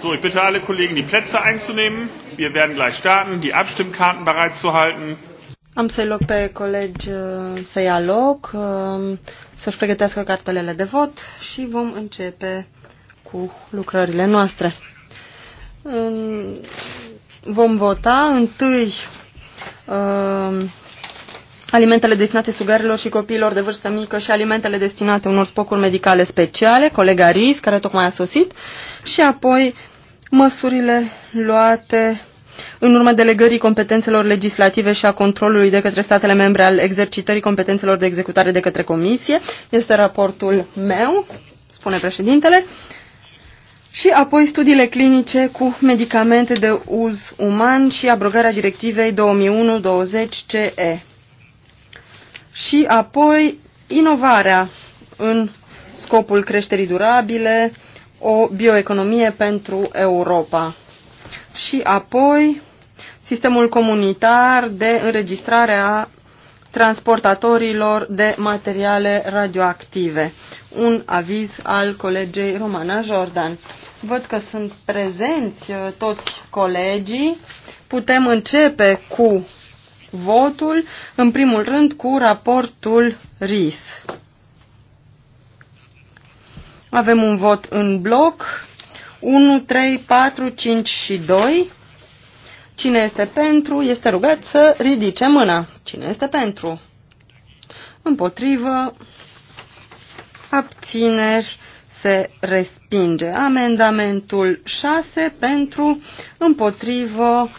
So, ich bitte alle Kollegen, die Plätze einzunehmen. Wir werden gleich starten, die Abstimmkarten bereitzuhalten. Am să-i loc pe colegi uh, să ia loc, uh, să-și pregătească cartelele de vot și vom începe cu lucrările noastre. Vom vota întâi uh, alimentele destinate sugarilor și copiilor de vârstă mică și alimentele destinate unor spocuri medicale speciale, colega RIS, care tocmai a sosit, și apoi măsurile luate în urma delegării competențelor legislative și a controlului de către statele membre al exercitării competențelor de executare de către Comisie. Este raportul meu, spune președintele. Și apoi studiile clinice cu medicamente de uz uman și abrogarea directivei 2001-20 CE și apoi inovarea în scopul creșterii durabile, o bioeconomie pentru Europa. Și apoi sistemul comunitar de înregistrare a transportatorilor de materiale radioactive. Un aviz al colegei Romana Jordan. Văd că sunt prezenți uh, toți colegii. Putem începe cu votul, în primul rând cu raportul RIS. Avem un vot în bloc, 1, 3, 4, 5 și 2. Cine este pentru este rugat să ridice mâna. Cine este pentru? Împotrivă, abțineri, se respinge. Amendamentul 6 pentru, împotrivă,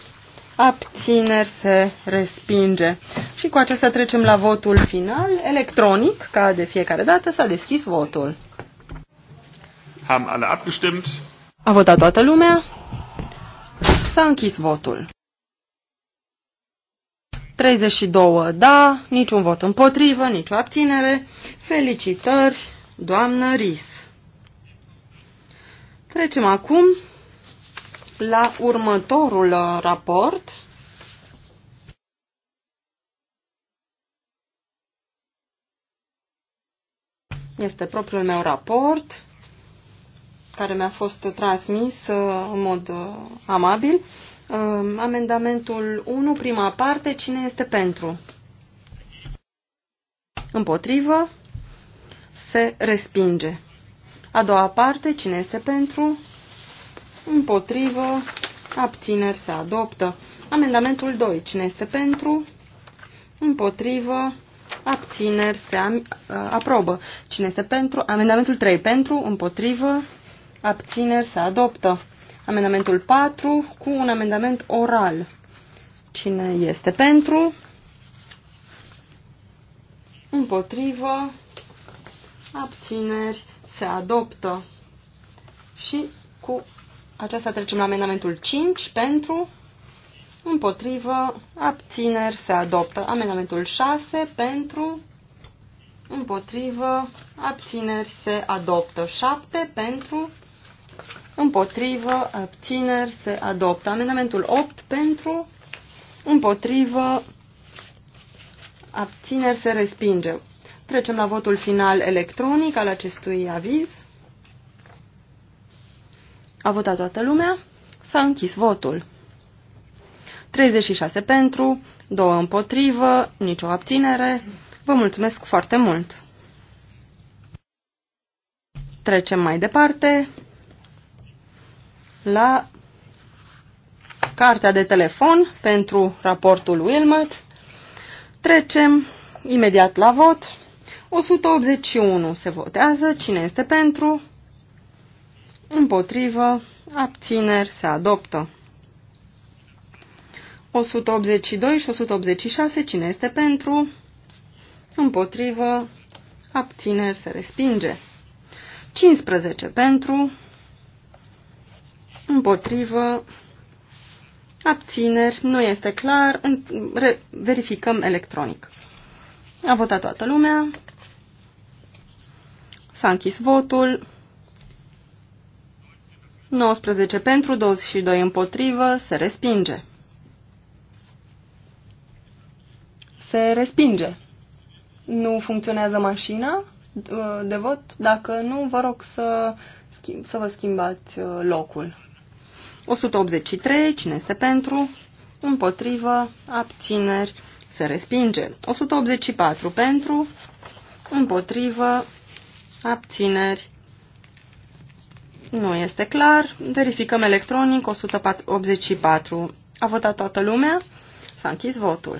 abțineri se respinge. Și cu acesta trecem la votul final, electronic, ca de fiecare dată s-a deschis votul. Haben alle abgestimmt. A votat toată lumea. S-a închis votul. 32 da, niciun vot împotrivă, nicio abținere. Felicitări, doamnă Ris. Trecem acum la următorul raport Este propriul meu raport care mi-a fost transmis uh, în mod uh, amabil. Uh, amendamentul 1, prima parte, cine este pentru? Împotrivă? Se respinge. A doua parte, cine este pentru? Împotrivă? Abțineri se adoptă. Amendamentul 2, cine este pentru? Împotrivă? abțineri se am, uh, aprobă. Cine este pentru? Amendamentul 3 pentru, împotrivă, abțineri se adoptă. Amendamentul 4 cu un amendament oral. Cine este pentru? Împotrivă, abțineri se adoptă. Și cu aceasta trecem la amendamentul 5 pentru Împotrivă, abțineri, se adoptă. Amendamentul 6 pentru, împotrivă, abțineri, se adoptă. 7 pentru, împotrivă, abțineri, se adoptă. Amendamentul 8 pentru, împotrivă, abțineri, se respinge. Trecem la votul final electronic al acestui aviz. A votat toată lumea. S-a închis votul. 36 pentru, 2 împotrivă, nicio abținere. Vă mulțumesc foarte mult! Trecem mai departe la cartea de telefon pentru raportul Wilmot. Trecem imediat la vot. 181 se votează. Cine este pentru? Împotrivă. Abțineri. Se adoptă. 182 și 186, cine este pentru, împotrivă, abțineri, se respinge. 15 pentru, împotrivă, abțineri, nu este clar, verificăm electronic. A votat toată lumea, s-a închis votul, 19 pentru, 22 împotrivă, se respinge. se respinge. Nu funcționează mașina uh, de vot? Dacă nu, vă rog să, schimb, să vă schimbați uh, locul. 183, cine este pentru? Împotrivă, abțineri, se respinge. 184 pentru, împotrivă, abțineri, nu este clar. Verificăm electronic 184. A votat toată lumea? S-a închis votul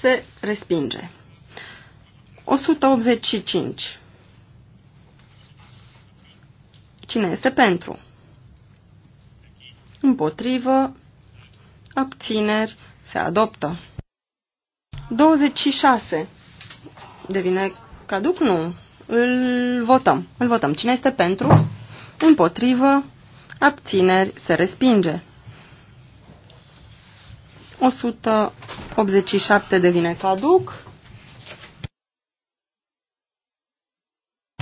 se respinge. 185. Cine este pentru? Împotrivă, abțineri, se adoptă. 26. Devine caduc? Nu. Îl votăm. Îl votăm. Cine este pentru? Împotrivă, abțineri, se respinge. 187 devine caduc.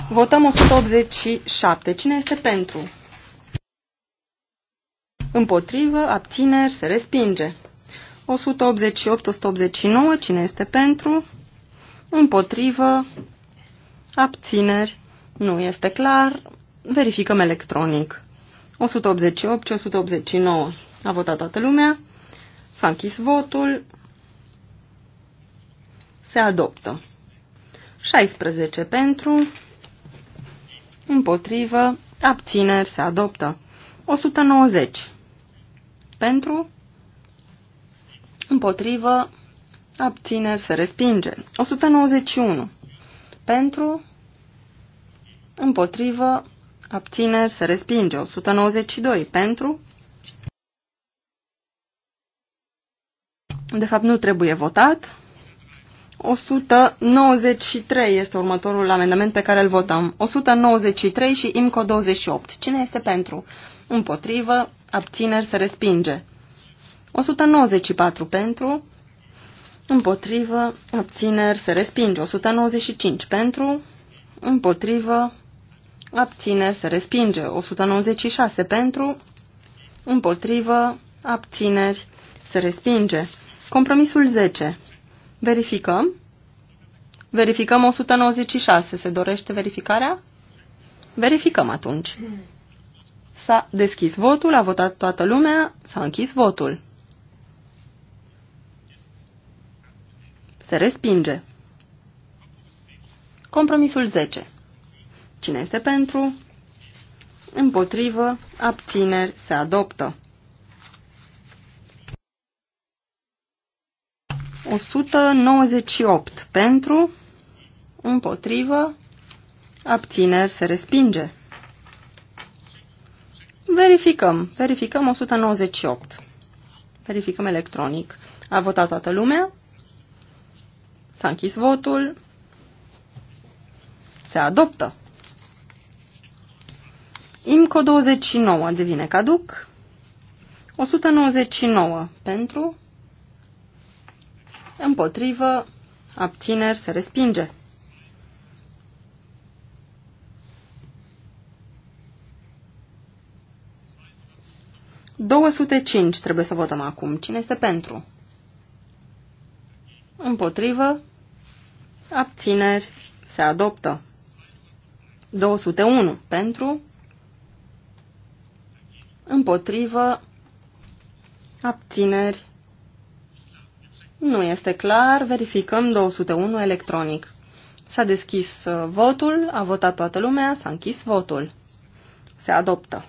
Votăm 187. Cine este pentru? Împotrivă, abțineri, se respinge. 188-189, cine este pentru? Împotrivă, abțineri, nu este clar, verificăm electronic. 188-189, a votat toată lumea, S-a închis votul. Se adoptă. 16 pentru, împotrivă, abțineri, se adoptă. 190 pentru, împotrivă, abțineri, se respinge. 191 pentru, împotrivă, abțineri, se respinge. 192 pentru, De fapt, nu trebuie votat. 193 este următorul amendament pe care îl votăm. 193 și IMCO 28. Cine este pentru? Împotrivă, abțineri se respinge. 194 pentru, împotrivă, abțineri se respinge. 195 pentru, împotrivă, abțineri se respinge. 196 pentru, împotrivă, abțineri se respinge. Compromisul 10. Verificăm. Verificăm 196. Se dorește verificarea? Verificăm atunci. S-a deschis votul, a votat toată lumea, s-a închis votul. Se respinge. Compromisul 10. Cine este pentru? Împotrivă, abțineri, se adoptă. 198 pentru, împotrivă, abțineri se respinge. Verificăm, verificăm 198. Verificăm electronic. A votat toată lumea? S-a închis votul. Se adoptă. IMCO 29 devine caduc. 199 pentru, împotrivă, abțineri, se respinge. cinci trebuie să votăm acum. Cine este pentru? Împotrivă, abțineri, se adoptă. 201 pentru, împotrivă, abțineri, nu este clar. Verificăm 201 electronic. S-a deschis uh, votul, a votat toată lumea, s-a închis votul. Se adoptă.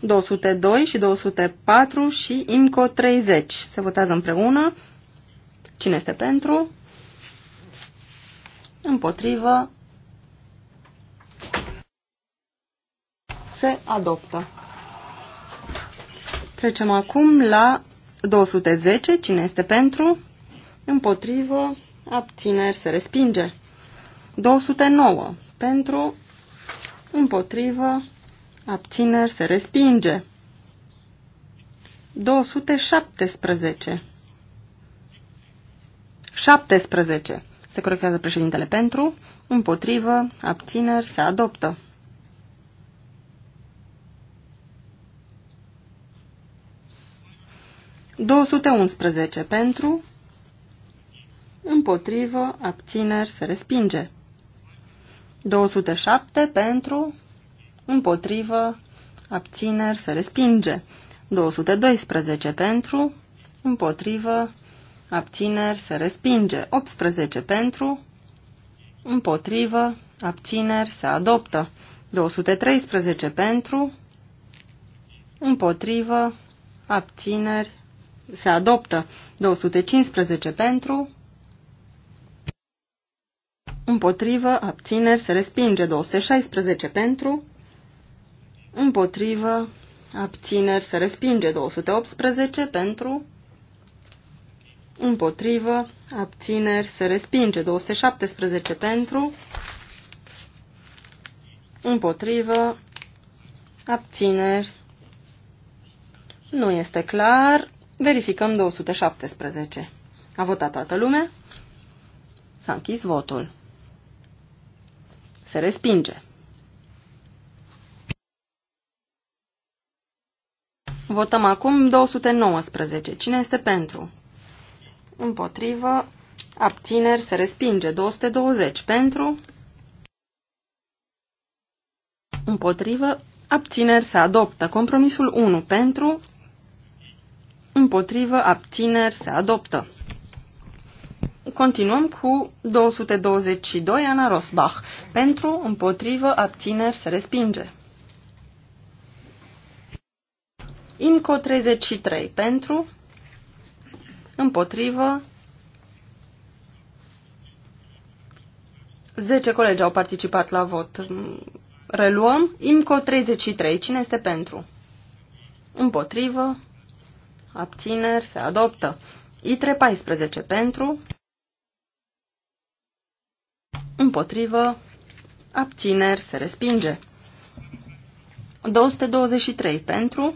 202 și 204 și IMCO 30. Se votează împreună. Cine este pentru? Împotrivă. Se adoptă. Trecem acum la 210. Cine este pentru? împotrivă, abțineri se respinge. 209 pentru, împotrivă, abțineri se respinge. 217 17 se corectează președintele pentru, împotrivă, abțineri, se adoptă. ...211 pentru, împotrivă, abțineri, se respinge. 207 pentru, împotrivă, abțineri, se respinge. 212 pentru, împotrivă, abțineri, se respinge. 18 pentru, împotrivă, abțineri, se adoptă. 213 pentru, împotrivă, abțineri, se adoptă. 215 pentru, împotrivă, abțineri, se respinge. 216 pentru, împotrivă, abțineri, se respinge. 218 pentru, împotrivă, abțineri, se respinge. 217 pentru, împotrivă, abțineri, nu este clar, verificăm 217. A votat toată lumea? S-a închis votul. Se respinge. Votăm acum 219. Cine este pentru? Împotrivă. Abțineri se respinge. 220. Pentru. Împotrivă. Abțineri se adoptă. Compromisul 1. Pentru. Împotrivă. Abțineri se adoptă. Continuăm cu 222 Ana Rosbach. Pentru, împotrivă, abțineri, se respinge. Inco 33. Pentru, împotrivă, 10 colegi au participat la vot. Reluăm. IMCO 33. Cine este pentru? Împotrivă. Abțineri. Se adoptă. ITRE 14 pentru împotrivă, abțineri, se respinge. 223 pentru,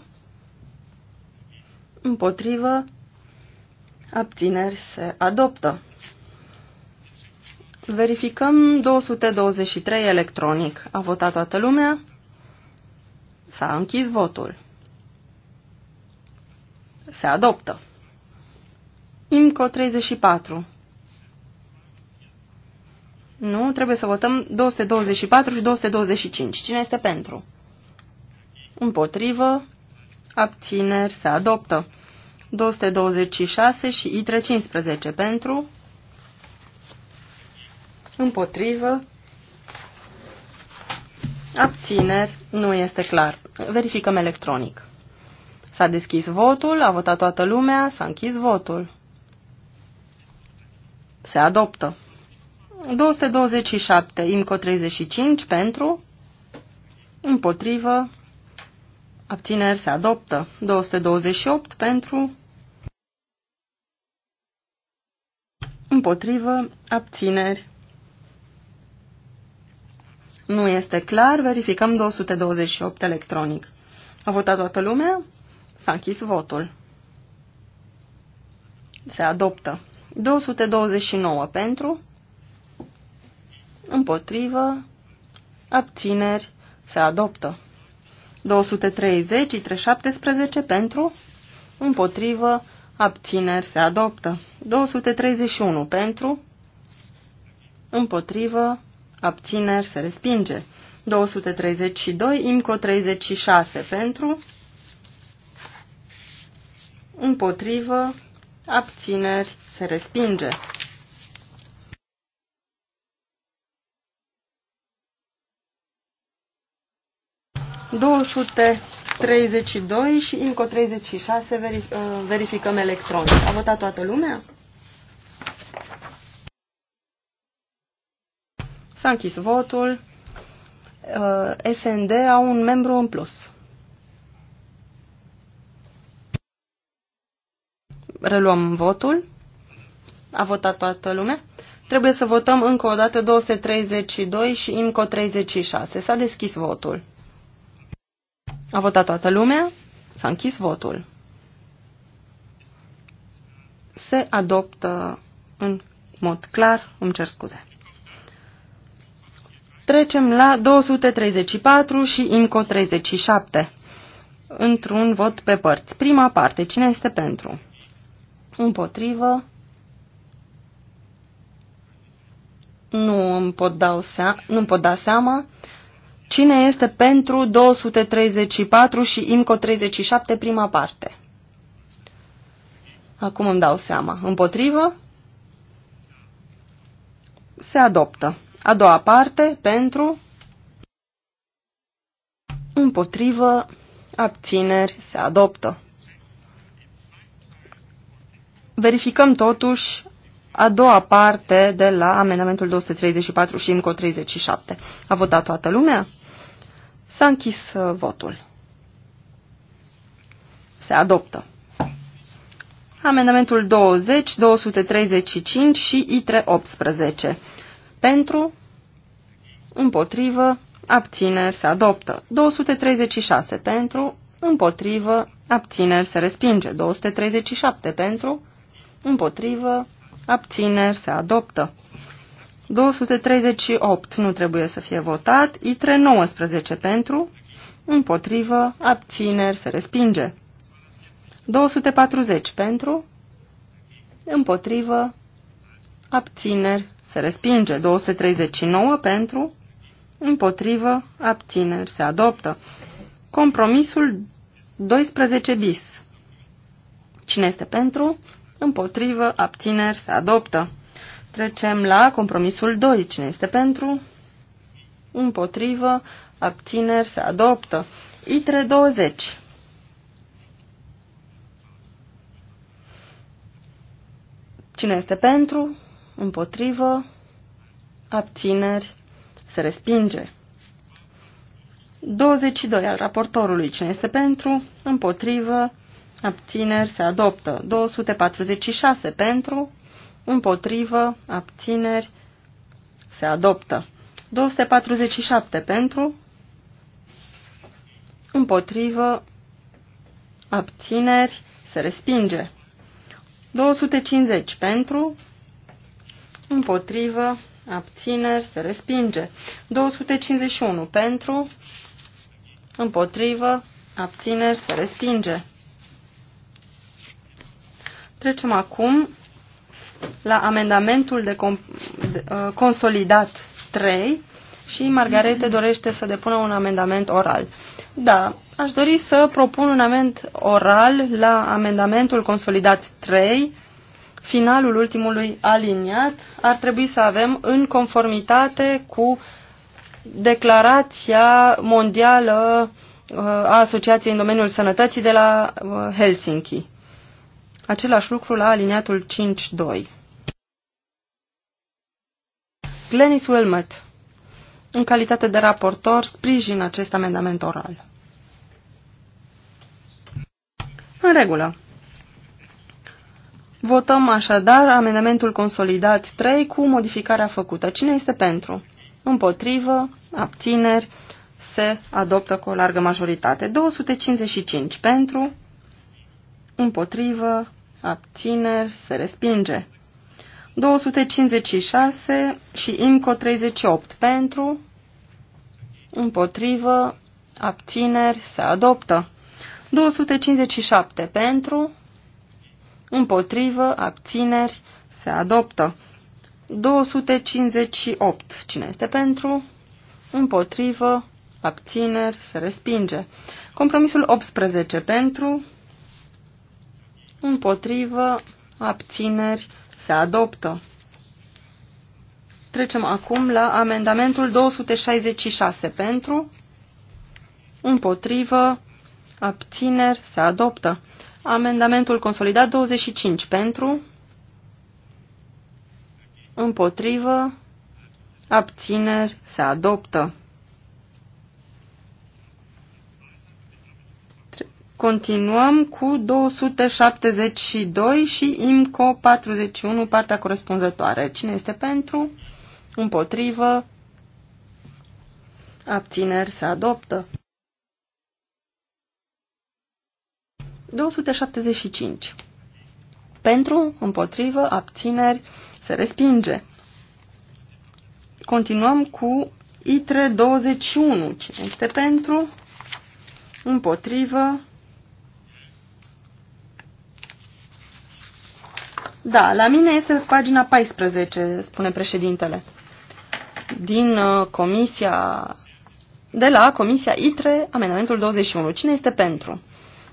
împotrivă, abțineri, se adoptă. Verificăm 223 electronic. A votat toată lumea? S-a închis votul. Se adoptă. IMCO 34. Nu, trebuie să votăm 224 și 225. Cine este pentru? Împotrivă. Abțineri se adoptă. 226 și I315 pentru. Împotrivă. Abțineri nu este clar. Verificăm electronic. S-a deschis votul, a votat toată lumea, s-a închis votul. Se adoptă. 227, IMCO 35 pentru, împotrivă, abțineri se adoptă. 228 pentru, împotrivă, abțineri. Nu este clar, verificăm 228 electronic. A votat toată lumea? S-a închis votul. Se adoptă. 229 pentru, împotrivă, abțineri, se adoptă. 230, itre 17 pentru, împotrivă, abțineri, se adoptă. 231 pentru, împotrivă, abțineri, se respinge. 232, IMCO 36 pentru, împotrivă, abțineri, se respinge. 232 și INCO 36 uh, verificăm electronic. A votat toată lumea? S-a închis votul. Uh, SND au un membru în plus. Reluăm votul. A votat toată lumea. Trebuie să votăm încă o dată 232 și INCO 36. S-a deschis votul. A votat toată lumea. S-a închis votul. Se adoptă în mod clar. Îmi cer scuze. Trecem la 234 și INCO 37. Într-un vot pe părți. Prima parte. Cine este pentru? Împotrivă. Nu îmi pot, dau sea nu îmi pot da seama. Cine este pentru 234 și IMCO 37, prima parte? Acum îmi dau seama. Împotrivă? Se adoptă. A doua parte, pentru? Împotrivă, abțineri, se adoptă. Verificăm totuși a doua parte de la amendamentul 234 și IMCO 37. A votat toată lumea? S-a închis uh, votul. Se adoptă. Amendamentul 20, 235 și ITRE 18. Pentru, împotrivă, abțineri se adoptă. 236 pentru, împotrivă, abțineri se respinge. 237 pentru, împotrivă, abțineri, se adoptă. 238 nu trebuie să fie votat, ITRE 19 pentru, împotrivă, abțineri, se respinge. 240 pentru, împotrivă, abțineri, se respinge. 239 pentru, împotrivă, abțineri, se adoptă. Compromisul 12 bis. Cine este pentru? împotrivă, abțineri, se adoptă. Trecem la compromisul 2. Cine este pentru? Împotrivă, abțineri, se adoptă. ITRE 20. Cine este pentru? Împotrivă, abțineri, se respinge. 22 al raportorului. Cine este pentru? Împotrivă, abțineri se adoptă. 246 pentru, împotrivă, abțineri se adoptă. 247 pentru, împotrivă, abțineri se respinge. 250 pentru, împotrivă, abțineri, se respinge. 251 pentru, împotrivă, abțineri, se respinge. Trecem acum la amendamentul de, de uh, consolidat 3 și Margarete dorește să depună un amendament oral. Da, aș dori să propun un amend oral la amendamentul consolidat 3, finalul ultimului aliniat, ar trebui să avem în conformitate cu declarația mondială uh, a Asociației în domeniul sănătății de la uh, Helsinki. Același lucru la aliniatul 5.2. Glenis Wilmot, în calitate de raportor, sprijin acest amendament oral. În regulă. Votăm așadar amendamentul consolidat 3 cu modificarea făcută. Cine este pentru? Împotrivă, abțineri, se adoptă cu o largă majoritate. 255 pentru, împotrivă, abțineri, se respinge. 256 și IMCO 38 pentru, împotrivă, abțineri, se adoptă. 257 pentru, împotrivă, abțineri, se adoptă. 258. Cine este pentru? Împotrivă, abțineri, se respinge. Compromisul 18 pentru, împotrivă, abțineri, se adoptă. Trecem acum la amendamentul 266 pentru, împotrivă, abțineri, se adoptă. Amendamentul consolidat 25 pentru, împotrivă, abțineri, se adoptă. Continuăm cu 272 și IMCO 41, partea corespunzătoare. Cine este pentru? Împotrivă? Abțineri se adoptă. 275. Pentru, împotrivă, abțineri se respinge. Continuăm cu ITRE 21. Cine este pentru? Împotrivă, Da, la mine este pagina 14, spune președintele. Din uh, comisia, de la comisia ITRE, amendamentul 21. Cine este pentru?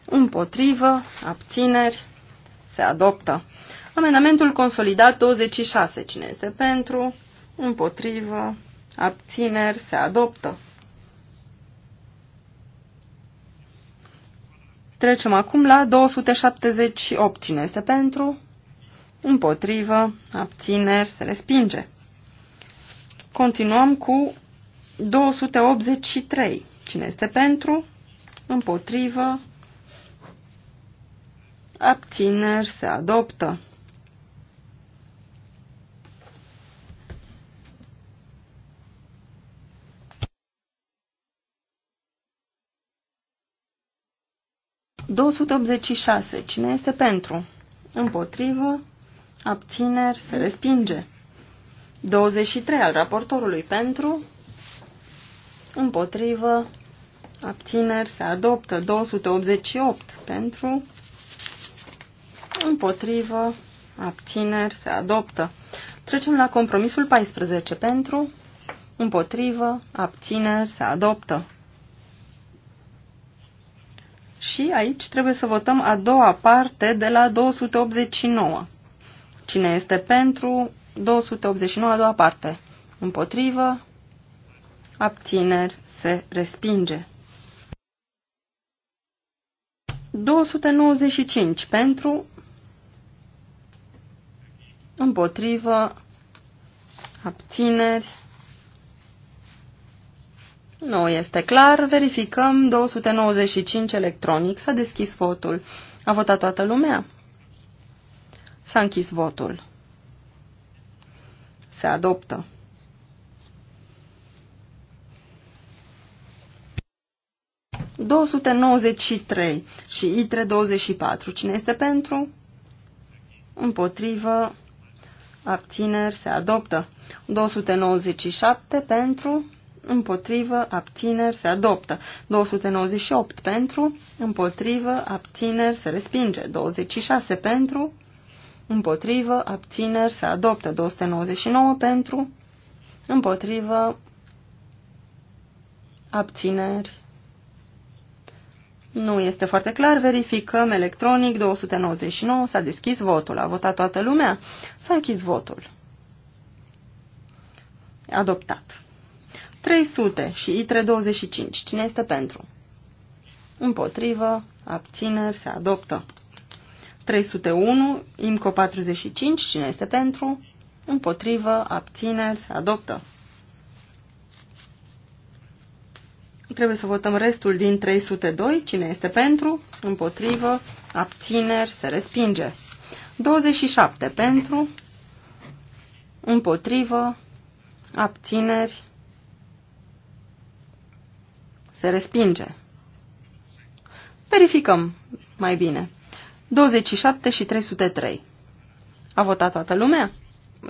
Împotrivă, abțineri, se adoptă. Amendamentul consolidat 26. Cine este pentru? Împotrivă, abțineri, se adoptă. Trecem acum la 278. Cine este pentru? împotrivă, abțineri, se respinge. Continuăm cu 283. Cine este pentru, împotrivă, abțineri, se adoptă. Două Cine este pentru? Împotrivă, abțineri, se respinge. 23 al raportorului pentru, împotrivă, abțineri, se adoptă. 288 pentru, împotrivă, abțineri, se adoptă. Trecem la compromisul 14 pentru, împotrivă, abțineri, se adoptă. Și aici trebuie să votăm a doua parte de la 289. Cine este pentru? 289, a doua parte. Împotrivă. Abțineri. Se respinge. 295 pentru. Împotrivă. Abțineri. Nu este clar. Verificăm 295 electronic. S-a deschis votul. A votat toată lumea? S-a închis votul. Se adoptă. ...293 și ITRE 24. Cine este pentru? Împotrivă. Abțineri. Se adoptă. 297 pentru împotrivă, abțineri, se adoptă. 298 pentru, împotrivă, abțineri, se respinge. 26 pentru, împotrivă, abțineri, se adoptă 299 pentru, împotrivă, abțineri. Nu este foarte clar, verificăm electronic, 299, s-a deschis votul, a votat toată lumea, s-a închis votul. Adoptat. 300 și ITRE 25, cine este pentru? Împotrivă, abțineri, se adoptă. 301, IMCO 45, cine este pentru, împotrivă, abțineri, se adoptă. Trebuie să votăm restul din 302, cine este pentru, împotrivă, abțineri, se respinge. 27 pentru, împotrivă, abțineri, se respinge. Verificăm mai bine. 27 și 303. A votat toată lumea?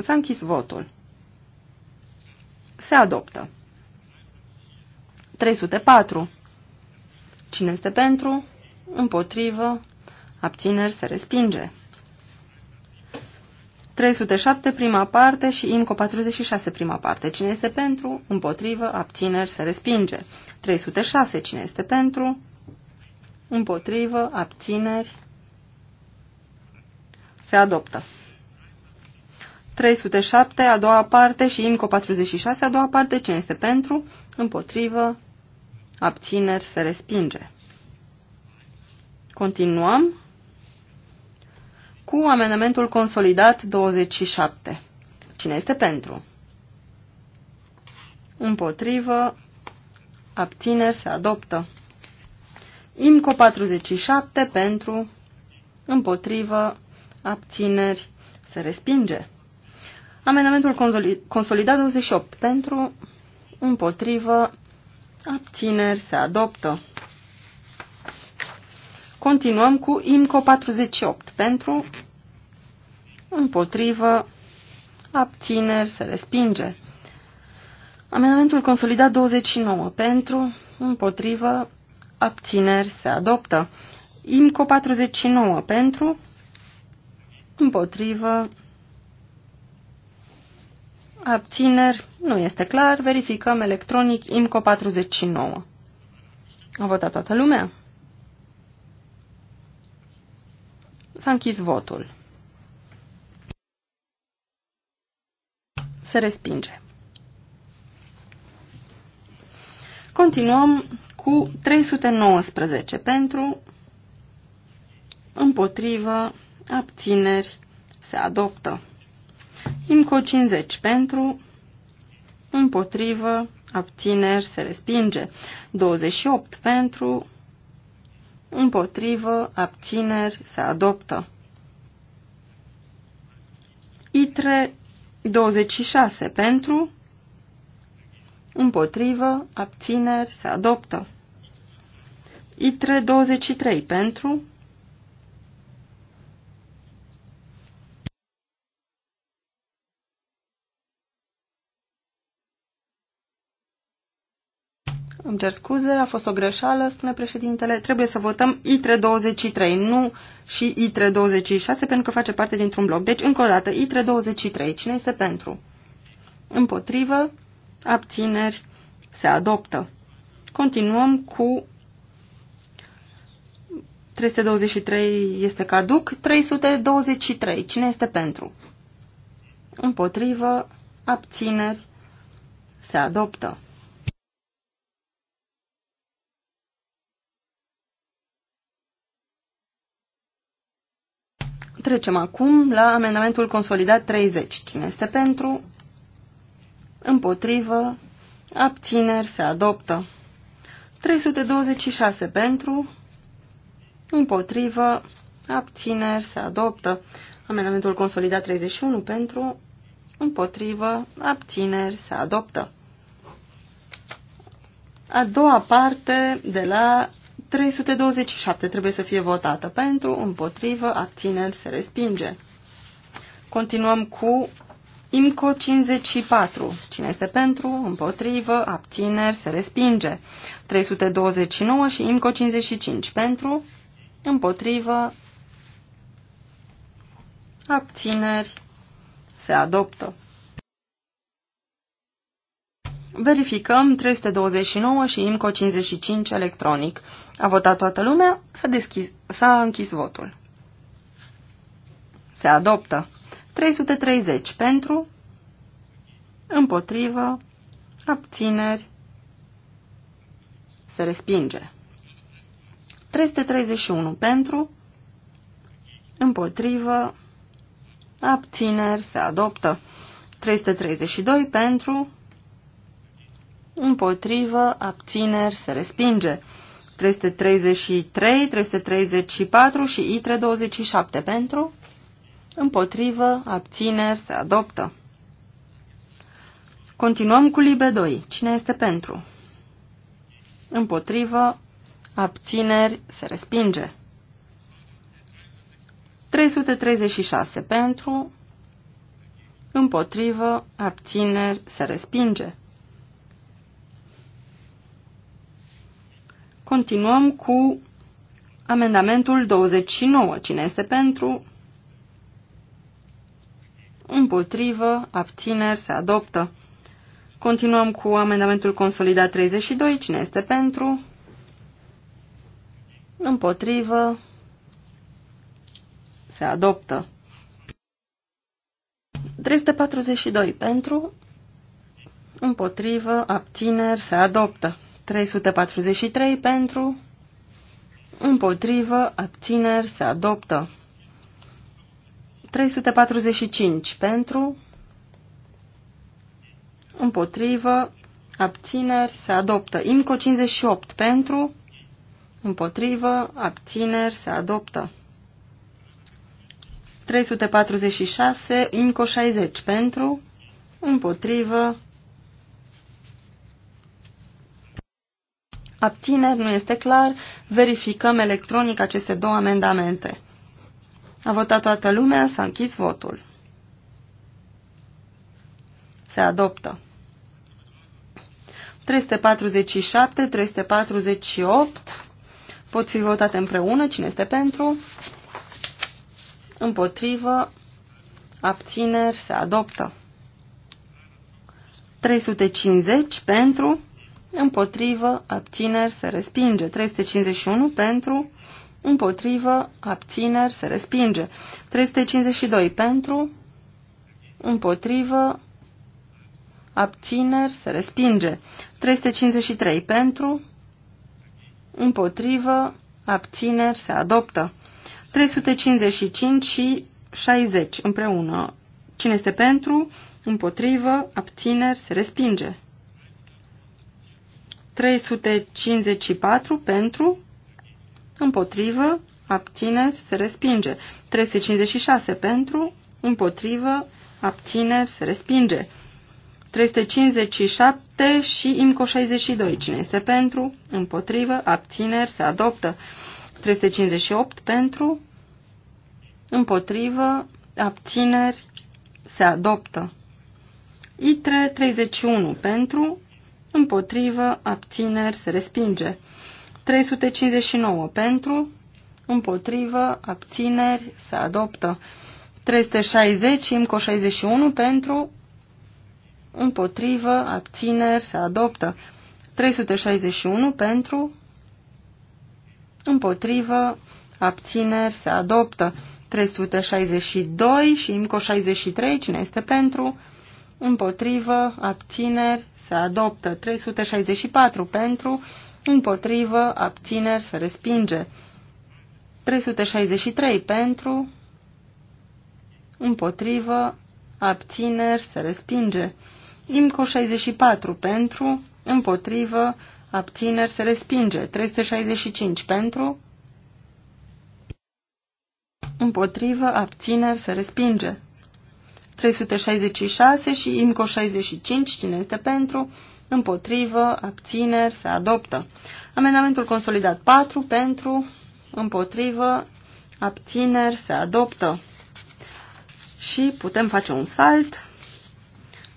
S-a închis votul. Se adoptă. 304. Cine este pentru? Împotrivă. Abțineri se respinge. 307 prima parte și INCO 46 prima parte. Cine este pentru? Împotrivă. Abțineri se respinge. 306. Cine este pentru? Împotrivă. Abțineri se adoptă. 307, a doua parte și IMCO 46, a doua parte, cine este pentru, împotrivă, abțineri, se respinge. Continuăm cu amendamentul consolidat 27. Cine este pentru? Împotrivă, abțineri, se adoptă. IMCO 47 pentru, împotrivă, abțineri, se respinge. Amendamentul consolidat 28 pentru, împotrivă, abțineri, se adoptă. Continuăm cu IMCO 48 pentru, împotrivă, abțineri, se respinge. Amendamentul consolidat 29 pentru, împotrivă, abțineri, se adoptă. IMCO 49 pentru, împotrivă, abțineri, nu este clar, verificăm electronic IMCO 49. A votat toată lumea? S-a închis votul. Se respinge. Continuăm cu 319 pentru, împotrivă, abțineri, se adoptă. IMCO 50 pentru, împotrivă, abțineri, se respinge. 28 pentru, împotrivă, abțineri, se adoptă. ITRE 26 pentru, împotrivă, abțineri, se adoptă. ITRE 23 pentru, cer scuze, a fost o greșeală, spune președintele. Trebuie să votăm ITRE 23, nu și ITRE 26, pentru că face parte dintr-un bloc. Deci, încă o dată, ITRE 23. Cine este pentru? Împotrivă, abțineri, se adoptă. Continuăm cu 323 este caduc, 323. Cine este pentru? Împotrivă, abțineri, se adoptă. Trecem acum la amendamentul consolidat 30. Cine este pentru? Împotrivă. Abțineri se adoptă. 326 pentru. Împotrivă. Abțineri se adoptă. Amendamentul consolidat 31 pentru. Împotrivă. Abțineri se adoptă. A doua parte de la 327 trebuie să fie votată pentru, împotrivă, abțineri, se respinge. Continuăm cu IMCO 54. Cine este pentru, împotrivă, abțineri, se respinge. 329 și IMCO 55. Pentru, împotrivă, abțineri, se adoptă. Verificăm 329 și IMCO 55 electronic. A votat toată lumea, s-a, deschis, s-a închis votul. Se adoptă. 330 pentru, împotrivă, abțineri, se respinge. 331 pentru, împotrivă, abțineri, se adoptă. 332 pentru, împotrivă, abțineri, se respinge. 333, 334 și I327 pentru, împotrivă, abțineri, se adoptă. Continuăm cu Libe 2. Cine este pentru? Împotrivă, abțineri, se respinge. 336 pentru, împotrivă, abțineri, se respinge. Continuăm cu amendamentul 29. Cine este pentru? Împotrivă, abțineri, se adoptă. Continuăm cu amendamentul consolidat 32. Cine este pentru? Împotrivă, se adoptă. 342 pentru, împotrivă, abțineri, se adoptă. 343 pentru, împotrivă, abțineri, se adoptă. 345 pentru, împotrivă, abțineri, se adoptă. IMCO 58 pentru, împotrivă, abțineri, se adoptă. 346, IMCO 60 pentru, împotrivă, Abțineri nu este clar. Verificăm electronic aceste două amendamente. A votat toată lumea, s-a închis votul. Se adoptă. 347, 348 pot fi votate împreună. Cine este pentru? Împotrivă. Abțineri se adoptă. 350 pentru împotrivă, abțineri, se respinge. 351 pentru, împotrivă, abțineri, se respinge. 352 pentru, împotrivă, abțineri, se respinge. 353 pentru, împotrivă, abțineri, se adoptă. 355 și 60 împreună. Cine este pentru, împotrivă, abțineri, se respinge. 354 pentru, împotrivă, abțineri, se respinge. 356 pentru, împotrivă, abțineri, se respinge. 357 și IMCO 62. Cine este pentru? Împotrivă, abțineri, se adoptă. 358 pentru, împotrivă, abțineri, se adoptă. ITRE 31 pentru, împotrivă, abțineri, se respinge. 359 pentru, împotrivă, abțineri, se adoptă. 360, IMCO 61 pentru, împotrivă, abțineri, se adoptă. 361 pentru, împotrivă, abțineri, se adoptă. 362 și IMCO 63, cine este pentru, împotrivă, abțineri, se adoptă. 364 pentru, împotrivă, abțineri, se respinge. 363 pentru, împotrivă, abțineri, se respinge. IMCO 64 pentru, împotrivă, abțineri, se respinge. 365 pentru, împotrivă, abțineri, se respinge. 366 și IMCO 65, cine este pentru, împotrivă, abțineri, se adoptă. Amendamentul consolidat 4, pentru, împotrivă, abțineri, se adoptă. Și putem face un salt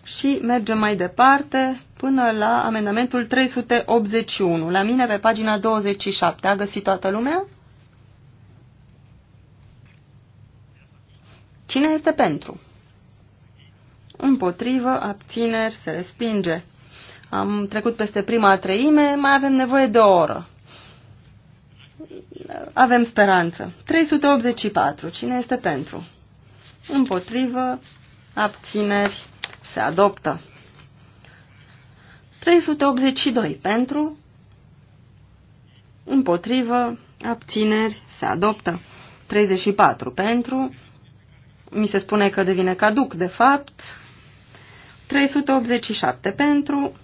și mergem mai departe până la amendamentul 381. La mine pe pagina 27. A găsit toată lumea? Cine este pentru? împotrivă, abțineri, se respinge. Am trecut peste prima treime, mai avem nevoie de o oră. Avem speranță. 384. Cine este pentru? Împotrivă, abțineri, se adoptă. 382. Pentru, împotrivă, abțineri, se adoptă. 34. Pentru, mi se spune că devine caduc, de fapt, 387 pentru,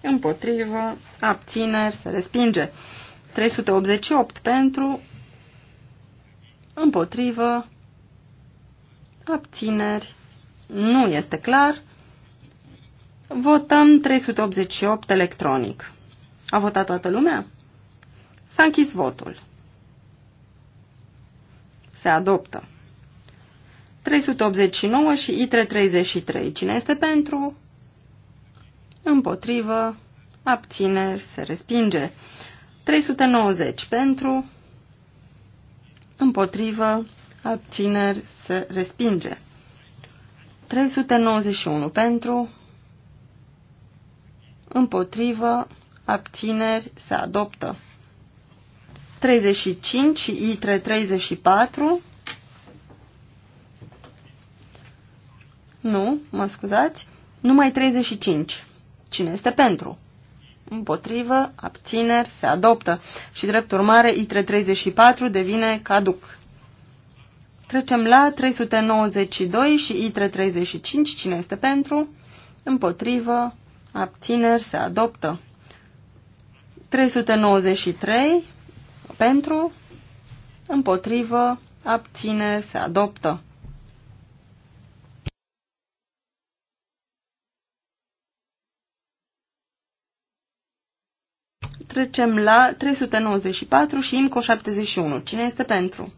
împotrivă, abțineri, se respinge. 388 pentru, împotrivă, abțineri, nu este clar. Votăm 388 electronic. A votat toată lumea? S-a închis votul. Se adoptă. 389 și ITRE 33. Cine este pentru? Împotrivă. Abțineri. Se respinge. 390 pentru. Împotrivă. Abțineri. Se respinge. 391 pentru. Împotrivă. Abțineri. Se adoptă. 35 și ITRE 34 Nu, mă scuzați. Numai 35. Cine este pentru? Împotrivă, abțineri, se adoptă și drept urmare ITRE 34 devine caduc. Trecem la 392 și ITRE 35. Cine este pentru? Împotrivă, abțineri, se adoptă. 393 pentru, împotrivă, abțineri, se adoptă. Trecem la 394 și IMCO 71. Cine este pentru?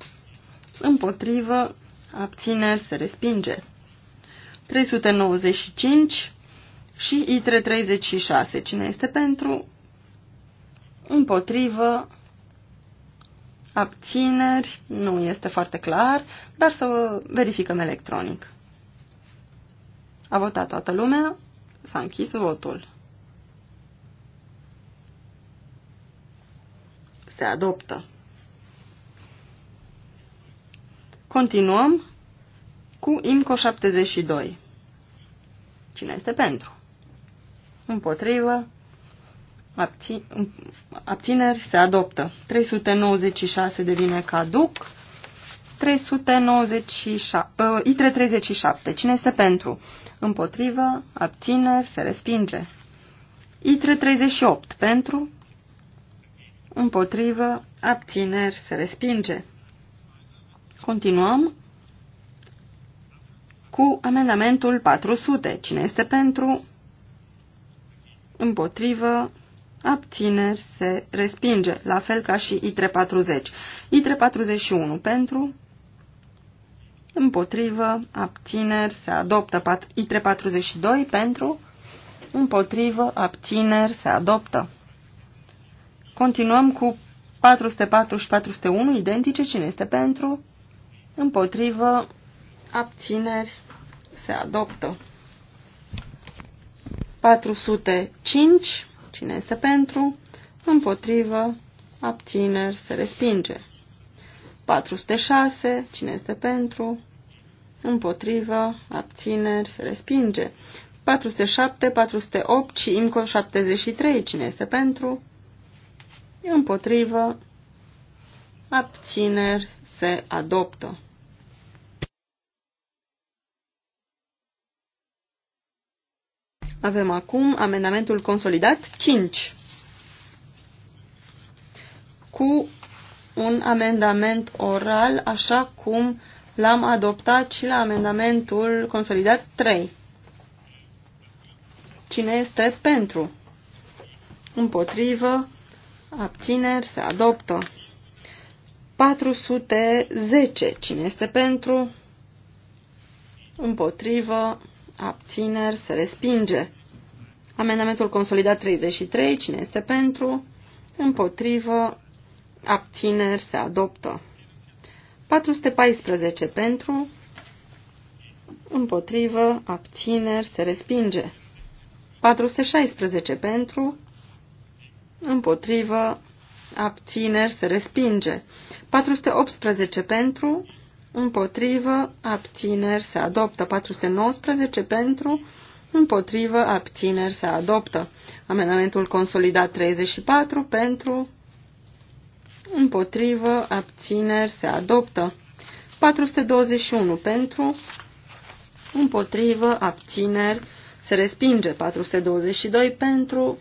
Împotrivă, abțineri, se respinge. 395 și ITRE 36. Cine este pentru? Împotrivă, abțineri, nu este foarte clar, dar să verificăm electronic. A votat toată lumea, s-a închis votul. Se adoptă. Continuăm cu IMCO 72. Cine este pentru? Împotrivă. Abțin abțineri se adoptă. 396 devine caduc. 397, uh, ITRE 37. Cine este pentru? Împotrivă, abțineri, se respinge. ITRE 38. Pentru, împotrivă, abțineri, se respinge. Continuăm cu amendamentul 400. Cine este pentru? Împotrivă, abțineri, se respinge, la fel ca și I340. I341 pentru, împotrivă, abțineri, se adoptă, I342 pentru, împotrivă, abțineri, se adoptă. Continuăm cu 404 și 401, identice. Cine este pentru? Împotrivă. Abțineri. Se adoptă. 405. Cine este pentru? Împotrivă. Abțineri. Se respinge. 406. Cine este pentru? Împotrivă. Abțineri. Se respinge. 407, 408 și IMCO 73. Cine este pentru? împotrivă, abțineri, se adoptă. Avem acum amendamentul consolidat 5 cu un amendament oral așa cum l-am adoptat și la amendamentul consolidat 3. Cine este pentru? Împotrivă, abțineri, se adoptă. 410. Cine este pentru? Împotrivă, abțineri, se respinge. Amendamentul consolidat 33. Cine este pentru? Împotrivă, abțineri, se adoptă. 414 pentru, împotrivă, abțineri, se respinge. 416 pentru, împotrivă, abțineri, se respinge. 418 pentru, împotrivă, abțineri, se adoptă. 419 pentru, împotrivă, abțineri, se adoptă. Amendamentul consolidat 34 pentru, împotrivă, abțineri, se adoptă. 421 pentru, împotrivă, abțineri, se respinge. 422 pentru,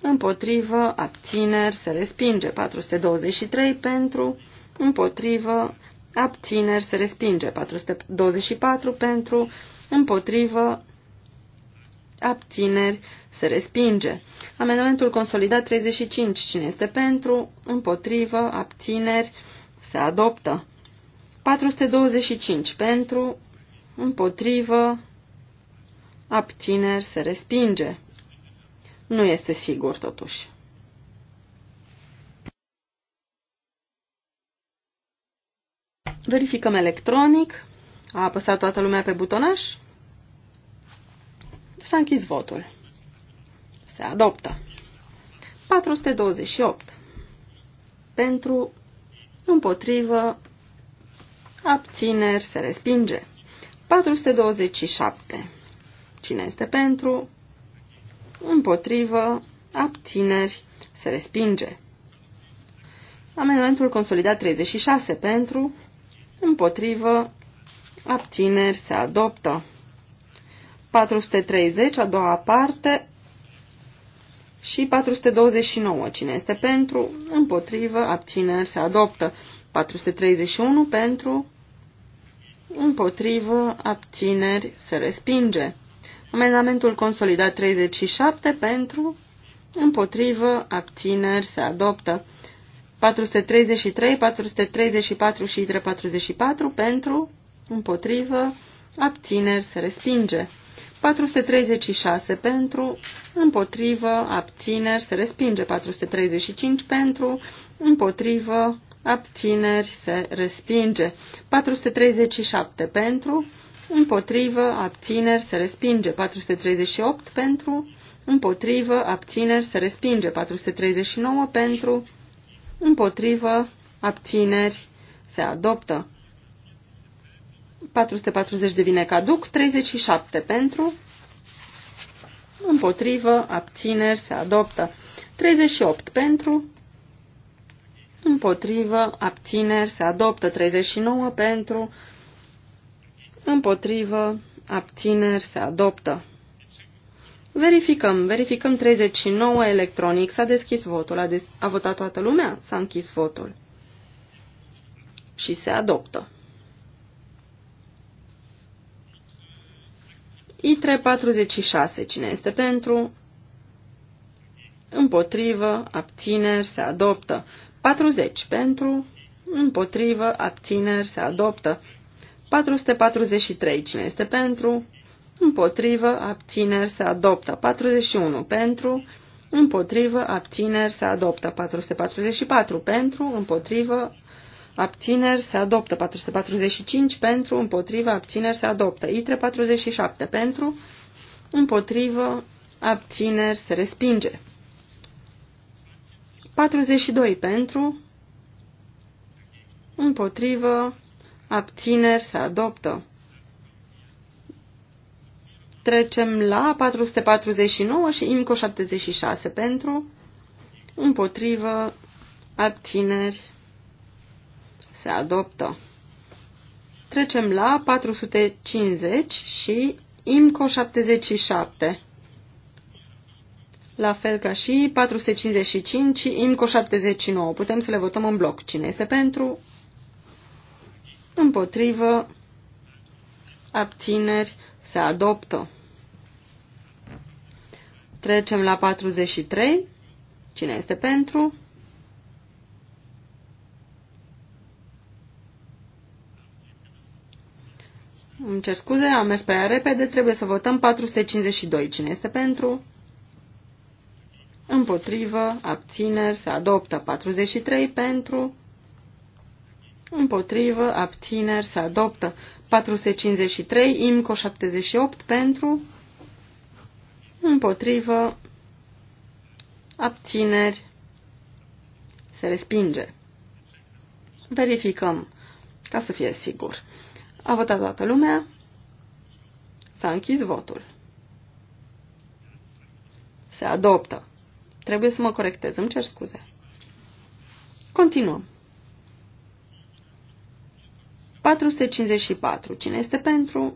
împotrivă, abțineri, se respinge. 423 pentru, împotrivă, abțineri, se respinge. 424 pentru, împotrivă, abțineri, se respinge. Amendamentul consolidat 35, cine este pentru, împotrivă, abțineri, se adoptă. 425 pentru, împotrivă, abțineri, se respinge. Nu este sigur, totuși. Verificăm electronic. A apăsat toată lumea pe butonaș. S-a închis votul. Se adoptă. 428. Pentru, împotrivă, abțineri, se respinge. 427. Cine este pentru? împotrivă, abțineri, se respinge. Amendamentul consolidat 36 pentru, împotrivă, abțineri, se adoptă. 430, a doua parte, și 429, cine este pentru, împotrivă, abțineri, se adoptă. 431 pentru, împotrivă, abțineri, se respinge. Amendamentul consolidat 37 pentru, împotrivă, abțineri, se adoptă. 433, 434 și 344 pentru, împotrivă, abțineri, se respinge. 436 pentru, împotrivă, abțineri, se respinge. 435 pentru, împotrivă, abțineri, se respinge. 437 pentru, împotrivă, abțineri, se respinge 438 pentru, împotrivă, abțineri, se respinge 439 pentru, împotrivă, abțineri, se adoptă 440 devine caduc, 37 pentru, împotrivă, abțineri, se adoptă 38 pentru, împotrivă, abțineri, se adoptă 39 pentru, împotrivă, abțineri, se adoptă. Verificăm, verificăm 39 electronic, s-a deschis votul, a, des a votat toată lumea, s-a închis votul și se adoptă. I346, cine este pentru? Împotrivă, abțineri, se adoptă. 40 pentru, împotrivă, abțineri, se adoptă. 443. Cine este pentru? Împotrivă, abțineri, se adoptă. 41. Pentru, împotrivă, abțineri, se adoptă. 444. Pentru, împotrivă, abțineri, se adoptă. 445. Pentru, împotrivă, abțineri, se adoptă. ITRE 47. Pentru, împotrivă, abțineri, se respinge. 42. Pentru, împotrivă, abțineri se adoptă. Trecem la 449 și IMCO 76 pentru, împotrivă, abțineri se adoptă. Trecem la 450 și IMCO 77. La fel ca și 455 și IMCO 79. Putem să le votăm în bloc. Cine este pentru? împotrivă, abțineri, se adoptă. Trecem la 43. Cine este pentru? Îmi cer scuze, am mers prea repede, trebuie să votăm 452. Cine este pentru? Împotrivă, abțineri, se adoptă 43 pentru, împotrivă, abțineri, se adoptă. 453, IMCO 78 pentru, împotrivă, abțineri, se respinge. Verificăm, ca să fie sigur. A votat toată lumea, s-a închis votul. Se adoptă. Trebuie să mă corectez, îmi cer scuze. Continuăm. 454. Cine este pentru?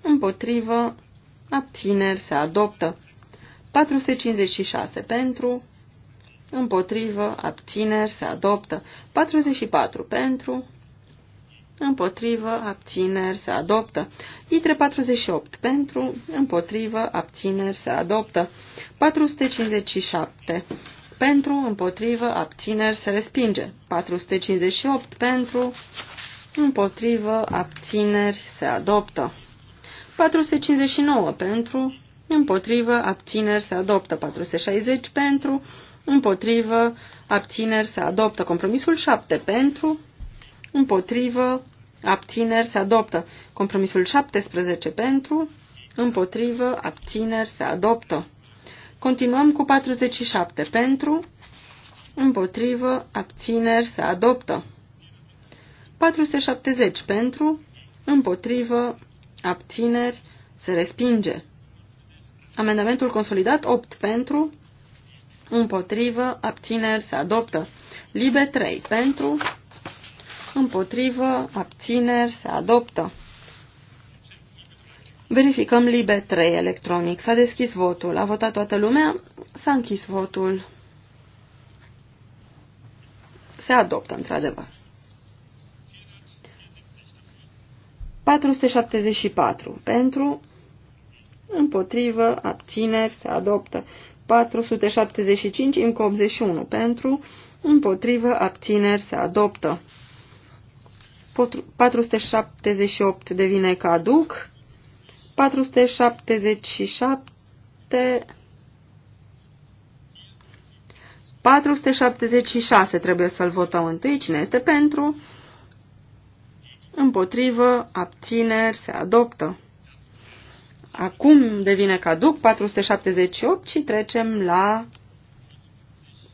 Împotrivă. Abțineri se adoptă. 456 pentru. Împotrivă. Abțineri se adoptă. 44 pentru. Împotrivă. Abțineri se adoptă. ITRE 48 pentru. Împotrivă. Abțineri se adoptă. 457 pentru, împotrivă, abțineri, se respinge. 458 pentru, împotrivă, abțineri, se adoptă. 459 pentru, împotrivă, abțineri, se adoptă. 460 pentru, împotrivă, abțineri, se adoptă. Compromisul 7 pentru, împotrivă, abțineri, se adoptă. Compromisul 17 pentru, împotrivă, abțineri, se adoptă. Continuăm cu 47 pentru, împotrivă, abțineri, se adoptă. 470 pentru, împotrivă, abțineri, se respinge. Amendamentul consolidat 8 pentru, împotrivă, abțineri, se adoptă. Libe 3 pentru, împotrivă, abțineri, se adoptă. Verificăm Libe 3 electronic. S-a deschis votul. A votat toată lumea? S-a închis votul. Se adoptă, într-adevăr. 474 pentru, împotrivă, abțineri, se adoptă. 475, încă 81 pentru, împotrivă, abțineri, se adoptă. 478 devine caduc. 477 476 trebuie să-l votăm întâi. Cine este pentru? împotrivă, abțineri, se adoptă. Acum devine caduc 478 și trecem la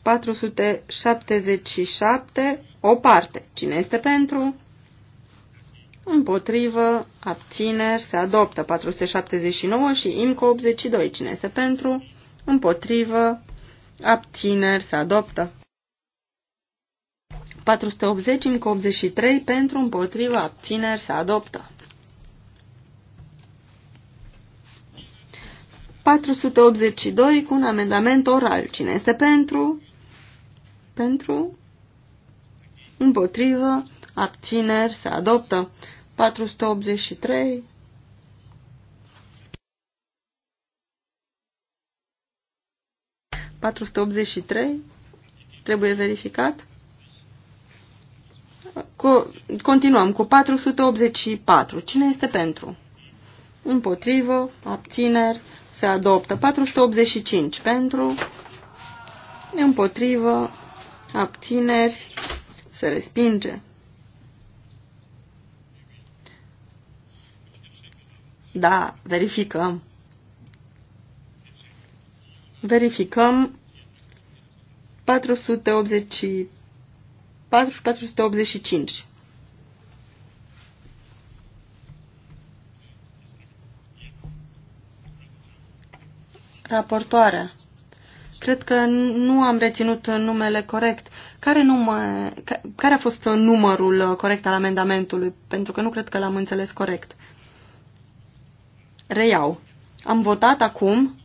477, o parte. Cine este pentru? Împotrivă, abțineri, se adoptă 479 și IMCO 82. Cine este pentru? Împotrivă, abțineri, se adoptă. 480 încă 83 pentru împotriva abțineri se adoptă. 482 cu un amendament oral. Cine este pentru? Pentru? Împotrivă? Abțineri se adoptă. 483 483 trebuie verificat. Cu, continuăm cu 484. Cine este pentru? Împotrivă, abțineri, se adoptă. 485 pentru, împotrivă, abțineri, se respinge. Da, verificăm. Verificăm 485. 4485. Raportoare, 485. Cred că nu am reținut numele corect. Care, nume, care a fost numărul corect al amendamentului? Pentru că nu cred că l-am înțeles corect. Reiau. Am votat acum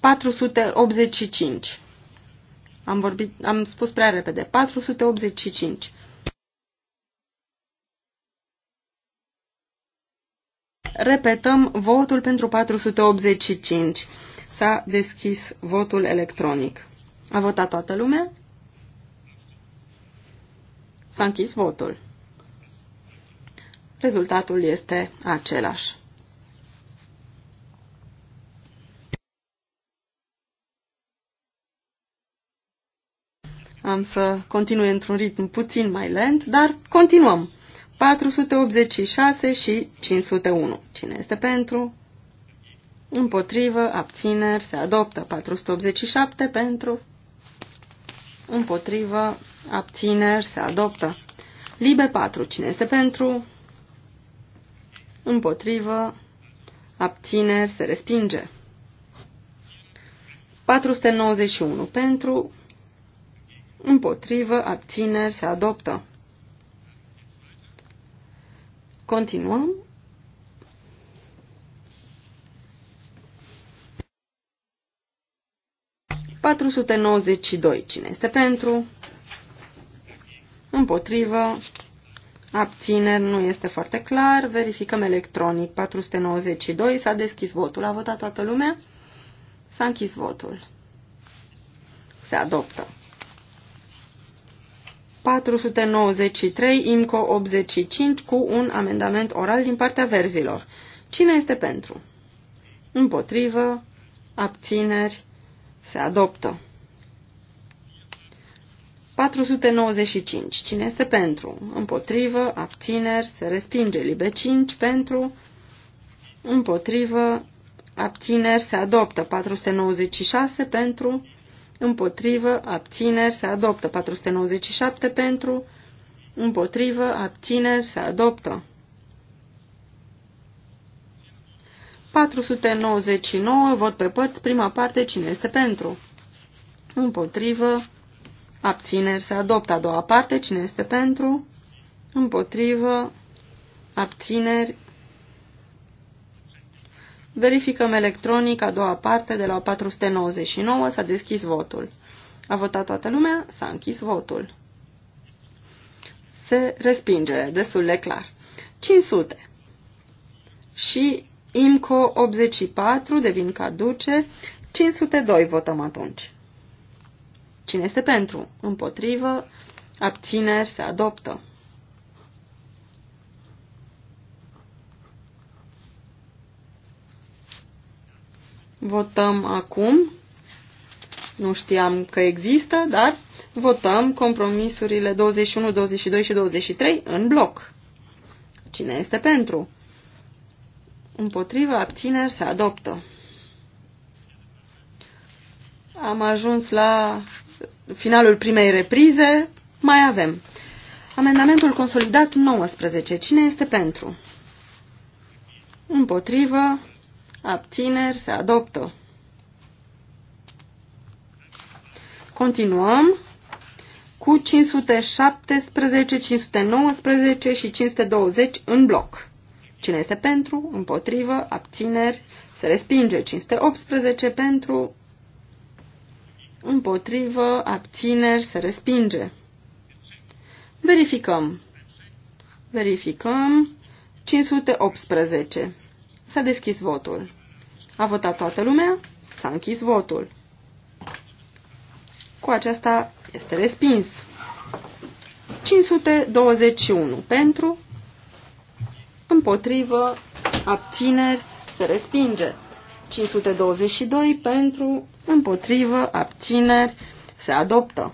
485. Am, vorbit, am spus prea repede. 485. Repetăm votul pentru 485. S-a deschis votul electronic. A votat toată lumea? S-a închis votul. Rezultatul este același. Am să continui într-un ritm puțin mai lent, dar continuăm. 486 și 501. Cine este pentru? Împotrivă, abțineri, se adoptă. 487 pentru, împotrivă, abțineri, se adoptă. Libe 4. Cine este pentru? Împotrivă, abțineri, se respinge. 491 pentru, împotrivă, abțineri, se adoptă. Continuăm. ...492. Cine este pentru? Împotrivă. Abțineri nu este foarte clar. Verificăm electronic. 492. S-a deschis votul. A votat toată lumea? S-a închis votul. Se adoptă. 493, IMCO 85, cu un amendament oral din partea verzilor. Cine este pentru? Împotrivă, abțineri, se adoptă. 495. Cine este pentru? Împotrivă, abțineri, se respinge. Libe 5, pentru, împotrivă, abțineri, se adoptă. 496, pentru, împotrivă, abțineri, se adoptă. 497 pentru, împotrivă, abțineri, se adoptă. 499, vot pe părți, prima parte, cine este pentru? Împotrivă, abțineri, se adoptă. A doua parte, cine este pentru? Împotrivă, abțineri, Verificăm electronic a doua parte de la 499. S-a deschis votul. A votat toată lumea? S-a închis votul. Se respinge, destul de clar. 500. Și IMCO 84 devin caduce. 502 votăm atunci. Cine este pentru? Împotrivă? Abțineri? Se adoptă. Votăm acum. Nu știam că există, dar votăm compromisurile 21, 22 și 23 în bloc. Cine este pentru? Împotriva abțineri, se adoptă. Am ajuns la finalul primei reprize. Mai avem. Amendamentul consolidat 19. Cine este pentru? Împotrivă, abțineri, se adoptă. Continuăm cu 517, 519 și 520 în bloc. Cine este pentru, împotrivă, abțineri, se respinge. 518 pentru, împotrivă, abțineri, se respinge. Verificăm. Verificăm. 518. S-a deschis votul. A votat toată lumea? S-a închis votul. Cu aceasta este respins. 521 pentru, împotrivă, abțineri, se respinge. 522 pentru, împotrivă, abțineri, se adoptă.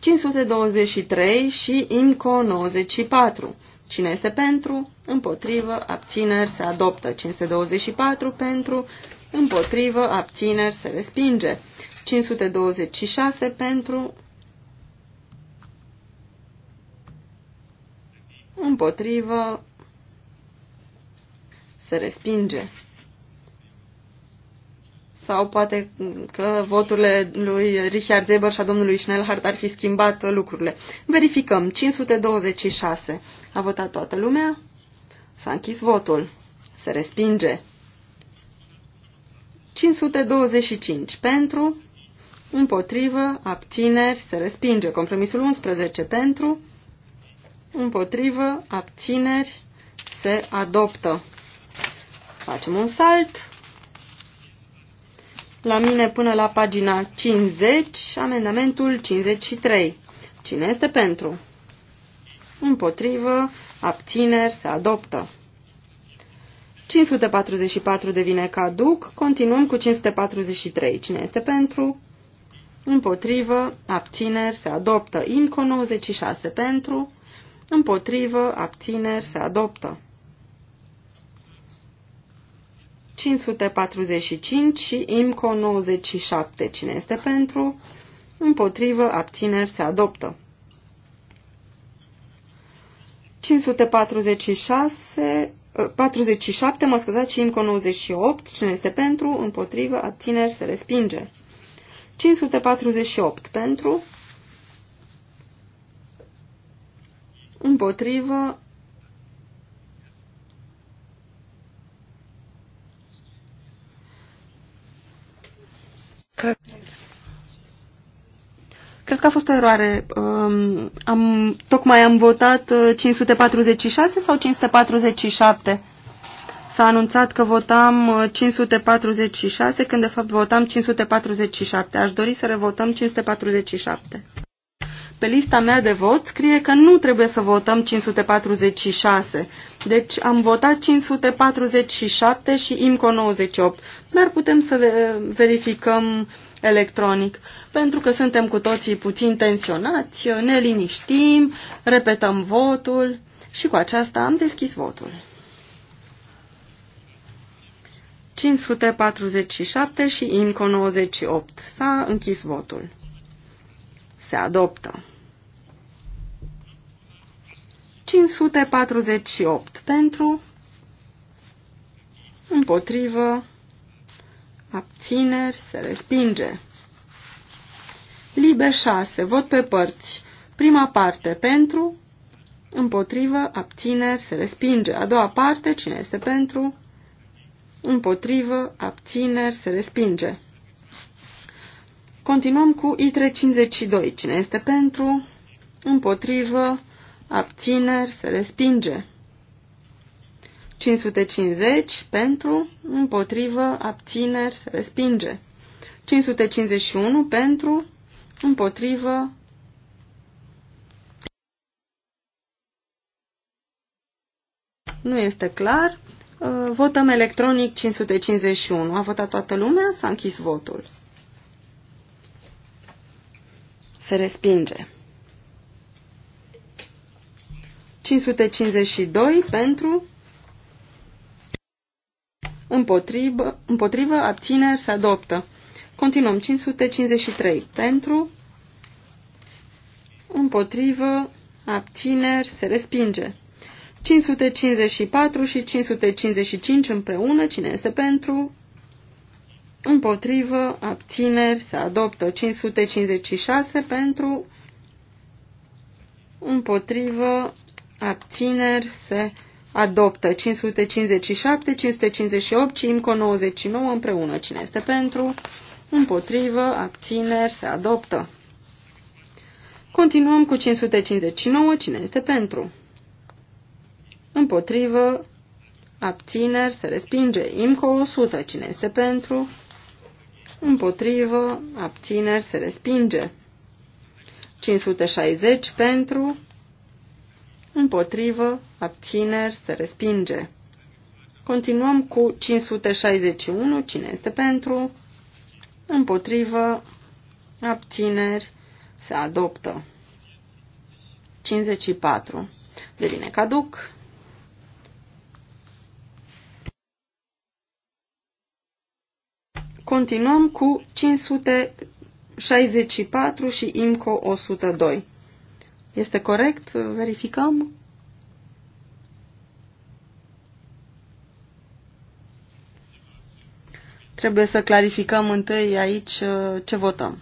523 și INCO 94 Cine este pentru? Împotrivă, abțineri, se adoptă. 524 pentru, împotrivă, abțineri, se respinge. 526 pentru, împotrivă, se respinge sau poate că voturile lui Richard Zeber și a domnului Schnellhardt ar fi schimbat lucrurile. Verificăm. 526. A votat toată lumea? S-a închis votul. Se respinge. 525 pentru, împotrivă, abțineri, se respinge. Compromisul 11 pentru, împotrivă, abțineri, se adoptă. Facem un salt la mine până la pagina 50, amendamentul 53. Cine este pentru? Împotrivă, abțineri, se adoptă. 544 devine caduc, continuăm cu 543. Cine este pentru? Împotrivă, abțineri, se adoptă. Inco 96 pentru, împotrivă, abțineri, se adoptă. 545 și IMCO 97. Cine este pentru? Împotrivă, abțineri, se adoptă. 546, 47, ă, mă scuzați, și IMCO 98. Cine este pentru? Împotrivă, abțineri, se respinge. 548 pentru, împotrivă, Cred, Cred că a fost o eroare. Um, am, tocmai am votat 546 uh, sau 547? S-a anunțat că votam 546, uh, când de fapt votam 547. Aș dori să revotăm 547. Pe lista mea de vot scrie că nu trebuie să votăm 546, deci am votat 547 și IMCO 98, dar putem să verificăm electronic, pentru că suntem cu toții puțin tensionați, ne liniștim, repetăm votul și cu aceasta am deschis votul. 547 și IMCO 98. S-a închis votul. Se adoptă. 548 pentru, împotrivă, abțineri, se respinge. Libe 6, vot pe părți. Prima parte pentru, împotrivă, abțineri, se respinge. A doua parte, cine este pentru, împotrivă, abțineri, se respinge. Continuăm cu I352. Cine este pentru, împotrivă, abțineri, se respinge. 550 pentru, împotrivă, abțineri, se respinge. 551 pentru, împotrivă, nu este clar. Uh, votăm electronic 551. A votat toată lumea? S-a închis votul. Se respinge. 552 pentru, împotrivă, împotrivă abțineri se adoptă. Continuăm, 553 pentru, împotrivă, abțineri se respinge. 554 și 555 împreună, cine este pentru, împotrivă, abțineri, se adoptă 556 pentru, împotrivă, abțineri se adoptă 557, 558 și IMCO 99 împreună. Cine este pentru? Împotrivă, abțineri, se adoptă. Continuăm cu 559. Cine este pentru? Împotrivă, abțineri, se respinge. IMCO 100. Cine este pentru? Împotrivă, abțineri, se respinge. 560 pentru, împotrivă, abțineri, se respinge. Continuăm cu 561, cine este pentru, împotrivă, abțineri, se adoptă. 54. Devine caduc. Continuăm cu 564 și IMCO 102. Este corect? Verificăm? Trebuie să clarificăm întâi aici uh, ce votăm.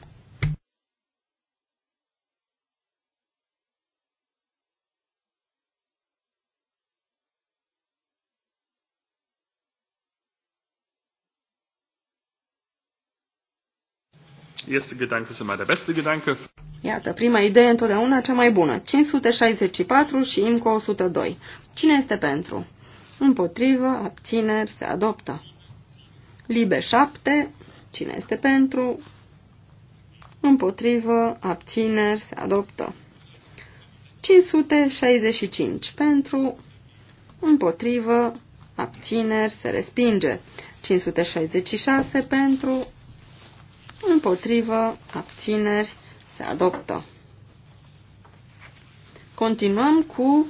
Este gedanke ist immer der beste gedanke. Iată, prima idee întotdeauna cea mai bună. 564 și IMCO 102. Cine este pentru? Împotrivă, abțineri, se adoptă. Libe 7. Cine este pentru? Împotrivă, abțineri, se adoptă. 565 pentru, împotrivă, abțineri, se respinge. 566 pentru, împotrivă, abțineri, se adoptă. Continuăm cu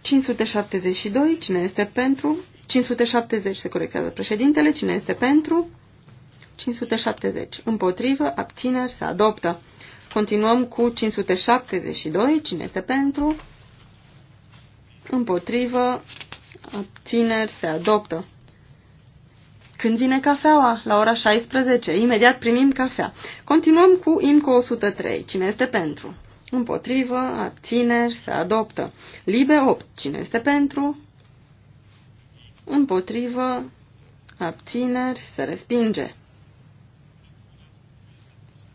572, cine este pentru, 570 se corectează președintele, cine este pentru, 570, împotrivă, abțineri, se adoptă. Continuăm cu 572, cine este pentru, împotrivă, abțineri, se adoptă. Când vine cafeaua? La ora 16. Imediat primim cafea. Continuăm cu INCO 103. Cine este pentru? Împotrivă, abțineri, se adoptă. Libe 8. Cine este pentru? Împotrivă, abțineri, se respinge.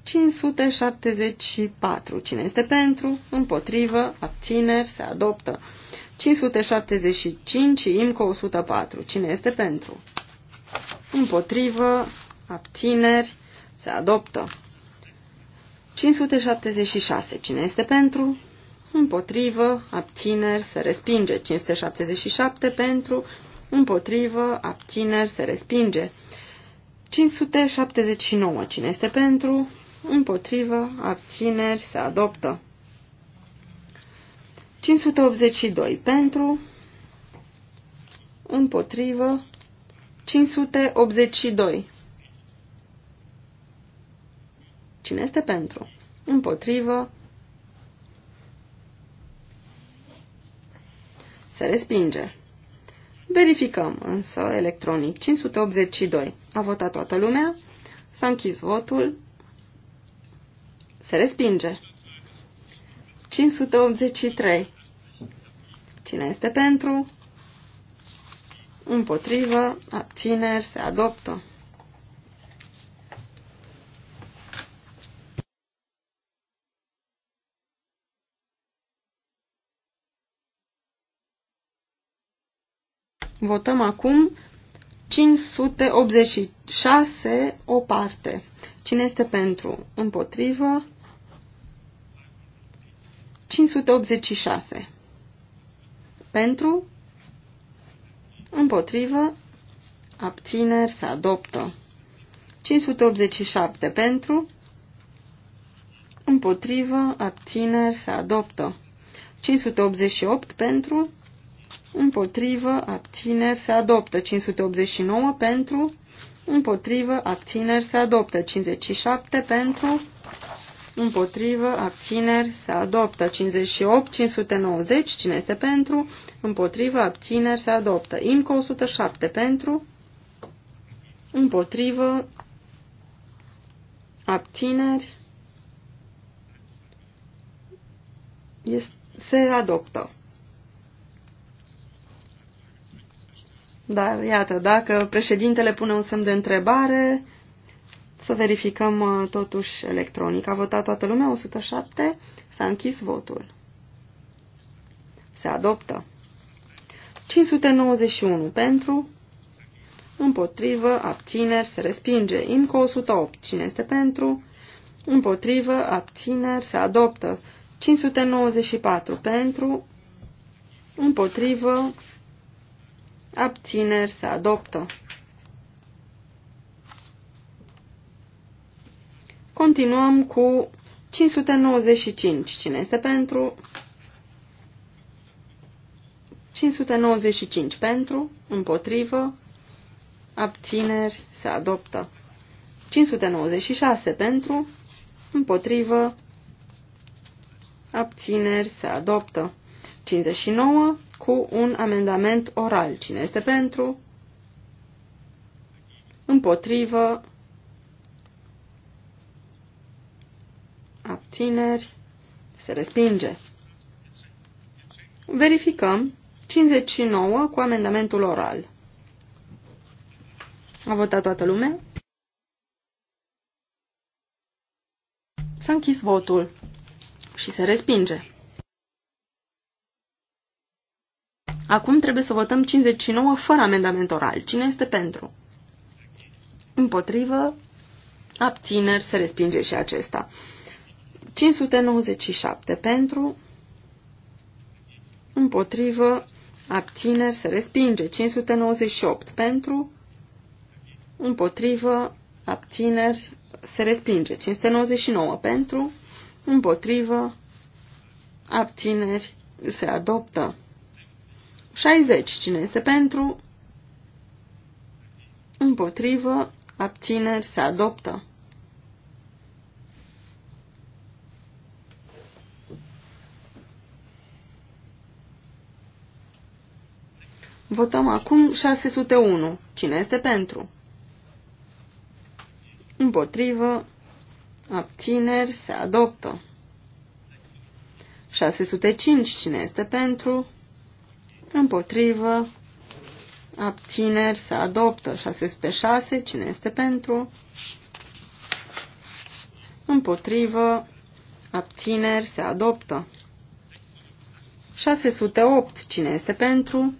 574. Cine este pentru? Împotrivă, abțineri, se adoptă. 575 și IMCO 104. Cine este pentru? împotrivă, abțineri, se adoptă. 576. Cine este pentru? Împotrivă, abțineri, se respinge. 577 pentru, împotrivă, abțineri, se respinge. 579. Cine este pentru? Împotrivă, abțineri, se adoptă. 582. Pentru, împotrivă, 582. Cine este pentru? Împotrivă. Se respinge. Verificăm însă electronic. 582. A votat toată lumea. S-a închis votul. Se respinge. 583. Cine este pentru? împotrivă, abțineri, se adoptă. Votăm acum 586 o parte. Cine este pentru? Împotrivă. 586. Pentru? împotrivă, abțineri, se adoptă. 587 pentru, împotrivă, abțineri, se adoptă. 588 pentru, împotrivă, abțineri, se adoptă. 589 pentru, împotrivă, abțineri, se adoptă. 57 pentru, împotrivă, abțineri, se adoptă. 58, 590, cine este pentru, împotrivă, abțineri, se adoptă. IMCO 107 pentru, împotrivă, abțineri, este, se adoptă. Dar, iată, dacă președintele pune un semn de întrebare, să verificăm uh, totuși electronic. A votat toată lumea 107, s-a închis votul. Se adoptă. 591 pentru, împotrivă, abțineri, se respinge. IMCO 108, cine este pentru, împotrivă, abțineri, se adoptă. 594 pentru, împotrivă, abțineri, se adoptă. Continuăm cu 595. Cine este pentru? 595 pentru, împotrivă, abțineri, se adoptă. 596 pentru, împotrivă, abțineri, se adoptă. 59 cu un amendament oral. Cine este pentru? Împotrivă, tineri, se respinge. Verificăm 59 cu amendamentul oral. A votat toată lumea? S-a închis votul și se respinge. Acum trebuie să votăm 59 fără amendament oral. Cine este pentru? Împotrivă, abțineri, se respinge și acesta. 597 pentru, împotrivă, abțineri, se respinge. 598 pentru, împotrivă, abțineri, se respinge. 599 pentru, împotrivă, abțineri, se adoptă. 60. Cine este pentru? Împotrivă, abțineri, se adoptă. Votăm acum 601. Cine este pentru? Împotrivă. Abțineri. Se adoptă. 605. Cine este pentru? Împotrivă. Abțineri. Se adoptă. 606. Cine este pentru? Împotrivă. Abțineri. Se adoptă. 608. Cine este pentru?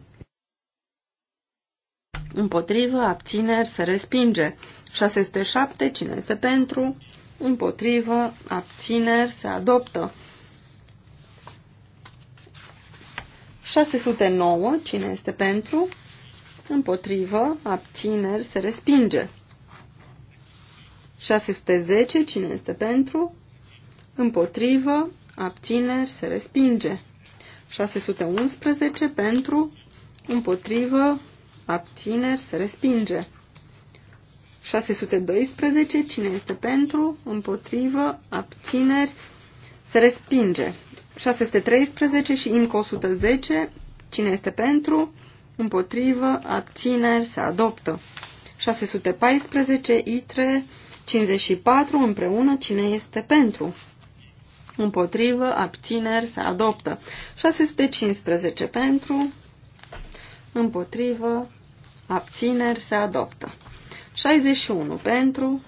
Împotrivă, abțineri, se respinge. 607, cine este pentru? Împotrivă, abțineri, se adoptă. 609, cine este pentru? Împotrivă, abțineri, se respinge. 610, cine este pentru? Împotrivă, abțineri, se respinge. 611, pentru, împotrivă, abțineri, se respinge. 612, cine este pentru, împotrivă, abțineri, se respinge. 613 și IMCO 110, cine este pentru, împotrivă, abțineri, se adoptă. 614, ITRE, 54, împreună, cine este pentru. Împotrivă, abțineri, se adoptă. 615 pentru, împotrivă, abțineri, se adoptă. 61 pentru,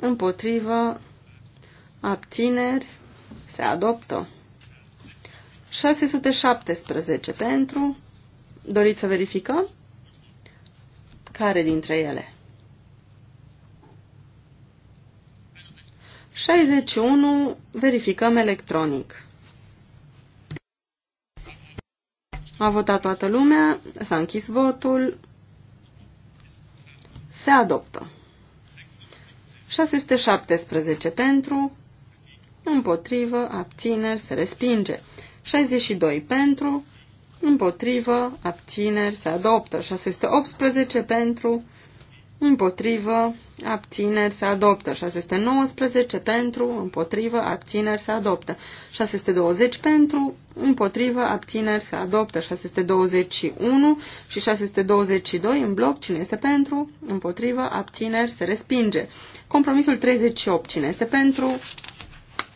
împotrivă, abțineri, se adoptă. 617 pentru, doriți să verificăm? Care dintre ele? 61, verificăm electronic. A votat toată lumea, s-a închis votul, se adoptă. 617 pentru, împotrivă, abțineri, se respinge. 62 pentru, împotrivă, abțineri, se adoptă. 618 pentru, împotrivă, abțineri se adoptă. 619 pentru, împotrivă, abțineri se adoptă. 620 pentru, împotrivă, abțineri se adoptă. 621 și 622 în bloc, cine este pentru, împotrivă, abțineri se respinge. Compromisul 38, cine este pentru,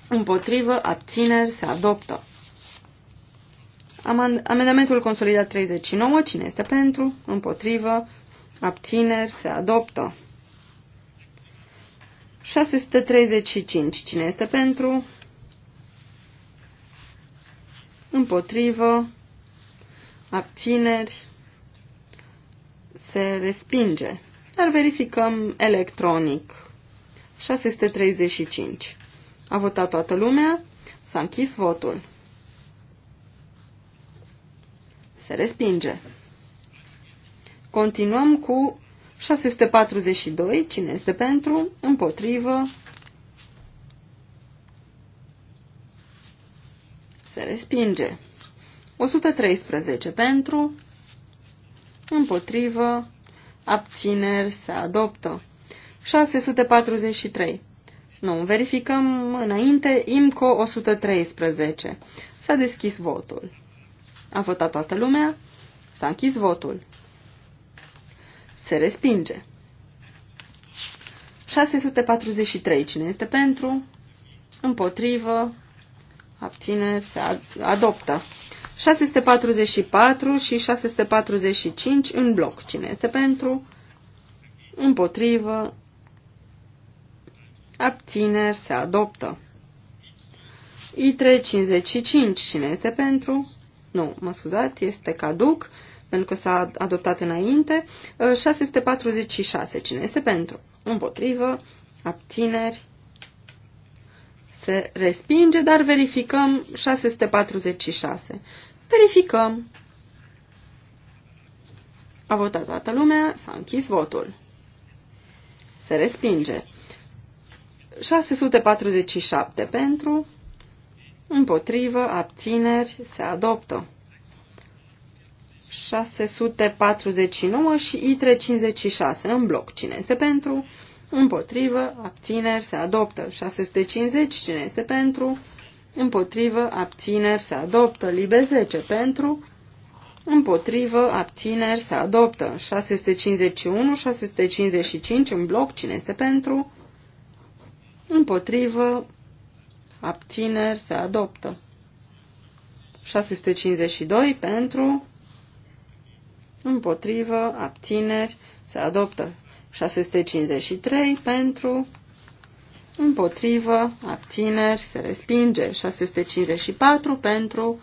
împotrivă, abțineri se adoptă. Amendamentul consolidat 39, cine este pentru, împotrivă, abțineri, se adoptă. 635. Cine este pentru? Împotrivă, abțineri, se respinge. Dar verificăm electronic. 635. A votat toată lumea, s-a închis votul. Se respinge. Continuăm cu 642. Cine este pentru? Împotrivă. Se respinge. 113 pentru. Împotrivă. Abțineri se adoptă. 643. Nu, verificăm înainte IMCO 113. S-a deschis votul. A votat toată lumea? S-a închis votul. Se respinge. 643. Cine este pentru? Împotrivă. Abțineri. Se adoptă. 644 și 645 în bloc. Cine este pentru? Împotrivă. Abțineri. Se adoptă. I355. Cine este pentru? Nu, mă scuzați, este caduc pentru că s-a adoptat înainte. 646. Uh, Cine este pentru? Împotrivă. Abțineri. Se respinge, dar verificăm 646. Verificăm. A votat toată lumea, s-a închis votul. Se respinge. 647 pentru, împotrivă, abțineri, se adoptă. 649 și I356 în bloc. Cine este pentru? Împotrivă, abțineri, se adoptă. 650, cine este pentru? Împotrivă, abțineri, se adoptă. Libe 10, pentru? Împotrivă, abțineri, se adoptă. 651, 655 în bloc, cine este pentru? Împotrivă, abțineri, se adoptă. 652 pentru, împotrivă, abțineri, se adoptă. 653 pentru, împotrivă, abțineri, se respinge. 654 pentru,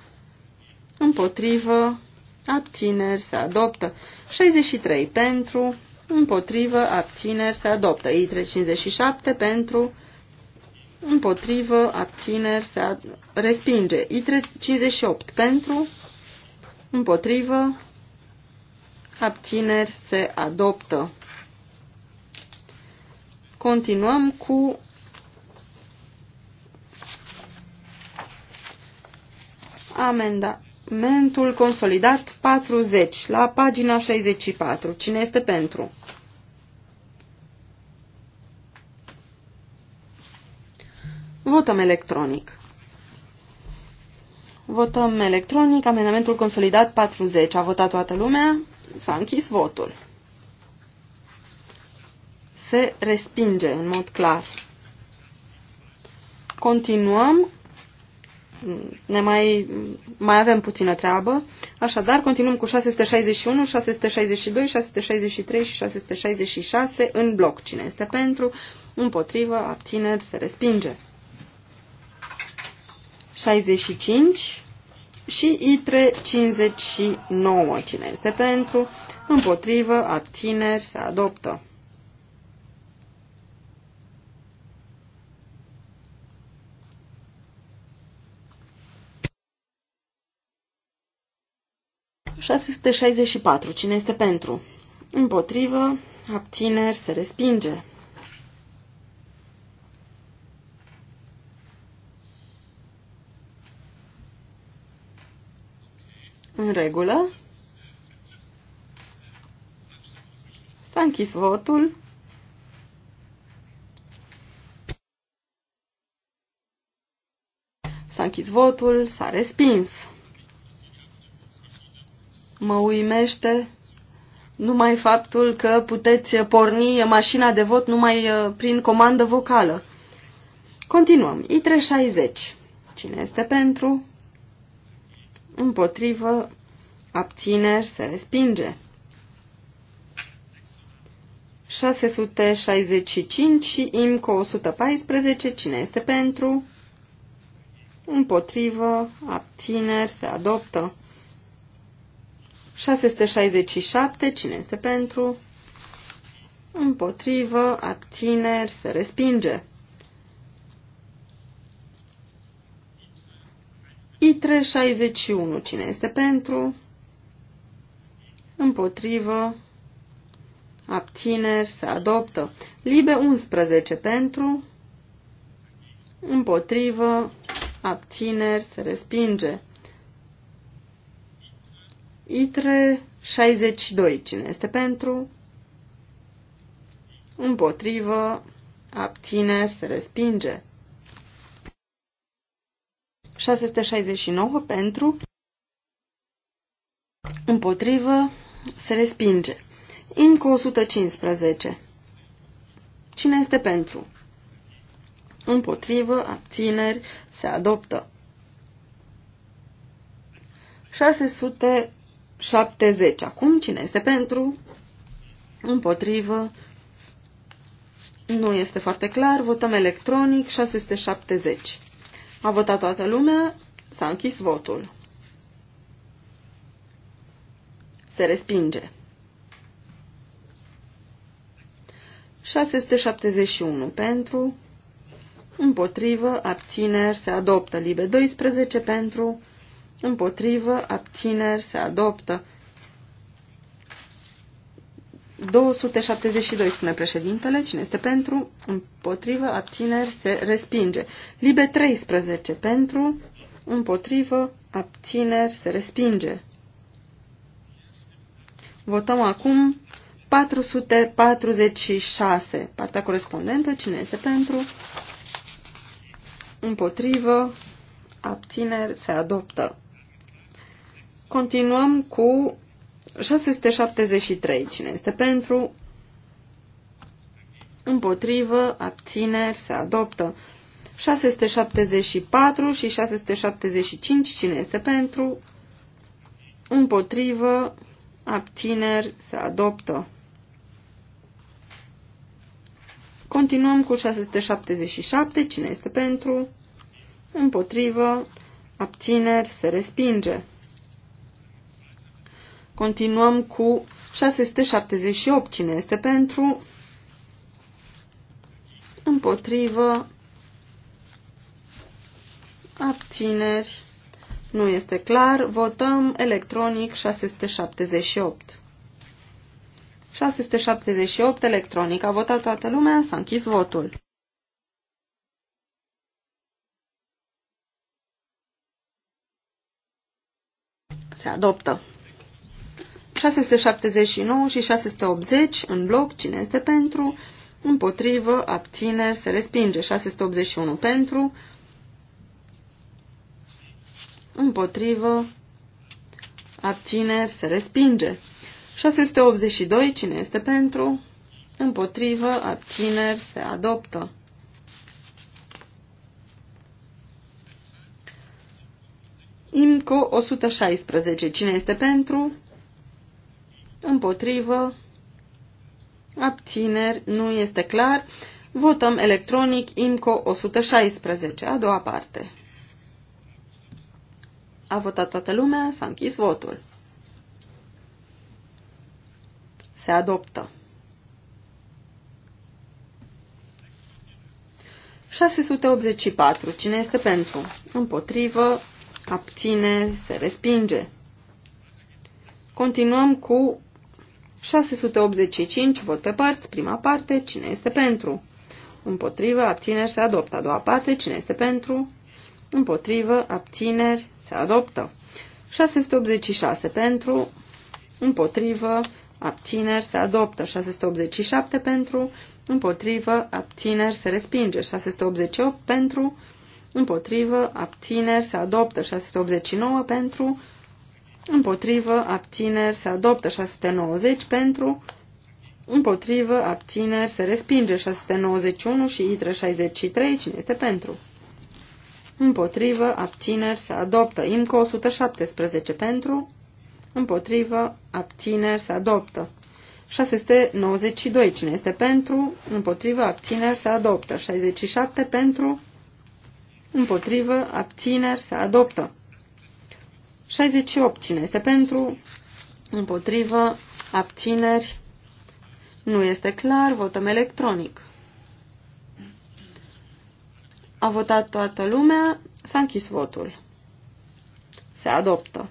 împotrivă, abțineri, se adoptă. 63 pentru, împotrivă, abțineri, se adoptă. I357 pentru, împotrivă, abțineri, se ad... respinge. I358 pentru, împotrivă, abțineri se adoptă. Continuăm cu amendamentul consolidat 40 la pagina 64. Cine este pentru? Votăm electronic. Votăm electronic amendamentul consolidat 40. A votat toată lumea? S-a închis votul. Se respinge în mod clar. Continuăm. Ne mai, mai avem puțină treabă. Așadar, continuăm cu 661, 662, 663 și 666 în bloc. Cine este pentru, împotrivă, abțineri, se respinge. 65 și ITRE 59. Cine este pentru? Împotrivă, abțineri, se adoptă. Cine este pentru? Împotrivă, abțineri, se respinge. în regulă. S-a închis votul. S-a închis votul, s-a respins. Mă uimește numai faptul că puteți porni mașina de vot numai uh, prin comandă vocală. Continuăm. I360. Cine este pentru? Împotrivă abțineri, se respinge. 665 și IMCO 114, cine este pentru? Împotrivă, abțineri, se adoptă. 667, cine este pentru? Împotrivă, abțineri, se respinge. I361, cine este pentru? împotrivă, abțineri, se adoptă. Libe 11 pentru, împotrivă, abțineri, se respinge. Itre 62, cine este pentru? Împotrivă, abțineri, se respinge. 669 pentru, împotrivă, se respinge. Inco 115. Cine este pentru? Împotrivă, abțineri, se adoptă. 670. Acum, cine este pentru? Împotrivă. Nu este foarte clar. Votăm electronic. 670. A votat toată lumea. S-a închis votul. Se respinge. 671 pentru, împotrivă, abțineri, se adoptă. Libe 12 pentru, împotrivă, abțineri, se adoptă. 272, spune președintele, cine este pentru, împotrivă, abțineri, se respinge. Libe 13, pentru, împotrivă, abțineri, se respinge. Votăm acum 446, partea corespondentă, cine este pentru, împotrivă, abțineri, se adoptă. Continuăm cu 673, cine este pentru, împotrivă, abțineri, se adoptă. 674 și 675, cine este pentru, împotrivă, abțineri, se adoptă. Continuăm cu 677, cine este pentru, împotrivă, abțineri, se respinge. Continuăm cu 678, cine este pentru, împotrivă, abțineri, nu este clar. Votăm electronic 678. 678 electronic. A votat toată lumea, s-a închis votul. Se adoptă. 679 și 680 în bloc, cine este pentru, împotrivă, abțineri, se respinge. 681 pentru, împotrivă, abțineri, se respinge. 682, cine este pentru, împotrivă, abțineri, se adoptă. IMCO 116, cine este pentru, împotrivă, abțineri, nu este clar, votăm electronic IMCO 116, a doua parte. A votat toată lumea, s-a închis votul. Se adoptă. 684. Cine este pentru? Împotrivă, abține, se respinge. Continuăm cu 685, vot pe părți, prima parte, cine este pentru? Împotrivă, abțineri, se adoptă. A doua parte, cine este pentru? Împotrivă, abțineri, se adoptă. 686 pentru, împotrivă, abțineri, se adoptă. 687 pentru, împotrivă, abțineri, se respinge. 688 pentru, împotrivă, abțineri, se adoptă. 689 pentru, împotrivă, abțineri, se adoptă. 690 pentru, împotrivă, abțineri, se respinge. 691 și I363, cine este pentru? împotrivă, abțineri, se adoptă. IMCO 117 pentru, împotrivă, abțineri, se adoptă. 692, cine este pentru, împotrivă, abțineri, se adoptă. 67 pentru, împotrivă, abțineri, se adoptă. 68, cine este pentru, împotrivă, abțineri, nu este clar, votăm electronic. A votat toată lumea, s-a închis votul. Se adoptă.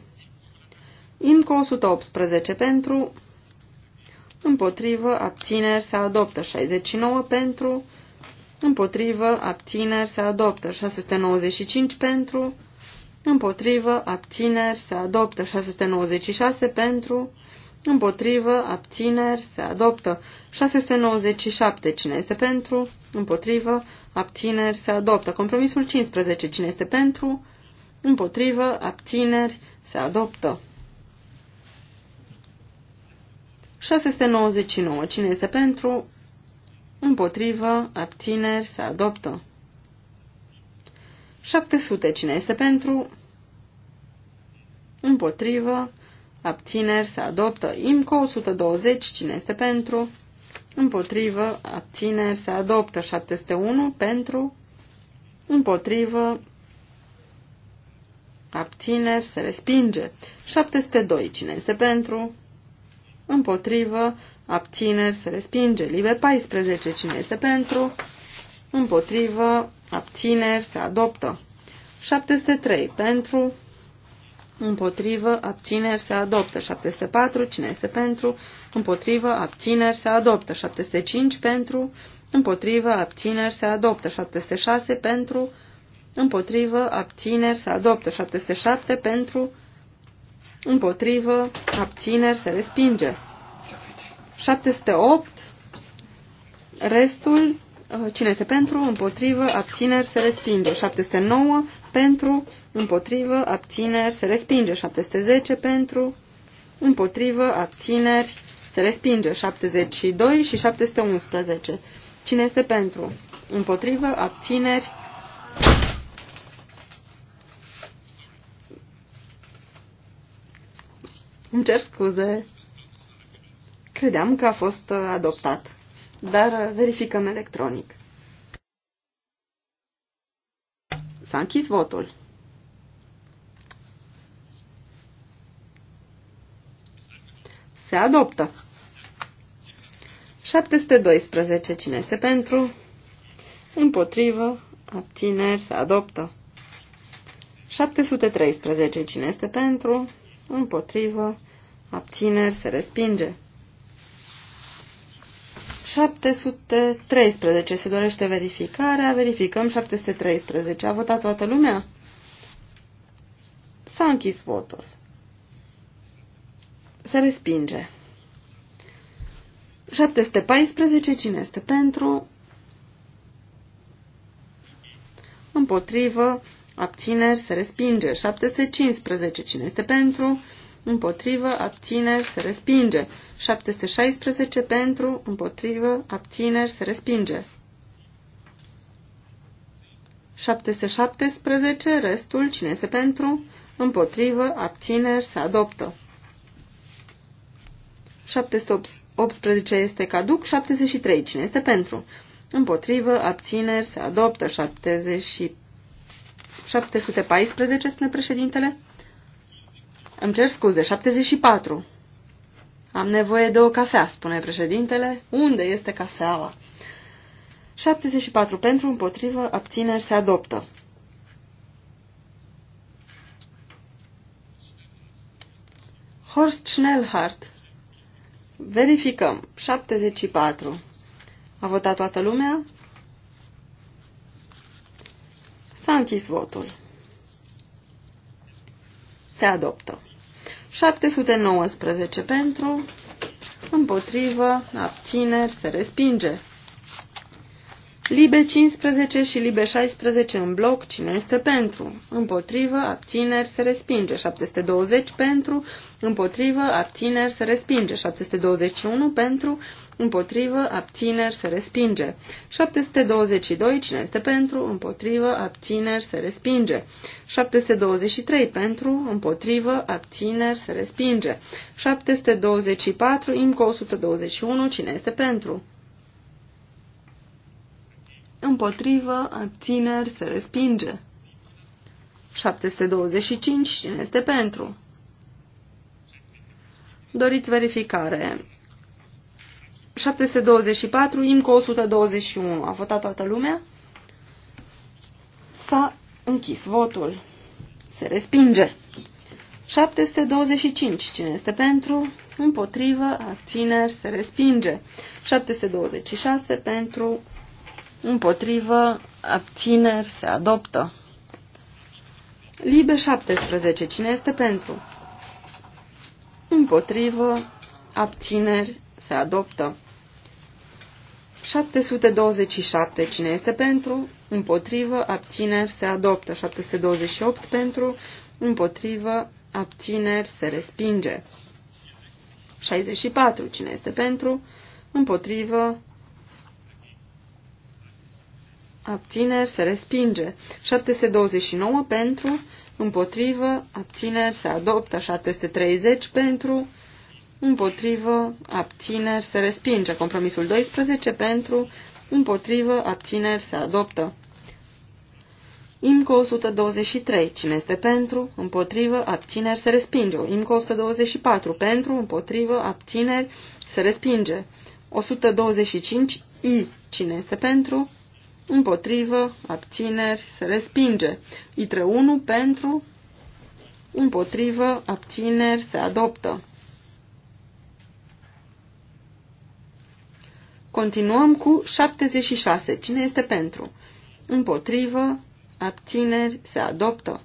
IMCO 118 pentru, împotrivă, abțineri, se adoptă 69 pentru, împotrivă, abțineri, se adoptă 695 pentru, împotrivă, abțineri, se adoptă 696 pentru, împotrivă, abțineri, se adoptă. 697, cine este pentru, împotrivă, abțineri, se adoptă. Compromisul 15, cine este pentru, împotrivă, abțineri, se adoptă. 699, cine este pentru, împotrivă, abțineri, se adoptă. 700, cine este pentru, împotrivă, abțineri se adoptă. IMCO 120, cine este pentru? Împotrivă, abțineri se adoptă. 701 pentru, împotrivă, abțineri se respinge. 702, cine este pentru? Împotrivă, abțineri se respinge. Live 14, cine este pentru? Împotrivă, abțineri se adoptă. 703 pentru, împotrivă, abțineri, se adoptă. 704, cine este pentru, împotrivă, abțineri, se adoptă. 705, pentru, împotrivă, abțineri, se adoptă. 706, pentru, împotrivă, abțineri, se adoptă. 707, pentru, împotrivă, abțineri, se respinge. 708, restul, cine este pentru, împotrivă, abțineri, se respinge. 709, pentru, împotrivă, abțineri, se respinge. 710 pentru, împotrivă, abțineri, se respinge. 72 și 711. Cine este pentru? Împotrivă, abțineri. Îmi cer scuze. Credeam că a fost uh, adoptat, dar uh, verificăm electronic. S-a închis votul. Se adoptă. 712. Cine este pentru? Împotrivă. Abțineri. Se adoptă. 713. Cine este pentru? Împotrivă. Abțineri. Se respinge. 713. Se dorește verificarea. Verificăm 713. A votat toată lumea? S-a închis votul. Se respinge. 714. Cine este pentru? Împotrivă. Abțineri. Se respinge. 715. Cine este pentru? împotrivă, abțineri, se respinge. 716 pentru, împotrivă, abțineri, se respinge. 717, restul, cine este pentru, împotrivă, abțineri, se adoptă. 718 este caduc, 73, cine este pentru, împotrivă, abțineri, se adoptă, 70, 714, spune președintele. Îmi cer scuze, 74. Am nevoie de o cafea, spune președintele. Unde este cafeaua? 74 pentru, împotrivă, abțineri se adoptă. Horst Schnellhardt. Verificăm. 74. A votat toată lumea? S-a închis votul se adoptă. 719 pentru, împotrivă, abțineri, se respinge. Libe 15 și Libe 16 în bloc, cine este pentru? Împotrivă, abțineri, se respinge. 720 pentru, împotrivă, abțineri, se respinge. 721 pentru, împotrivă, abțineri, se respinge. 722, cine este pentru, împotrivă, abțineri, se respinge. 723, pentru, împotrivă, abțineri, se respinge. 724, IMCO 121, cine este pentru, împotrivă, abțineri, se respinge. 725, cine este pentru? Doriți verificare. 724, IMCO 121. A votat toată lumea? S-a închis votul. Se respinge. 725. Cine este pentru? Împotrivă, abțineri, se respinge. 726 pentru, împotrivă, abțineri, se adoptă. Libe 17. Cine este pentru? Împotrivă, abțineri, se adoptă. 727. Cine este pentru? Împotrivă. Abțineri se adoptă. 728 pentru. Împotrivă. Abțineri se respinge. 64. Cine este pentru? Împotrivă. Abțineri se respinge. 729 pentru. Împotrivă. Abțineri se adoptă. 730 pentru împotrivă, abțineri, se respinge. Compromisul 12 pentru, împotrivă, abțineri, se adoptă. IMCO 123. Cine este pentru, împotrivă, abțineri, se respinge. IMCO 124. Pentru, împotrivă, abțineri, se respinge. 125. I. Cine este pentru, împotrivă, abțineri, se respinge. ITRE 1. Pentru, împotrivă, abțineri, se adoptă. Continuăm cu 76. Cine este pentru? Împotrivă, abțineri, se adoptă.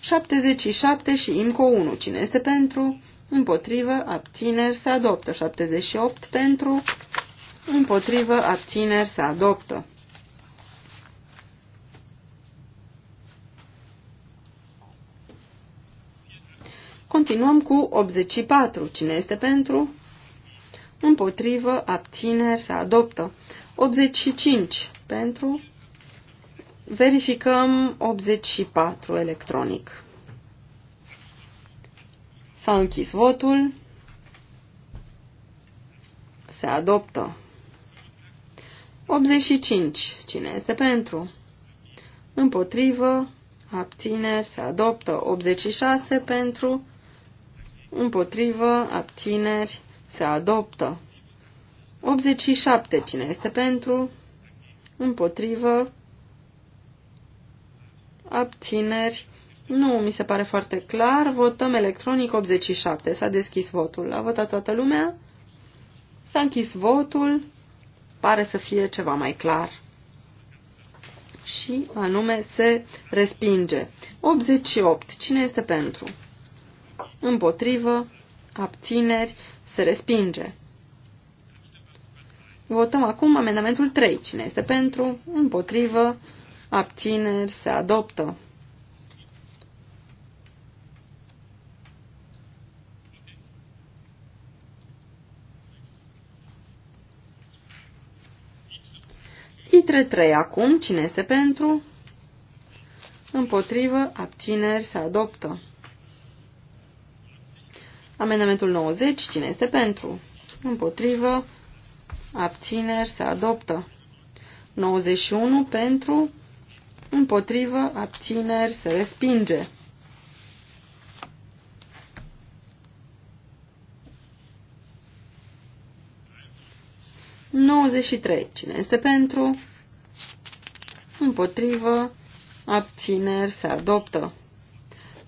77 și IMCO 1. Cine este pentru? Împotrivă, abțineri, se adoptă. 78 pentru, împotrivă, abțineri, se adoptă. Continuăm cu 84. Cine este pentru? împotrivă, abțineri, se adoptă. 85 pentru, verificăm 84 electronic. S-a închis votul, se adoptă. 85. Cine este pentru? Împotrivă, abțineri, se adoptă. 86 pentru, împotrivă, abțineri, se adoptă. 87. Cine este pentru? Împotrivă? Abțineri? Nu, mi se pare foarte clar. Votăm electronic 87. S-a deschis votul. A votat toată lumea? S-a închis votul. Pare să fie ceva mai clar. Și anume se respinge. 88. Cine este pentru? Împotrivă? abțineri, se respinge. Votăm acum amendamentul 3. Cine este pentru? Împotrivă. Abțineri. Se adoptă. Itre 3 acum. Cine este pentru? Împotrivă. Abțineri. Se adoptă. Amendamentul 90. Cine este pentru? Împotrivă. Abțineri. Se adoptă. 91. Pentru. Împotrivă. Abțineri. Se respinge. Cine este pentru? Împotrivă. Abțineri. Se adoptă.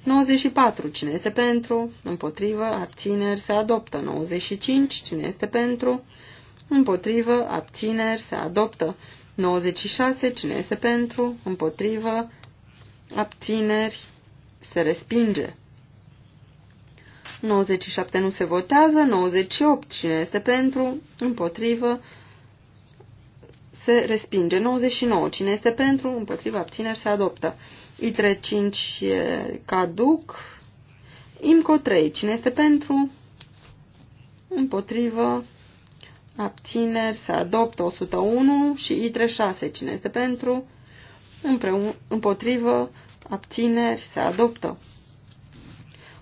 94. Cine este pentru? Împotrivă. Abțineri. Se adoptă. 95. Cine este pentru? Împotrivă. Abțineri. Se adoptă. 96. Cine este pentru? Împotrivă. Abțineri. Se respinge. 97 nu se votează, 98 cine este pentru, împotrivă, se respinge, 99 cine este pentru, împotrivă, abțineri, se adoptă. I 5 e caduc. IMCO 3. Cine este pentru? Împotrivă. Abțineri. Se adoptă 101 și ITRE 6. Cine este pentru? Împreun împotrivă. Abțineri. Se adoptă.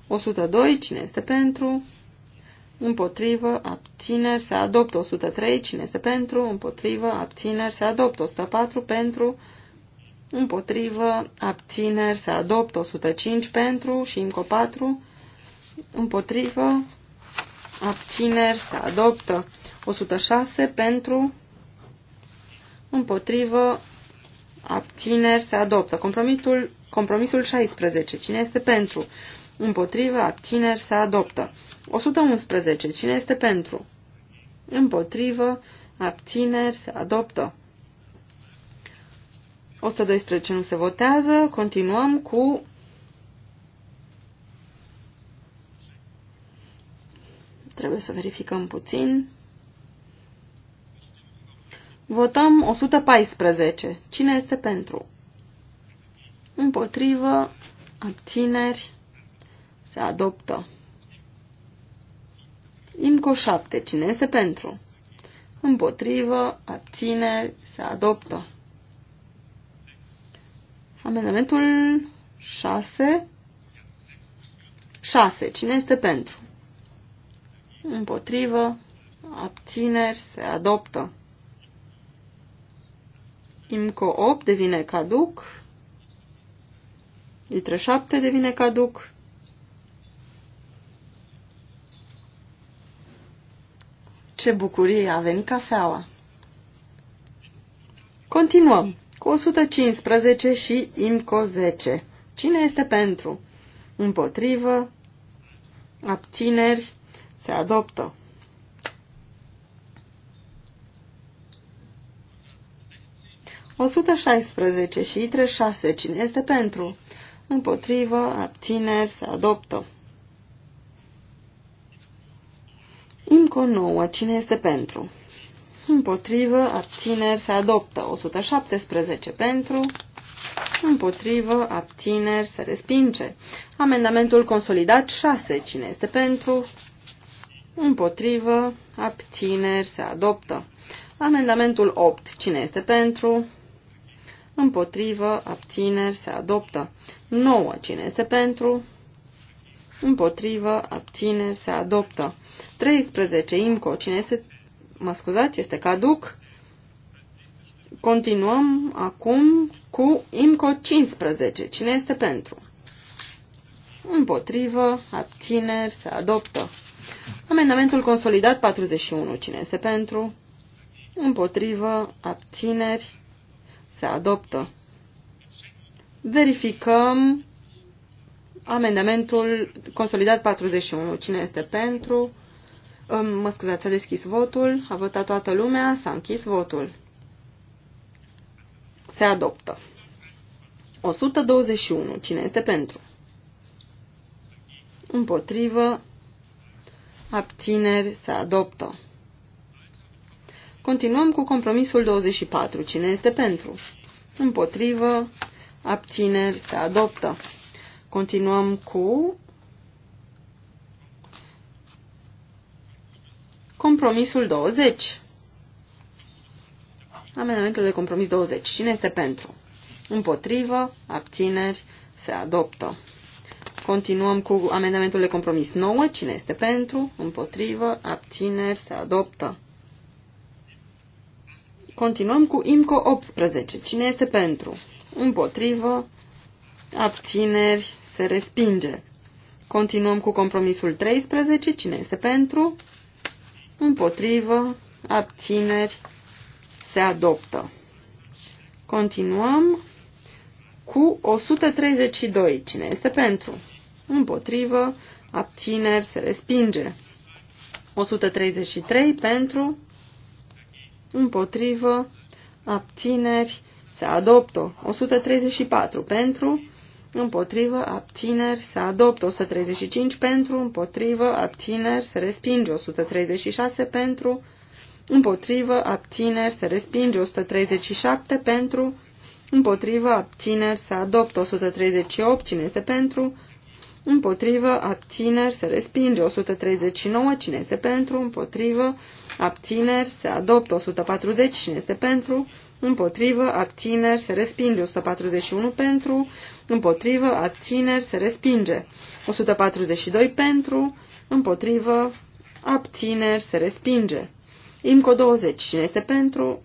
102. Cine este pentru? Împotrivă. Abțineri. Se adoptă 103. Cine este pentru? Împotrivă. Abțineri. Se adoptă 104. Pentru împotrivă, abțineri, se adoptă 105 pentru și încă 4, împotrivă, abțineri, se adoptă 106 pentru, împotrivă, abțineri, se adoptă. Compromisul, compromisul 16, cine este pentru? Împotrivă, abțineri, se adoptă. 111, cine este pentru? Împotrivă, abțineri, se adoptă. 112 nu se votează. Continuăm cu Trebuie să verificăm puțin. Votăm 114. Cine este pentru? Împotrivă, abțineri, se adoptă. IMCO 7. Cine este pentru? Împotrivă, abțineri, se adoptă. Amendamentul 6. 6. Cine este pentru? Împotrivă. Abțineri. Se adoptă. IMCO 8 devine caduc. ITRE 7 devine caduc. Ce bucurie a venit cafeaua! Continuăm cu 115 și IMCO 10. Cine este pentru? Împotrivă? Abțineri? Se adoptă. șaisprezece și ITRE 6. Cine este pentru? Împotrivă, abțineri, se adoptă. IMCO 9. Cine este pentru? împotrivă, abțineri, se adoptă. 117 pentru, împotrivă, abțineri, se respinge. Amendamentul consolidat 6, cine este pentru, împotrivă, abțineri, se adoptă. Amendamentul 8, cine este pentru, împotrivă, abțineri, se adoptă. 9, cine este pentru, împotrivă, abțineri, se adoptă. 13, imco, cine este mă scuzați, este caduc. Continuăm acum cu IMCO 15. Cine este pentru? Împotrivă, abțineri, se adoptă. Amendamentul consolidat 41. Cine este pentru? Împotrivă, abțineri, se adoptă. Verificăm amendamentul consolidat 41. Cine este pentru? Mă scuzați, s-a deschis votul, a votat toată lumea, s-a închis votul. Se adoptă. 121. Cine este pentru? Împotrivă. Abțineri. Se adoptă. Continuăm cu compromisul 24. Cine este pentru? Împotrivă. Abțineri. Se adoptă. Continuăm cu Compromisul 20. Amendamentul de compromis 20. Cine este pentru? Împotrivă, abțineri, se adoptă. Continuăm cu amendamentul de compromis 9. Cine este pentru? Împotrivă, abțineri, se adoptă. Continuăm cu IMCO 18. Cine este pentru? Împotrivă, abțineri, se respinge. Continuăm cu compromisul 13. Cine este pentru? împotrivă, abțineri, se adoptă. Continuăm cu 132. Cine este pentru? Împotrivă, abțineri, se respinge. 133 pentru, împotrivă, abțineri, se adoptă. 134 pentru, împotrivă, abțineri, se adoptă 135 pentru, împotrivă, abțineri, se respinge 136 pentru, împotrivă, abțineri, se respinge 137 pentru, împotrivă, abțineri, se adoptă 138, cine este pentru, împotrivă, abțineri, se respinge 139, cine este pentru, împotrivă, abțineri, se adoptă 140, cine este pentru, împotrivă, abțineri, se respinge. 141 pentru, împotrivă, abțineri, se respinge. 142 pentru, împotrivă, abțineri, se respinge. IMCO 20. Cine este pentru?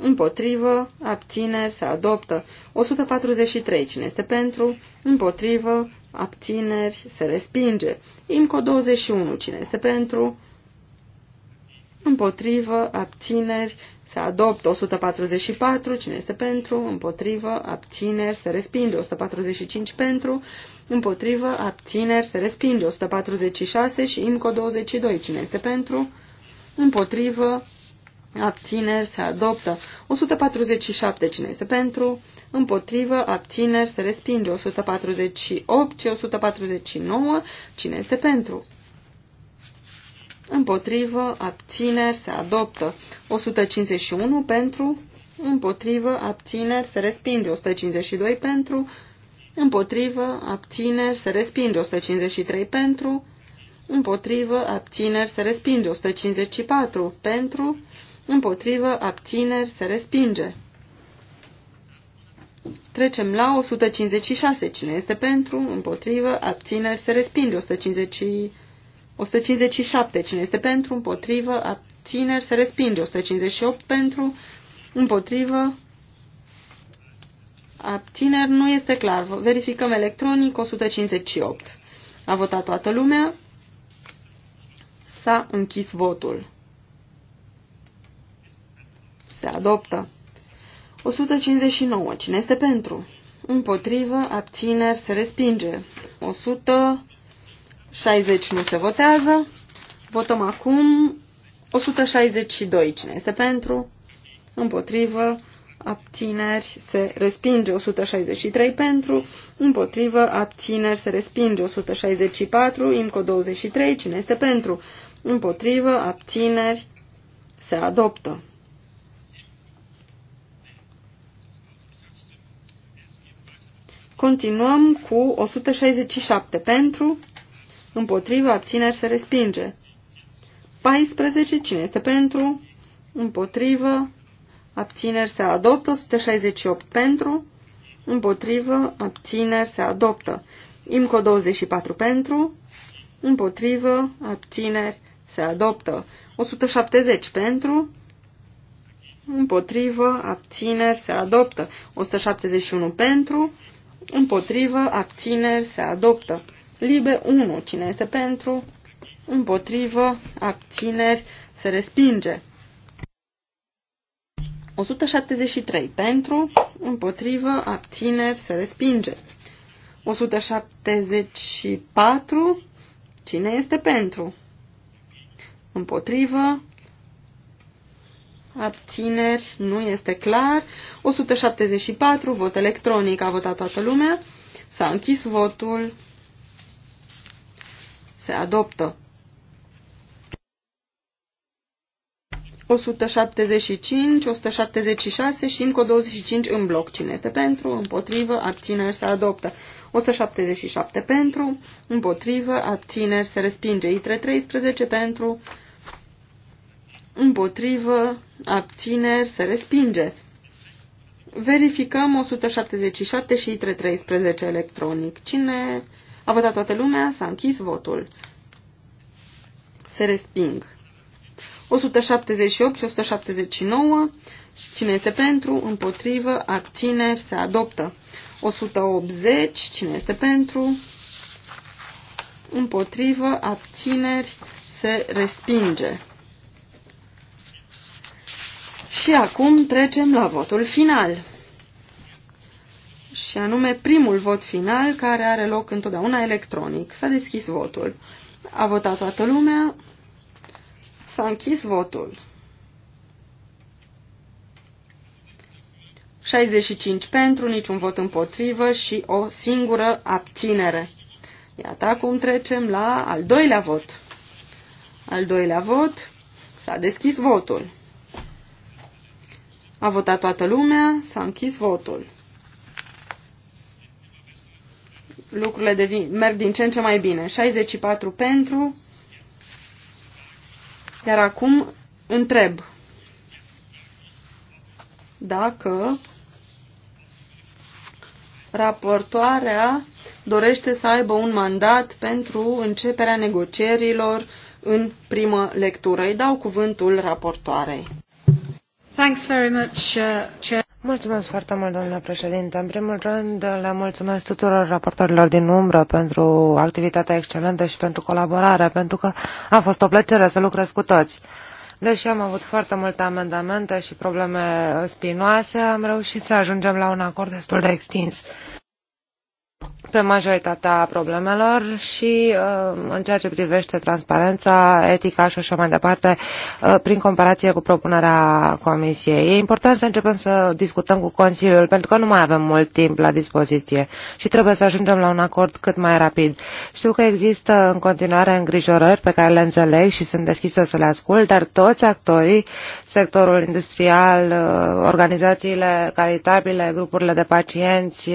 Împotrivă, abțineri, se adoptă. 143. Cine este pentru? Împotrivă, abțineri, se respinge. IMCO 21. Cine este pentru? Împotrivă, abțineri, se adoptă 144, cine este pentru, împotrivă, abțineri, se respinge 145 pentru, împotrivă, abțineri, se respinge 146 și IMCO 22, cine este pentru, împotrivă, abțineri, se adoptă 147, cine este pentru, împotrivă, abțineri, se respinge 148 și 149, cine este pentru, împotrivă, abțineri, se adoptă. 151 pentru, împotrivă, abțineri, se respinge. 152 pentru, împotrivă, abțineri, se respinge. 153 pentru, împotrivă, abțineri, se respinge. 154 pentru, împotrivă, abțineri, se respinge. Trecem la 156. Cine este pentru, împotrivă, abțineri, se respinge. 155 157. Cine este pentru, împotrivă, abțineri, se respinge. 158 pentru, împotrivă, abțineri, nu este clar. Verificăm electronic 158. A votat toată lumea. S-a închis votul. Se adoptă. 159. Cine este pentru? Împotrivă, abțineri, se respinge. 100. 60 nu se votează. Votăm acum 162. Cine este pentru? Împotrivă. Abțineri se respinge 163 pentru, împotrivă abțineri se respinge 164, IMCO 23, cine este pentru, împotrivă abțineri se adoptă. Continuăm cu 167 pentru, împotrivă, abțineri se respinge. 14. Cine este pentru? Împotrivă, abțineri se adoptă. 168 pentru, împotrivă, abțineri se adoptă. IMCO 24 pentru, împotrivă, abțineri se adoptă. 170 pentru, împotrivă, abțineri, se adoptă. 171 pentru, împotrivă, abțineri, se adoptă. Libe 1. Cine este pentru? Împotrivă. Abțineri. Se respinge. 173. Pentru. Împotrivă. Abțineri. Se respinge. 174. Cine este pentru? Împotrivă. Abțineri. Nu este clar. 174. Vot electronic. A votat toată lumea. S-a închis votul se adoptă. 175, 176 și încă 25 în bloc. Cine este pentru, împotrivă, abțineri se adoptă. 177 pentru, împotrivă, abțineri se respinge. ITRE 13 pentru, împotrivă, abțineri se respinge. Verificăm 177 și ITRE 13 electronic. Cine a votat toată lumea, s-a închis votul. Se resping. 178 și 179. Cine este pentru, împotrivă, abțineri, se adoptă. 180. Cine este pentru, împotrivă, abțineri, se respinge. Și acum trecem la votul final și anume primul vot final care are loc întotdeauna electronic. S-a deschis votul. A votat toată lumea. S-a închis votul. 65 pentru, niciun vot împotrivă și o singură abținere. Iată, acum trecem la al doilea vot. Al doilea vot, s-a deschis votul. A votat toată lumea, s-a închis votul. lucrurile devin, merg din ce în ce mai bine. 64 pentru. Iar acum întreb dacă raportoarea dorește să aibă un mandat pentru începerea negocierilor în primă lectură. Îi dau cuvântul raportoarei. Thanks very much, uh, Chair. Mulțumesc foarte mult, președinte. În primul rând, le mulțumesc tuturor raportorilor din umbră pentru activitatea excelentă și pentru colaborare, pentru că a fost o plăcere să lucrez cu toți. Deși am avut foarte multe amendamente și probleme spinoase, am reușit să ajungem la un acord destul de extins pe majoritatea problemelor și uh, în ceea ce privește transparența, etica și așa mai departe, uh, prin comparație cu propunerea Comisiei. E important să începem să discutăm cu Consiliul, pentru că nu mai avem mult timp la dispoziție și trebuie să ajungem la un acord cât mai rapid. Știu că există în continuare îngrijorări pe care le înțeleg și sunt deschisă să le ascult, dar toți actorii, sectorul industrial, uh, organizațiile caritabile, grupurile de pacienți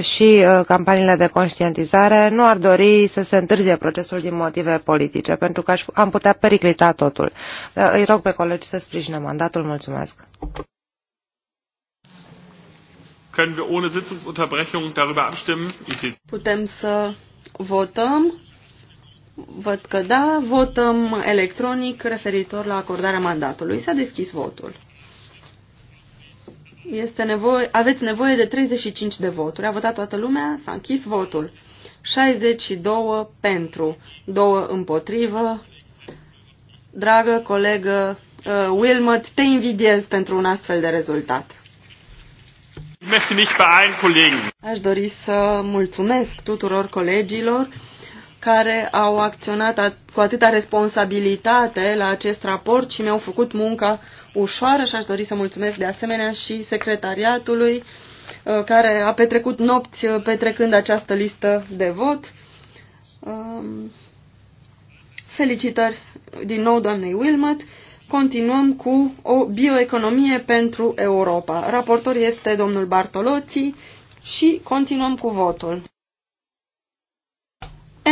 și Uh, campaniile de conștientizare nu ar dori să se întârzie procesul din motive politice, pentru că am putea periclita totul. Îi rog pe colegi să sprijine mandatul. Mulțumesc. Putem să votăm. Văd că da, votăm electronic referitor la acordarea mandatului. S-a deschis votul. Este nevoie, aveți nevoie de 35 de voturi. A votat toată lumea, s-a închis votul. 62 pentru, 2 împotrivă. Dragă colegă uh, Wilmot, te invidiez pentru un astfel de rezultat. Aș dori să mulțumesc tuturor colegilor care au acționat cu atâta responsabilitate la acest raport și mi-au făcut munca ușoară și aș dori să mulțumesc de asemenea și secretariatului uh, care a petrecut nopți uh, petrecând această listă de vot. Um, felicitări din nou doamnei Wilmot. Continuăm cu o bioeconomie pentru Europa. Raportor este domnul Bartolotti și continuăm cu votul.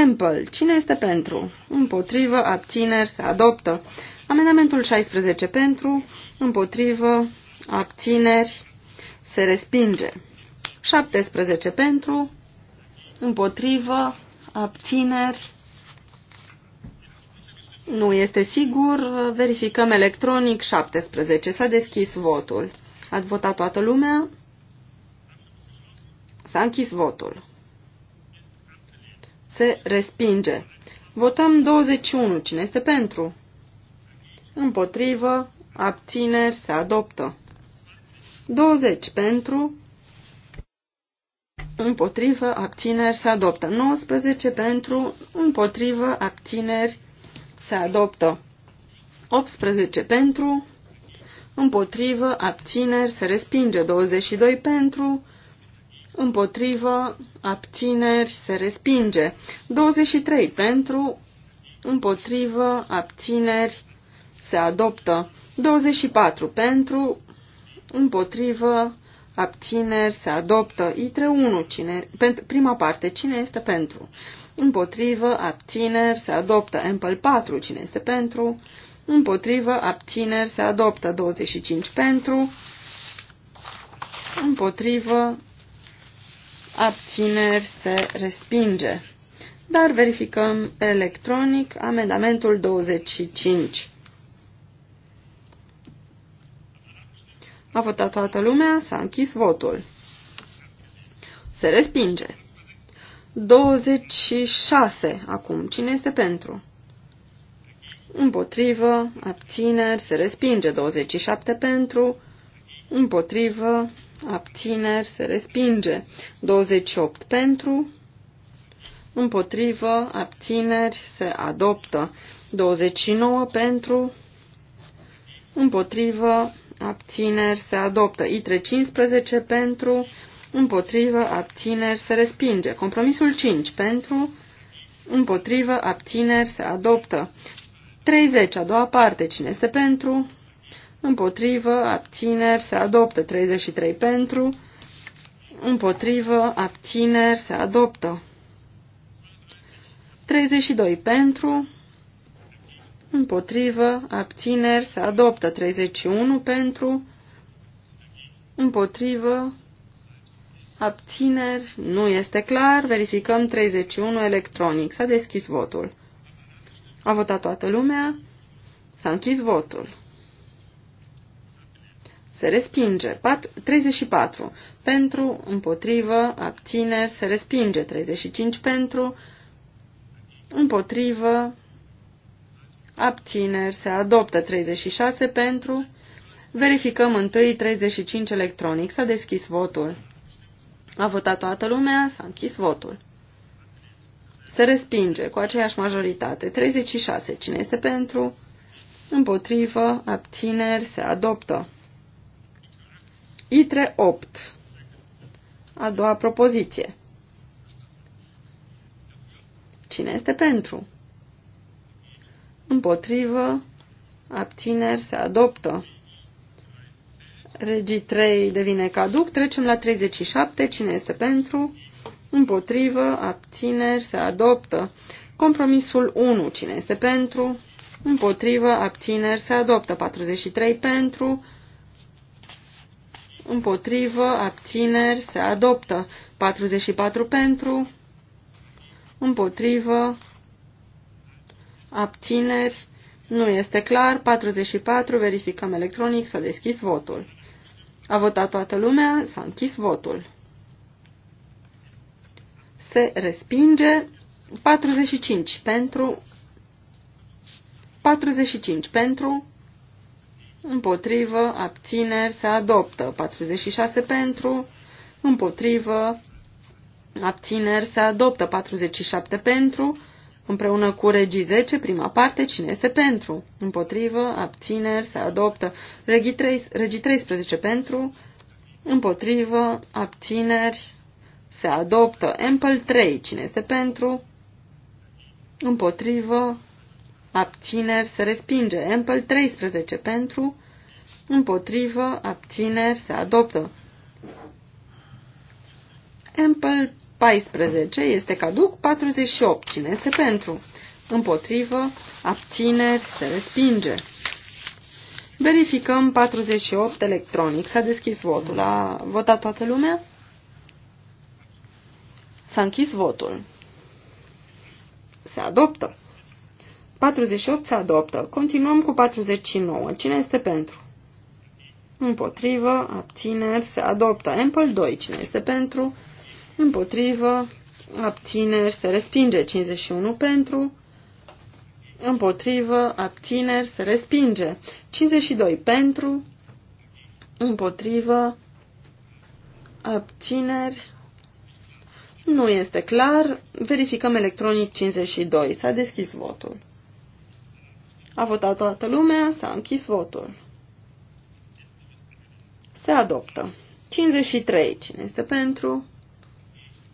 Ample. Cine este pentru? Împotrivă, abțineri, se adoptă. Amendamentul 16 pentru, împotrivă, abțineri, se respinge. 17 pentru, împotrivă, abțineri, nu este sigur, verificăm electronic 17. S-a deschis votul. A votat toată lumea? S-a închis votul. Se respinge. Votăm 21. Cine este pentru? împotrivă, abțineri, se adoptă. 20 pentru, împotrivă, abțineri, se adoptă. 19 pentru, împotrivă, abțineri, se adoptă. 18 pentru, împotrivă, abțineri, se respinge. 22 pentru, împotrivă, abțineri, se respinge. 23 pentru, împotrivă, abțineri, se adoptă. 24 pentru, împotrivă, abțineri, se adoptă. ITRE 1, cine, pentru, prima parte, cine este pentru? Împotrivă, abțineri, se adoptă. Ample 4, cine este pentru? Împotrivă, abțineri, se adoptă. 25 pentru, împotrivă, abțineri, se respinge. Dar verificăm electronic amendamentul 25. A votat toată lumea, s-a închis votul. Se respinge. 26 acum. Cine este pentru? Împotrivă, abțineri, se respinge. 27 pentru, împotrivă, abțineri, se respinge. 28 pentru, împotrivă, abțineri, se adoptă. 29 pentru, împotrivă, abțineri se adoptă. ITRE 15 pentru, împotrivă, abțineri se respinge. Compromisul 5 pentru, împotrivă, abțineri se adoptă. 30, a doua parte, cine este pentru? Împotrivă, abțineri se adoptă. 33 pentru, împotrivă, abțineri se adoptă. 32 pentru, împotrivă, abțineri, se adoptă 31 pentru, împotrivă, abțineri, nu este clar, verificăm 31 electronic, s-a deschis votul. A votat toată lumea, s-a închis votul. Se respinge. 34. Pentru, împotrivă, abțineri, se respinge. 35 pentru, împotrivă, abțineri, se adoptă 36 pentru, verificăm întâi 35 electronic, s-a deschis votul. A votat toată lumea, s-a închis votul. Se respinge cu aceeași majoritate, 36, cine este pentru, împotrivă, abțineri, se adoptă. ITRE 8, a doua propoziție. Cine este pentru? împotrivă, abțineri, se adoptă. Regii 3 devine caduc, trecem la 37, cine este pentru, împotrivă, abțineri, se adoptă. Compromisul 1, cine este pentru, împotrivă, abțineri, se adoptă. 43 pentru, împotrivă, abțineri, se adoptă. 44 pentru, împotrivă, abțineri, nu este clar, 44, verificăm electronic, s-a deschis votul. A votat toată lumea, s-a închis votul. Se respinge 45 pentru 45 pentru împotrivă, abțineri, se adoptă. 46 pentru, împotrivă, abțineri, se adoptă. 47 pentru, împreună cu regii 10, prima parte, cine este pentru, împotrivă, abțineri, se adoptă, regii, 3, regii 13 pentru, împotrivă, abțineri, se adoptă, Ample 3, cine este pentru, împotrivă, abțineri, se respinge, Ample 13 pentru, împotrivă, abțineri, se adoptă. Ample 14 este caduc, 48 cine este pentru? Împotrivă, abțineri, se respinge. Verificăm 48 electronic. S-a deschis votul. A votat toată lumea? S-a închis votul. Se adoptă. 48 se adoptă. Continuăm cu 49. Cine este pentru? Împotrivă, abțineri, se adoptă. Ample 2. Cine este pentru? împotrivă, abțineri, se respinge. 51 pentru, împotrivă, abțineri, se respinge. 52 pentru, împotrivă, abțineri, nu este clar. Verificăm electronic 52. S-a deschis votul. A votat toată lumea, s-a închis votul. Se adoptă. 53. Cine este pentru?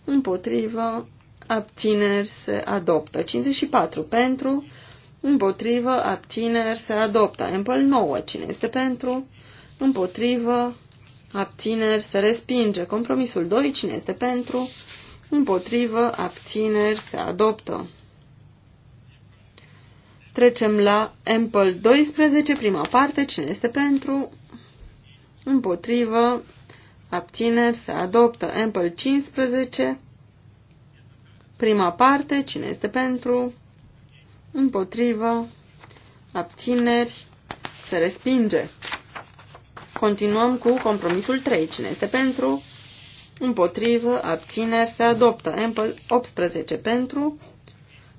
împotrivă, abțineri se adoptă. 54 pentru, împotrivă, abțineri se adoptă. Ample 9, cine este pentru, împotrivă, abțineri se respinge. Compromisul 2, cine este pentru, împotrivă, abțineri se adoptă. Trecem la Ample 12, prima parte, cine este pentru, împotrivă, abțineri, se adoptă. Ample 15, prima parte, cine este pentru, împotrivă, abțineri, se respinge. Continuăm cu compromisul 3. Cine este pentru? Împotrivă, abțineri, se adoptă. Ample 18 pentru,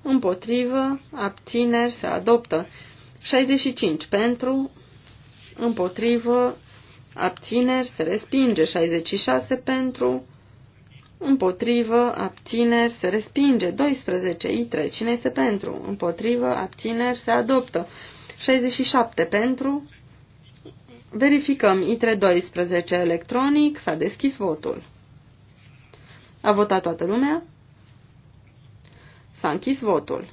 împotrivă, abțineri, se adoptă. 65 pentru, împotrivă, abțineri, se respinge. 66 pentru, împotrivă, abțineri, se respinge. 12, I3, cine este pentru? Împotrivă, abțineri, se adoptă. 67 pentru, verificăm I3 12 electronic, s-a deschis votul. A votat toată lumea? S-a închis votul.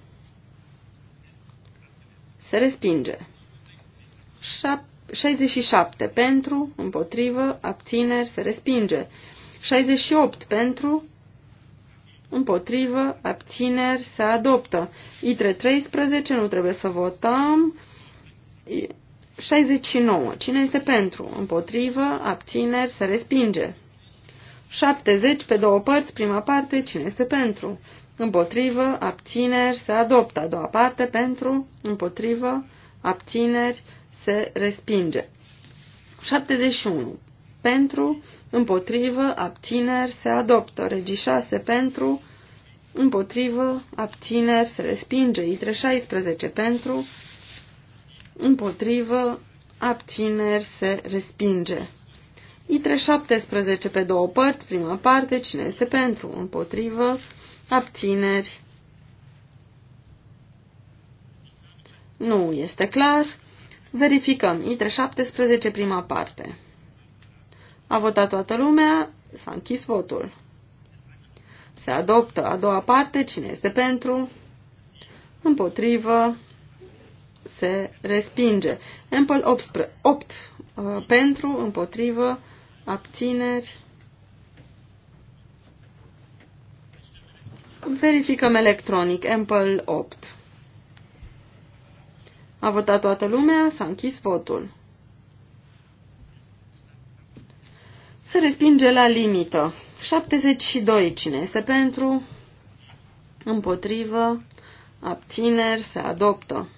Se respinge. 7 67 pentru, împotrivă, abțineri, se respinge. 68 pentru, împotrivă, abțineri, se adoptă. ITRE 13, nu trebuie să votăm. 69. Cine este pentru? Împotrivă, abțineri, se respinge. 70 pe două părți, prima parte, cine este pentru? Împotrivă, abțineri, se adoptă. A doua parte, pentru, împotrivă, abțineri, se respinge. 71. Pentru, împotrivă, abțineri, se adoptă. Regii 6. Pentru, împotrivă, abțineri, se respinge. Itre 16. Pentru, împotrivă, abțineri, se respinge. Itre 17 pe două părți, prima parte, cine este pentru, împotrivă, abțineri. Nu este clar. Verificăm. Intre 17, prima parte. A votat toată lumea, s-a închis votul. Se adoptă a doua parte, cine este pentru, împotrivă, se respinge. Ample 8, 8 uh, pentru, împotrivă, abțineri. Verificăm electronic, Ample 8. A votat toată lumea, s-a închis votul. Se respinge la limită. 72. Cine este pentru? Împotrivă. Abțineri. Se adoptă.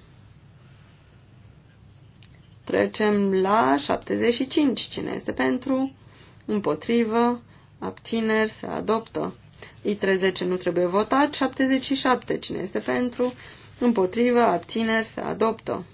Trecem la 75. Cine este pentru? Împotrivă. Abțineri. Se adoptă. I30 nu trebuie votat. 77. Cine este pentru? Împotrivă, abțineri, se adoptă.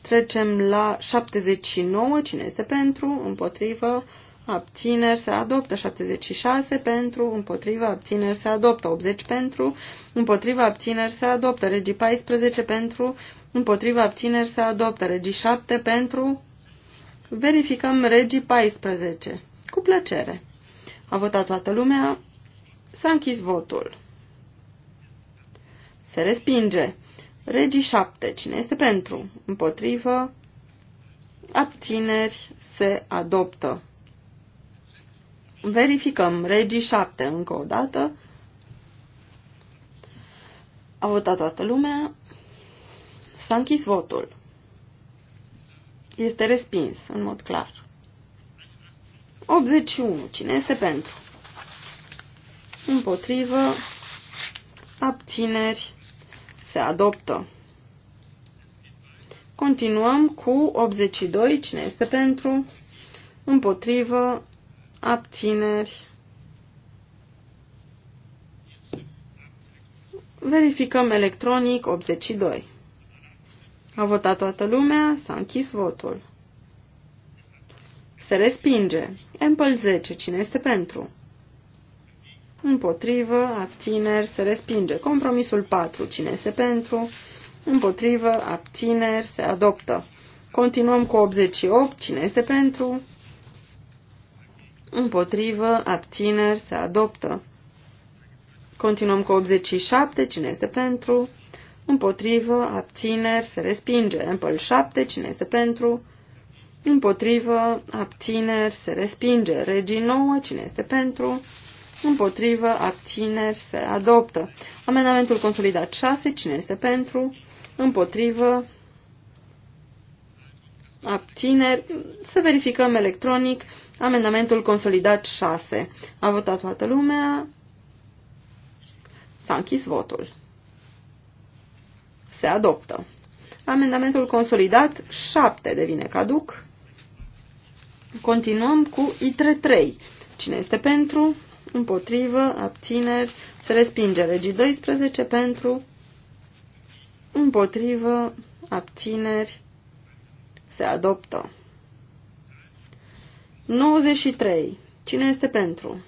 Trecem la 79, cine este pentru, împotrivă, abțineri se adoptă, 76 pentru, împotrivă, abțineri se adoptă, 80 pentru, împotrivă, abțineri se adoptă, regii 14 pentru, împotrivă, abțineri se adoptă, regii 7 pentru, verificăm regii 14. Cu plăcere. A votat toată lumea, s-a închis votul. Se respinge. Regii 7. Cine este pentru? Împotrivă. Abțineri. Se adoptă. Verificăm. Regii 7. Încă o dată. A votat toată lumea. S-a închis votul. Este respins, în mod clar. 81. Cine este pentru? Împotrivă. Abțineri se adoptă. Continuăm cu 82, cine este pentru, împotrivă, abțineri. Verificăm electronic 82. A votat toată lumea, s-a închis votul. Se respinge. Ample 10, cine este pentru? împotrivă, abțineri, se respinge. Compromisul 4, cine este pentru, împotrivă, abțineri, se adoptă. Continuăm cu 88, cine este pentru, împotrivă, abțineri, se adoptă. Continuăm cu 87, cine este pentru, împotrivă, abțineri, se respinge. Apple 7, cine este pentru, împotrivă, abțineri, se respinge. Regii 9, cine este pentru, împotrivă, abțineri, se adoptă. Amendamentul consolidat 6, cine este pentru, împotrivă, abțineri, să verificăm electronic amendamentul consolidat 6. A votat toată lumea, s-a închis votul. Se adoptă. Amendamentul consolidat 7 devine caduc. Continuăm cu ITRE 3. Cine este pentru? împotrivă, abțineri, se respinge. Legii 12 pentru, împotrivă, abțineri, se adoptă. 93. Cine este pentru?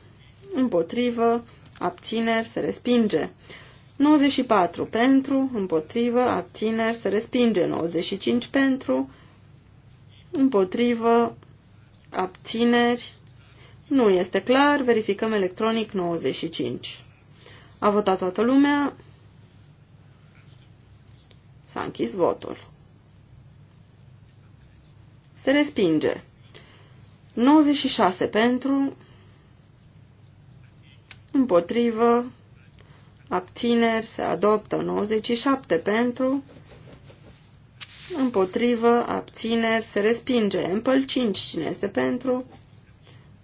Împotrivă, abțineri, se respinge. 94. Pentru, împotrivă, abțineri, se respinge. 95. Pentru, împotrivă, abțineri, nu este clar, verificăm electronic 95. A votat toată lumea. S-a închis votul. Se respinge. 96 pentru, împotrivă, abțineri, se adoptă 97 pentru, împotrivă, abțineri, se respinge, împăl 5, cine este pentru,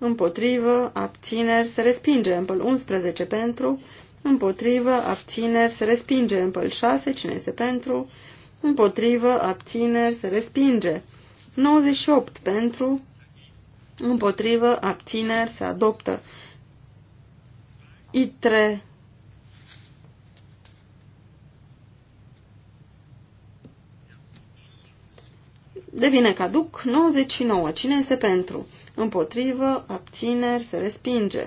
împotrivă, abțineri, se respinge. împăl 11 pentru, împotrivă, abțineri, se respinge. împăl 6, cine este pentru, împotrivă, abțineri, se respinge. 98 pentru, împotrivă, abțineri, se adoptă. ITRE devine caduc 99. Cine este pentru? împotrivă, abțineri, se respinge.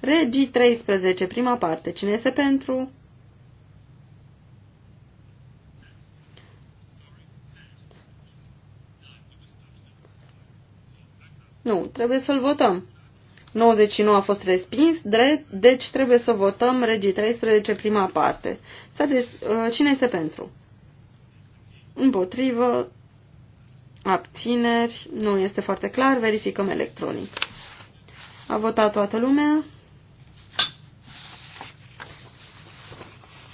Regii 13, prima parte. Cine este pentru? Nu, trebuie să-l votăm. 99 a fost respins, drept, deci trebuie să votăm regii 13, prima parte. Uh, cine este pentru? Împotrivă, abțineri, nu este foarte clar, verificăm electronic. A votat toată lumea.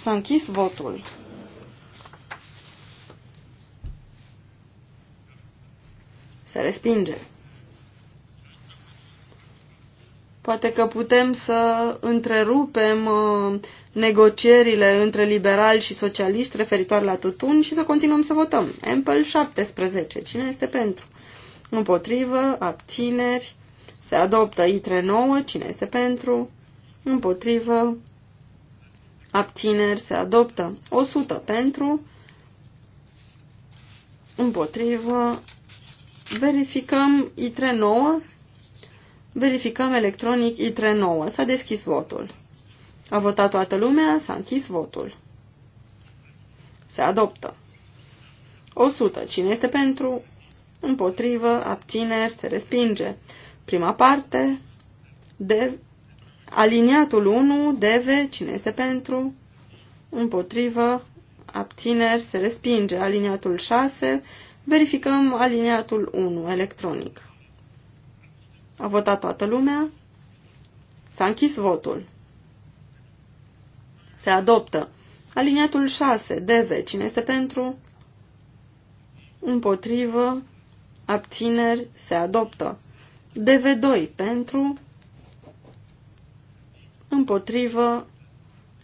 S-a închis votul. Se respinge. Poate că putem să întrerupem uh, negocierile între liberali și socialiști referitor la tutun și să continuăm să votăm. Empel 17. Cine este pentru? Împotrivă, abțineri, se adoptă ITRE 9. Cine este pentru? Împotrivă, abțineri, se adoptă 100 pentru, împotrivă, verificăm ITRE 9. Verificăm electronic I39. S-a deschis votul. A votat toată lumea, s-a închis votul. Se adoptă. 100. Cine este pentru? Împotrivă, abțineri, se respinge. Prima parte, de aliniatul 1, DV, cine este pentru? Împotrivă, abțineri, se respinge. Aliniatul 6, verificăm aliniatul 1, electronic. A votat toată lumea. S-a închis votul. Se adoptă. Aliniatul 6, DV, cine este pentru? Împotrivă, abțineri, se adoptă. DV2, pentru? Împotrivă,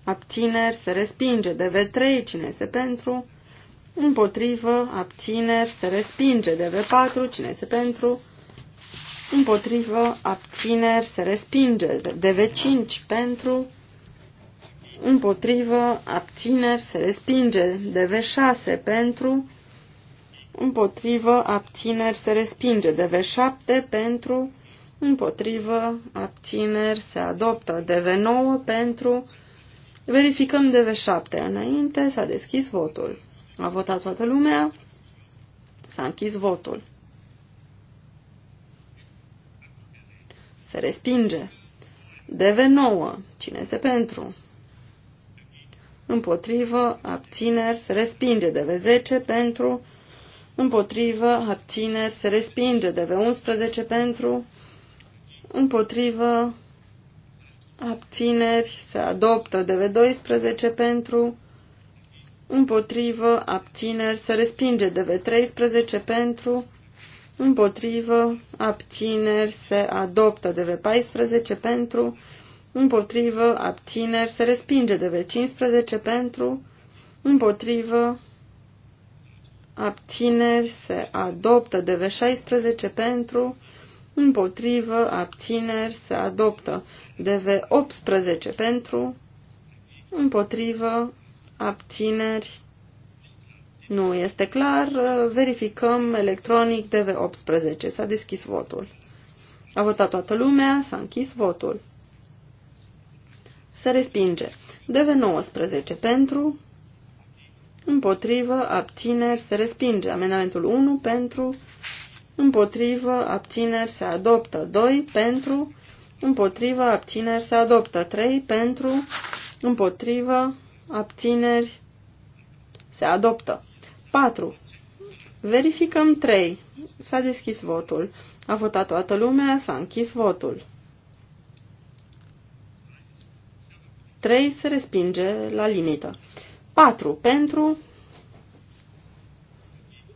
abțineri, se respinge. DV3, cine este pentru? Împotrivă, abțineri, se respinge. DV4, cine este pentru? împotrivă, abțineri, se respinge. de 5 pentru, împotrivă, abțineri, se respinge. v 6 pentru, împotrivă, abțineri, se respinge. v 7 pentru, împotrivă, abțineri, se adoptă. de v 9 pentru, verificăm v 7 Înainte s-a deschis votul. A votat toată lumea, s-a închis votul. Se respinge. Deve nouă, Cine este pentru? Împotrivă, abțineri, se respinge. Deve 10 pentru. Împotrivă, abțineri, se respinge. Deve 11 pentru. Împotrivă, abțineri, se adoptă. Deve 12 pentru. Împotrivă, abțineri, se respinge. Deve 13 pentru împotrivă, abțineri, se adoptă de v 14 pentru, împotrivă, abțineri, se respinge de v 15 pentru, împotrivă, abțineri, se adoptă de v 16 pentru, împotrivă, abțineri, se adoptă de v 18 pentru, împotrivă, abțineri, nu este clar. Verificăm electronic tv 18 S-a deschis votul. A votat toată lumea, s-a închis votul. Se respinge. DV19 pentru, împotrivă, abțineri, se respinge. Amendamentul 1 pentru, împotrivă, abțineri, se adoptă. 2 pentru, împotrivă, abțineri, se adoptă. 3 pentru, împotrivă, abțineri, se adoptă. 4. Verificăm 3. S-a deschis votul. A votat toată lumea, s-a închis votul. 3 se respinge la limită. 4 pentru,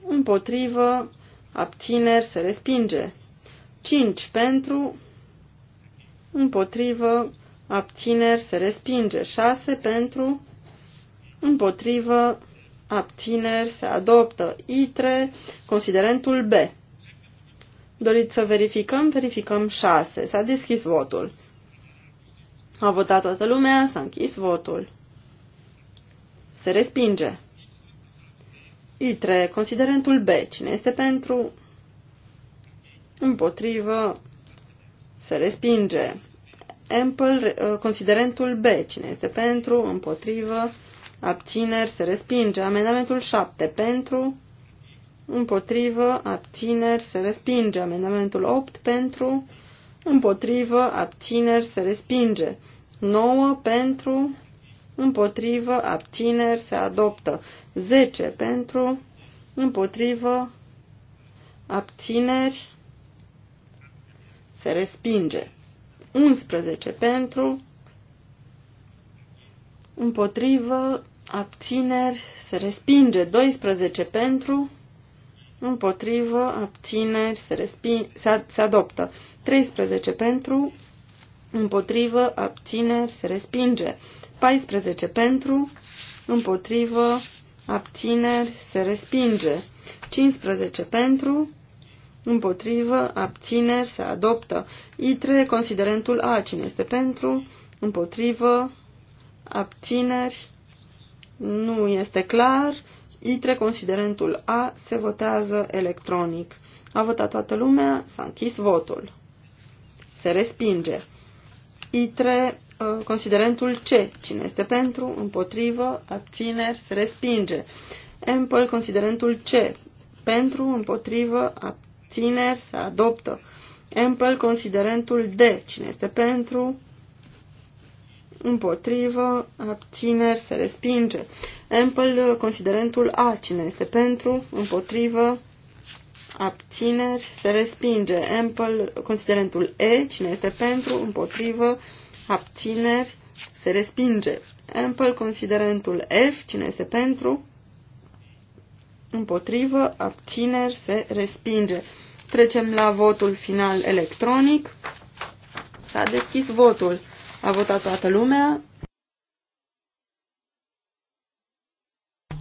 împotrivă, abțineri, se respinge. 5 pentru, împotrivă, abțineri, se respinge. 6 pentru, împotrivă, abțineri, se adoptă. ITRE, considerentul B. Doriți să verificăm? Verificăm 6. S-a deschis votul. A votat toată lumea, s-a închis votul. Se respinge. ITRE, considerentul B. Cine este pentru? Împotrivă. Se respinge. Ample, considerentul B. Cine este pentru? Împotrivă abțineri, se respinge. Amendamentul 7 pentru, împotrivă, abțineri, se respinge. Amendamentul 8 pentru, împotrivă, abțineri, se respinge. 9 pentru, împotrivă, abțineri, se adoptă. 10 pentru, împotrivă, abțineri, se respinge. 11 pentru, împotrivă, abțineri, se respinge. 12 pentru, împotrivă, abțineri, se, respinge, se, ad se adoptă. 13 pentru, împotrivă, abțineri, se respinge. 14 pentru, împotrivă, abțineri, se respinge. 15 pentru, împotrivă, abțineri, se adoptă. I3, considerentul A, cine este pentru, împotrivă, abțineri, nu este clar. ITRE considerentul A se votează electronic. A votat toată lumea, s-a închis votul. Se respinge. ITRE uh, considerentul C. Cine este pentru, împotrivă, abțineri, se respinge. Ample păi, considerentul C. Pentru, împotrivă, abțineri, se adoptă. Ample păi, considerentul D. Cine este pentru, împotrivă, abțineri, se respinge. Ample, considerentul A, cine este pentru, împotrivă, abțineri, se respinge. Ample, considerentul E, cine este pentru, împotrivă, abțineri, se respinge. Ample, considerentul F, cine este pentru, împotrivă, abțineri, se respinge. Trecem la votul final electronic. S-a deschis votul. A votat toată lumea.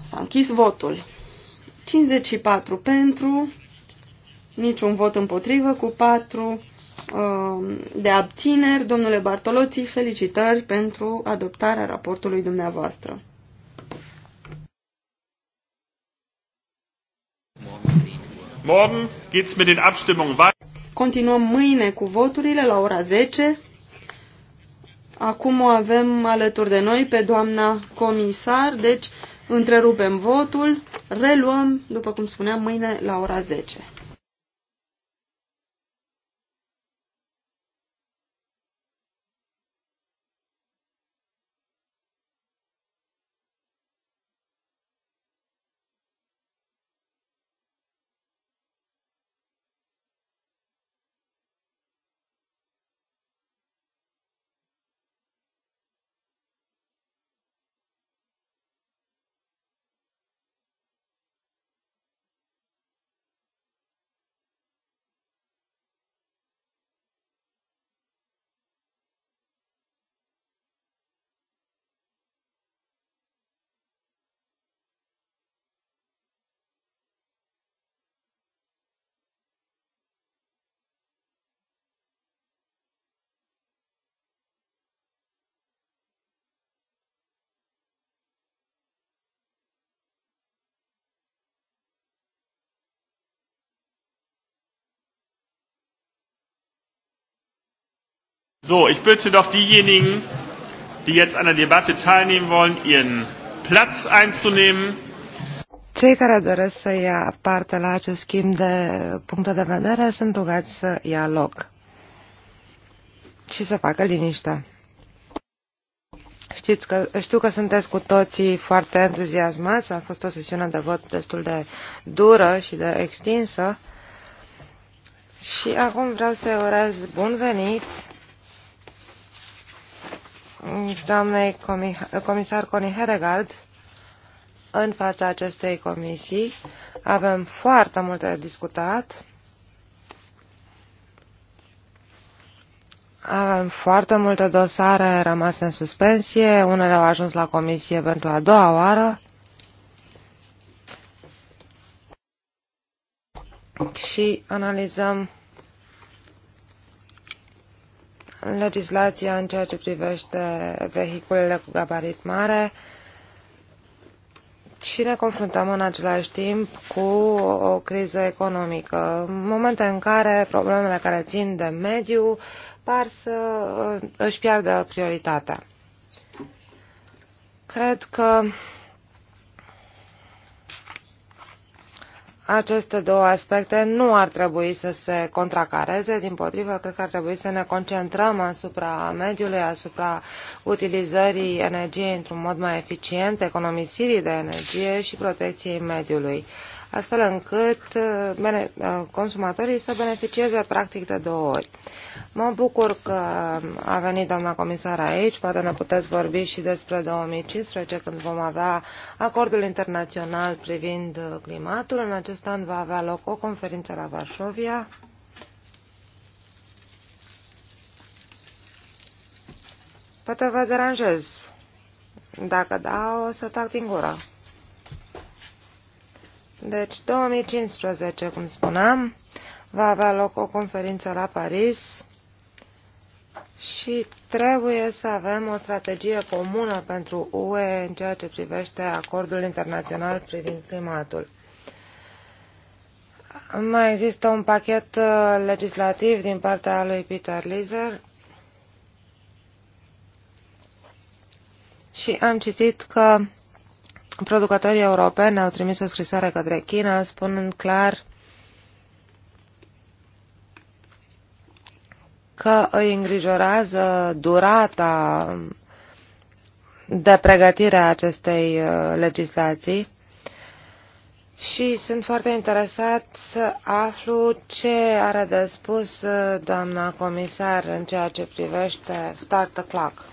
S-a închis votul. 54 pentru, niciun vot împotrivă, cu 4 um, de abțineri. Domnule Bartoloți, felicitări pentru adoptarea raportului dumneavoastră. Morgen geht's mit den Abstimmungen weiter. Continuăm mâine cu voturile la ora 10. Acum o avem alături de noi pe doamna comisar, deci întrerupem votul, reluăm, după cum spuneam, mâine la ora 10. So, ich bitte doch diejenigen, die jetzt an der Debatte teilnehmen wollen, ihren Platz einzunehmen. Cei care doresc să ia parte la acest schimb de puncte de vedere sunt rugați să ia loc și să facă liniște. Știți că, știu că sunteți cu toții foarte entuziasmați, a fost o sesiune de vot destul de dură și de extinsă. Și acum vreau să urez bun venit doamnei comisar Connie Hedegaard în fața acestei comisii. Avem foarte multe de discutat. Avem foarte multe dosare rămase în suspensie, unele au ajuns la comisie pentru a doua oară. Și analizăm legislația în ceea ce privește vehiculele cu gabarit mare și ne confruntăm în același timp cu o criză economică, momente în care problemele care țin de mediu par să își piardă prioritatea. Cred că Aceste două aspecte nu ar trebui să se contracareze, din potrivă, cred că ar trebui să ne concentrăm asupra mediului, asupra utilizării energiei într-un mod mai eficient, economisirii de energie și protecției mediului astfel încât uh, uh, consumatorii să beneficieze practic de două ori. Mă bucur că a venit doamna comisar aici, poate ne puteți vorbi și despre 2015 când vom avea acordul internațional privind uh, climatul. În acest an va avea loc o conferință la Varșovia. Poate vă deranjez. Dacă da, o să tac din gură. Deci 2015, cum spuneam, va avea loc o conferință la Paris și trebuie să avem o strategie comună pentru UE în ceea ce privește acordul internațional privind climatul. Mai există un pachet uh, legislativ din partea lui Peter Lizer și am citit că Producătorii europeni au trimis o scrisoare către China spunând clar că îi îngrijorează durata de pregătire a acestei uh, legislații și sunt foarte interesat să aflu ce are de spus uh, doamna comisar în ceea ce privește Start the Clock.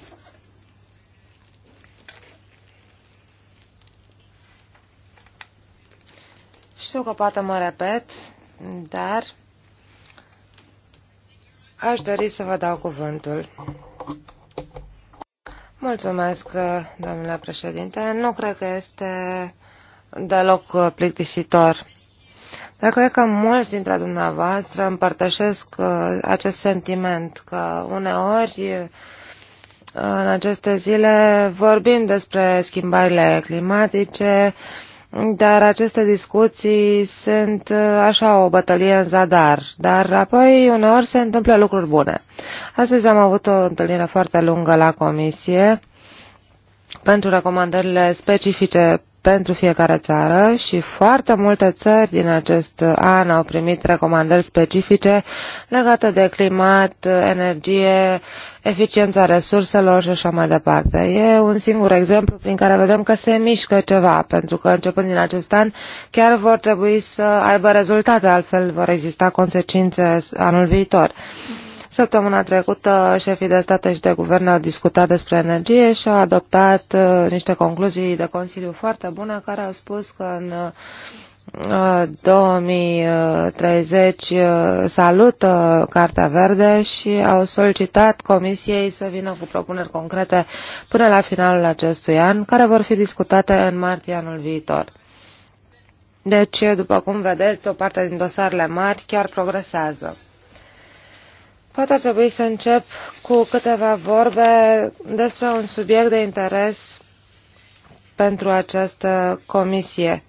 Știu că poate mă repet, dar aș dori să vă dau cuvântul. Mulțumesc, domnule președinte. Nu cred că este deloc plictisitor. Dar cred că mulți dintre dumneavoastră împărtășesc uh, acest sentiment că uneori uh, în aceste zile vorbim despre schimbările climatice, uh, dar aceste discuții sunt uh, așa o bătălie în zadar, dar apoi uneori se întâmplă lucruri bune. Astăzi am avut o întâlnire foarte lungă la comisie pentru recomandările specifice pentru fiecare țară și foarte multe țări din acest an au primit recomandări specifice legate de climat, energie, eficiența resurselor și așa mai departe. E un singur exemplu prin care vedem că se mișcă ceva, pentru că începând din acest an chiar vor trebui să aibă rezultate, altfel vor exista consecințe anul viitor. Săptămâna trecută, șefii de state și de guvern au discutat despre energie și au adoptat uh, niște concluzii de Consiliu foarte bune care au spus că în 2030 uh, uh, salută Cartea Verde și au solicitat Comisiei să vină cu propuneri concrete până la finalul acestui an, care vor fi discutate în martie anul viitor. Deci, după cum vedeți, o parte din dosarele mari chiar progresează. Poate ar trebui să încep cu câteva vorbe despre un subiect de interes pentru această comisie.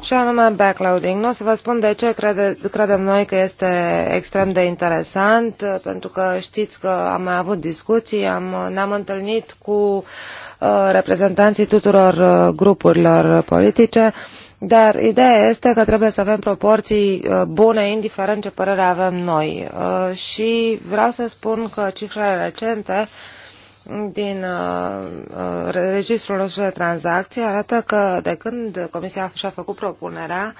Și anume backloading. Nu o să vă spun de ce crede, credem noi că este extrem de interesant, pentru că știți că am mai avut discuții, am, ne-am întâlnit cu Uh, reprezentanții tuturor uh, grupurilor politice, dar ideea este că trebuie să avem proporții uh, bune, indiferent ce părere avem noi. Și vreau să spun că cifrele recente din registrul nostru de tranzacții arată că de când Comisia și-a făcut propunerea,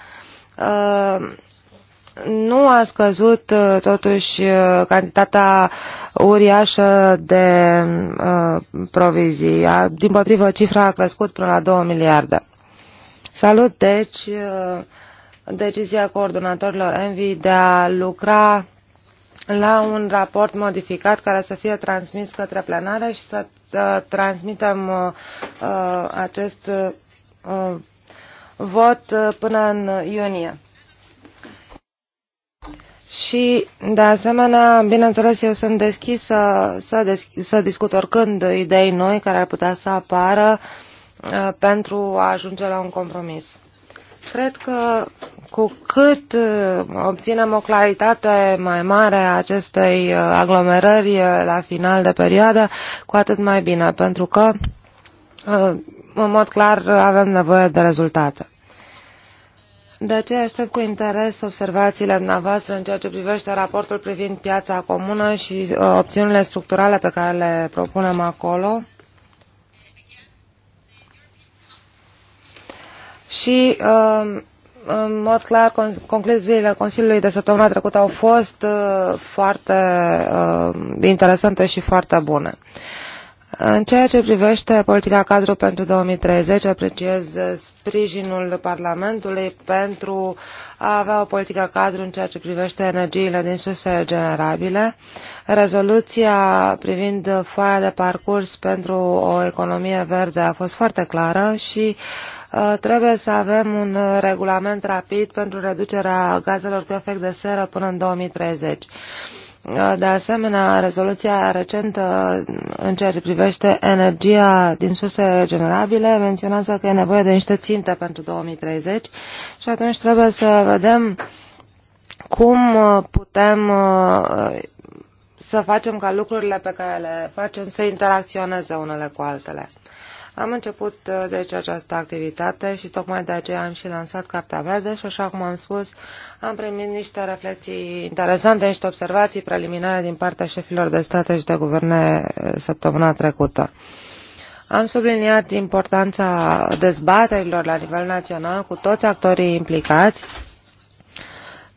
nu a scăzut totuși cantitatea uriașă de uh, provizii. A, din potrivă, cifra a crescut până la 2 miliarde. Salut, deci, uh, decizia coordonatorilor Envi de a lucra la un raport modificat care să fie transmis către plenară și să uh, transmitem uh, acest uh, vot până în iunie. Și, de asemenea, bineînțeles, eu sunt deschis să, să, deschis, să discut oricând idei noi care ar putea să apară uh, pentru a ajunge la un compromis. Cred că cu cât uh, obținem o claritate mai mare a acestei uh, aglomerări la final de perioadă, cu atât mai bine, pentru că, în mod clar, avem nevoie de rezultate. De aceea aștept cu interes observațiile dumneavoastră în ceea ce privește raportul privind piața comună și uh, opțiunile structurale pe care le propunem acolo. Și uh, în mod clar, concluziile Consiliului de săptămâna trecută au fost uh, foarte interesante și foarte bune. În ceea ce privește politica cadru pentru 2030, apreciez sprijinul Parlamentului pentru a avea o politică cadru în ceea ce privește energiile din surse generabile. Rezoluția privind foaia de parcurs pentru o economie verde a fost foarte clară și uh, trebuie să avem un regulament rapid pentru reducerea gazelor cu efect de seră până în 2030 da, de asemenea, rezoluția recentă în ceea ce privește energia din surse regenerabile menționează că e nevoie de niște ținte pentru 2030 și atunci trebuie să vedem cum putem uh, să facem ca lucrurile pe care le facem să interacționeze unele cu altele. Am început uh, deci această activitate și tocmai de aceea am și lansat Cartea Verde și așa cum am spus, am primit niște reflexii interesante, niște observații preliminare din partea șefilor de state și de guverne uh, săptămâna trecută. Am subliniat importanța dezbaterilor la nivel național cu toți actorii implicați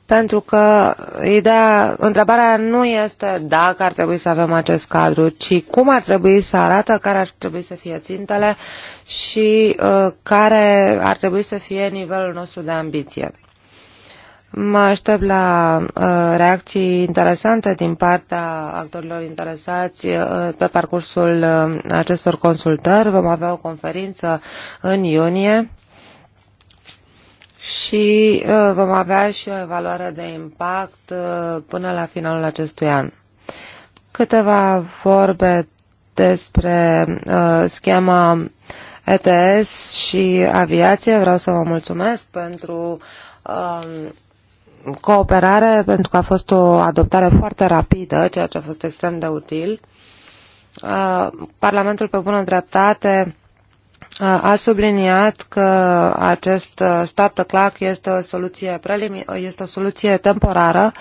pentru că ideea, întrebarea nu este dacă ar trebui să avem acest cadru, ci cum ar trebui să arată, care ar trebui să fie țintele și uh, care ar trebui să fie nivelul nostru de ambiție. Mă aștept la uh, reacții interesante din partea actorilor interesați uh, pe parcursul uh, acestor consultări. Vom avea o conferință în iunie și uh, vom avea și o evaluare de impact uh, până la finalul acestui an. Câteva vorbe despre uh, schema ETS și aviație. Vreau să vă mulțumesc pentru um, cooperare, pentru că a fost o adoptare foarte rapidă, ceea ce a fost extrem de util. Parlamentul, pe bună dreptate, a subliniat că acest stat clac este o soluție, este o soluție temporară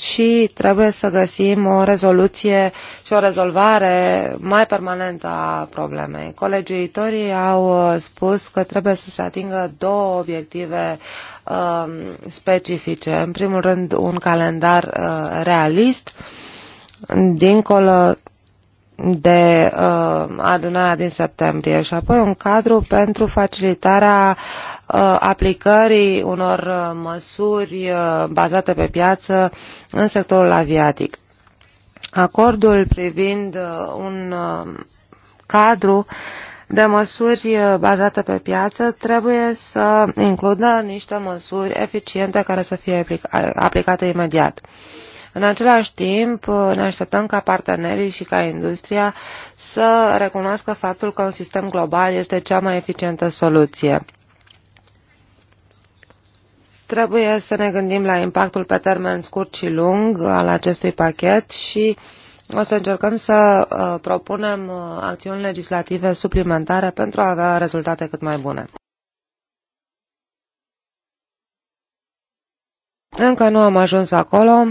și trebuie să găsim o rezoluție și o rezolvare mai permanentă a problemei. Colegiuitorii au spus că trebuie să se atingă două obiective uh, specifice. În primul rând, un calendar uh, realist, dincolo de uh, adunarea din septembrie și apoi un cadru pentru facilitarea uh, aplicării unor uh, măsuri uh, bazate pe piață în sectorul aviatic. Acordul privind uh, un uh, cadru de măsuri uh, bazate pe piață trebuie să includă niște măsuri eficiente care să fie aplicate imediat. Uh, în același timp, ne așteptăm ca partenerii și ca industria să recunoască faptul că un sistem global este cea mai eficientă soluție. Trebuie să ne gândim la impactul pe termen scurt și lung al acestui pachet și o să încercăm să uh, propunem uh, acțiuni legislative suplimentare pentru a avea rezultate cât mai bune. Încă nu am ajuns acolo,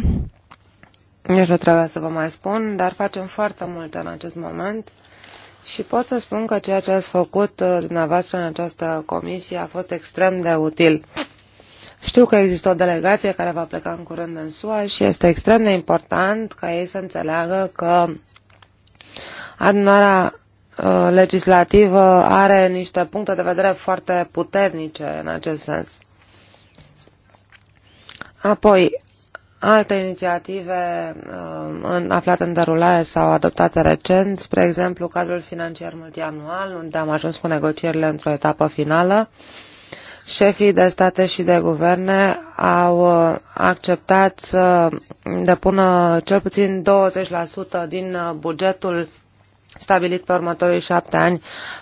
nici nu trebuie să vă mai spun, dar facem foarte mult în acest moment și pot să spun că ceea ce ați făcut uh, dumneavoastră în această comisie a fost extrem de util. Știu că există o delegație care va pleca în curând în SUA și este extrem de important ca ei să înțeleagă că adunarea uh, legislativă are niște puncte de vedere foarte puternice în acest sens. Apoi, alte inițiative uh, aflate în derulare sau adoptate recent, spre exemplu cadrul financiar multianual, unde am ajuns cu negocierile într-o etapă finală. Șefii de state și de guverne au uh, acceptat să depună cel puțin 20% din uh, bugetul stabilit pe următorii șapte ani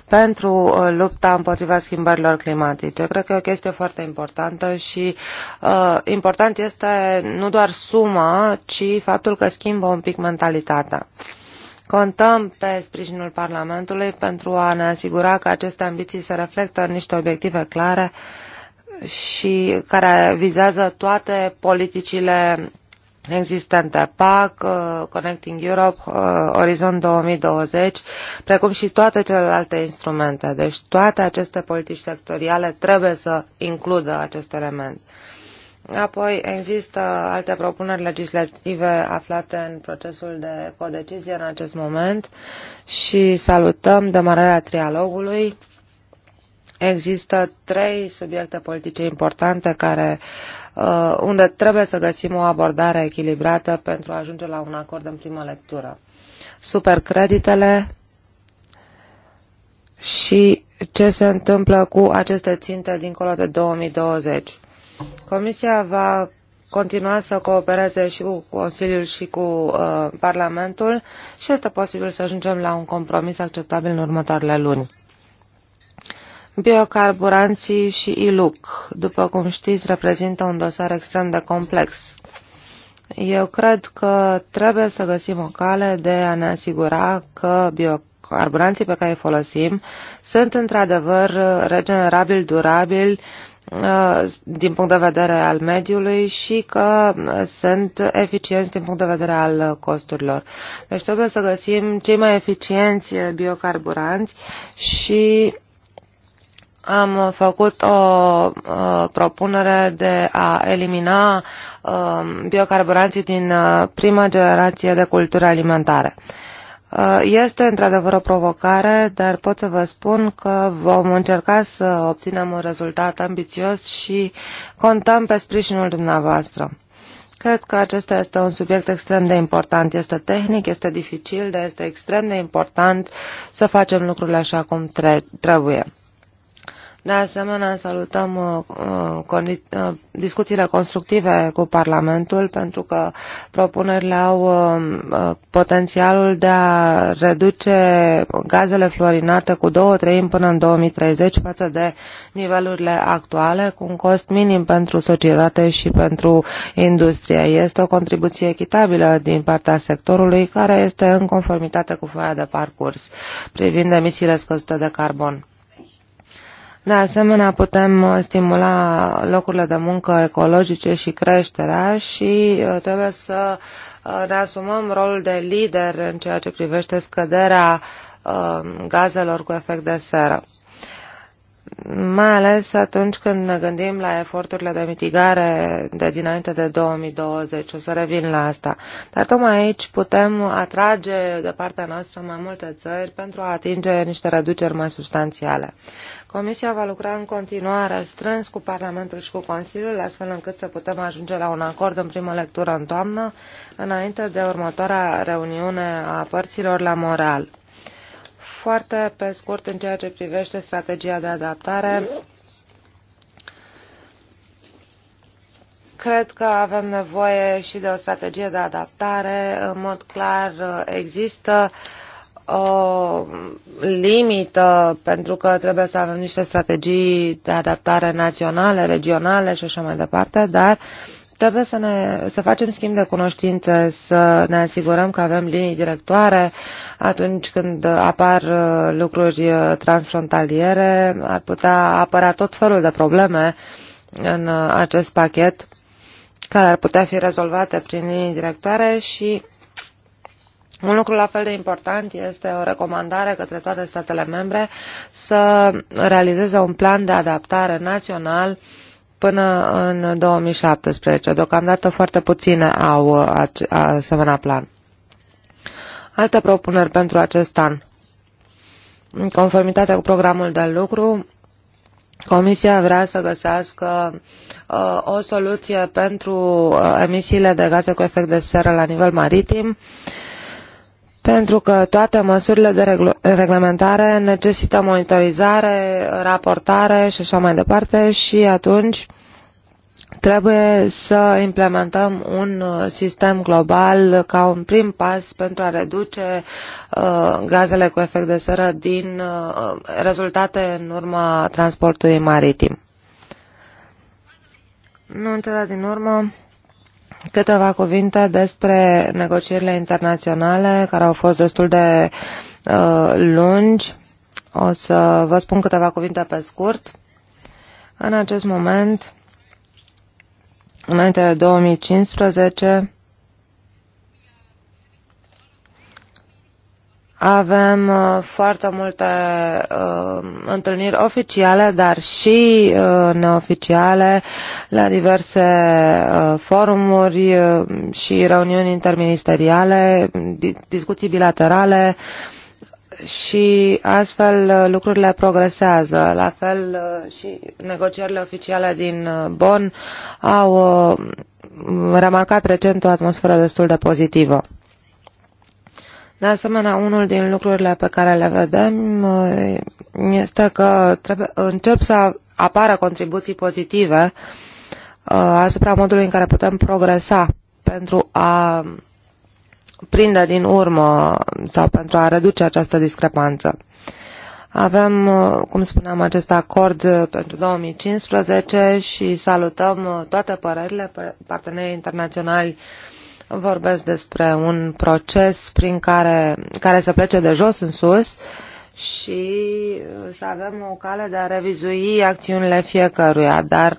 pentru uh, lupta împotriva schimbărilor climatice. Cred că e o chestie foarte importantă și uh, important este nu doar suma, ci faptul că schimbă un pic mentalitatea. Contăm pe sprijinul Parlamentului pentru a ne asigura că aceste ambiții se reflectă în niște obiective clare și care vizează toate politicile existente, PAC, uh, Connecting Europe, uh, Orizont 2020, precum și toate celelalte instrumente. Deci toate aceste politici sectoriale trebuie să includă acest element. Apoi există alte propuneri legislative aflate în procesul de codecizie în acest moment și salutăm demararea trialogului. Există trei subiecte politice importante care uh, Uh, unde trebuie să găsim o abordare echilibrată pentru a ajunge la un acord în primă lectură. Supercreditele și ce se întâmplă cu aceste ținte dincolo de 2020. Comisia va continua să coopereze și cu Consiliul și cu uh, Parlamentul și este posibil să ajungem la un compromis acceptabil în următoarele luni. Biocarburanții și ILUC, după cum știți, reprezintă un dosar extrem de complex. Eu cred că trebuie să găsim o cale de a ne asigura că biocarburanții pe care îi folosim sunt într-adevăr regenerabili, durabili, uh, din punct de vedere al mediului și că sunt eficienți din punct de vedere al costurilor. Deci trebuie să găsim cei mai eficienți biocarburanți și am făcut o uh, propunere de a elimina um, biocarburanții din uh, prima generație de culturi alimentare. Uh, este într-adevăr o provocare, dar pot să vă spun că vom încerca să obținem un rezultat ambițios și contăm pe sprijinul dumneavoastră. Cred că acesta este un subiect extrem de important. Este tehnic, este dificil, dar este extrem de important să facem lucrurile așa cum trebuie. De asemenea, salutăm uh, uh, uh, discuțiile constructive cu Parlamentul pentru că propunerile au uh, uh, potențialul de a reduce gazele fluorinate cu două treimi până în 2030 față de nivelurile actuale, cu un cost minim pentru societate și pentru industrie. Este o contribuție echitabilă din partea sectorului care este în conformitate cu foaia de parcurs privind emisiile scăzute de carbon. De asemenea, putem uh, stimula locurile de muncă ecologice și creșterea și uh, trebuie să uh, ne asumăm rolul de lider în ceea ce privește scăderea gazelor cu efect de seră mai ales atunci când ne gândim la eforturile de mitigare de dinainte de 2020. O să revin la asta. Dar tocmai aici putem atrage de partea noastră mai multe țări pentru a atinge niște reduceri mai substanțiale. Comisia va lucra în continuare strâns cu Parlamentul și cu Consiliul, astfel încât să putem ajunge la un acord în primă lectură în toamnă, înainte de următoarea reuniune a părților la moral. Foarte pe scurt, în ceea ce privește strategia de adaptare, cred că avem nevoie și de o strategie de adaptare. În mod clar, există uh, o limită pentru că trebuie să avem niște strategii de adaptare naționale, regionale și așa mai departe, dar trebuie să, ne, să facem schimb de cunoștințe, să ne asigurăm că avem linii directoare atunci când apar uh, lucruri uh, transfrontaliere, ar putea apărea tot felul de probleme în uh, acest pachet care ar putea fi rezolvate prin linii directoare și un lucru la fel de important este o recomandare către toate statele membre să realizeze un plan de adaptare național până în 2017. Deocamdată foarte puține au asemenea plan. Alte propuneri pentru acest an. În conformitate cu programul de lucru, Comisia vrea să găsească uh, o soluție pentru uh, emisiile de gaze cu efect de seră la nivel maritim. Uh, pentru că toate măsurile de reglementare necesită monitorizare, raportare și așa mai departe și atunci trebuie să implementăm un uh, sistem global ca un prim pas pentru a reduce uh, gazele cu efect de seră din uh, rezultate în urma transportului maritim. Nu înțeleg din urmă, Câteva cuvinte despre negocierile internaționale care au fost destul de uh, lungi. O să vă spun câteva cuvinte pe scurt. În acest moment, înainte de 2015, Avem uh, foarte multe uh, întâlniri oficiale, dar și uh, neoficiale la diverse uh, forumuri uh, și reuniuni interministeriale, di discuții bilaterale și astfel uh, lucrurile progresează. La fel uh, și negocierile oficiale din uh, Bonn au uh, remarcat recent o atmosferă destul de pozitivă. De asemenea, unul din lucrurile pe care le vedem uh, este că trebuie, încep să apară contribuții pozitive uh, asupra modului în care putem progresa pentru a prinde din urmă sau pentru a reduce această discrepanță. Avem, uh, cum spuneam, acest acord pentru 2015 și salutăm toate părerile partenerii internaționali uh, Vorbesc despre un proces prin care, care să plece de jos în sus și să avem o cale de a revizui acțiunile fiecăruia, dar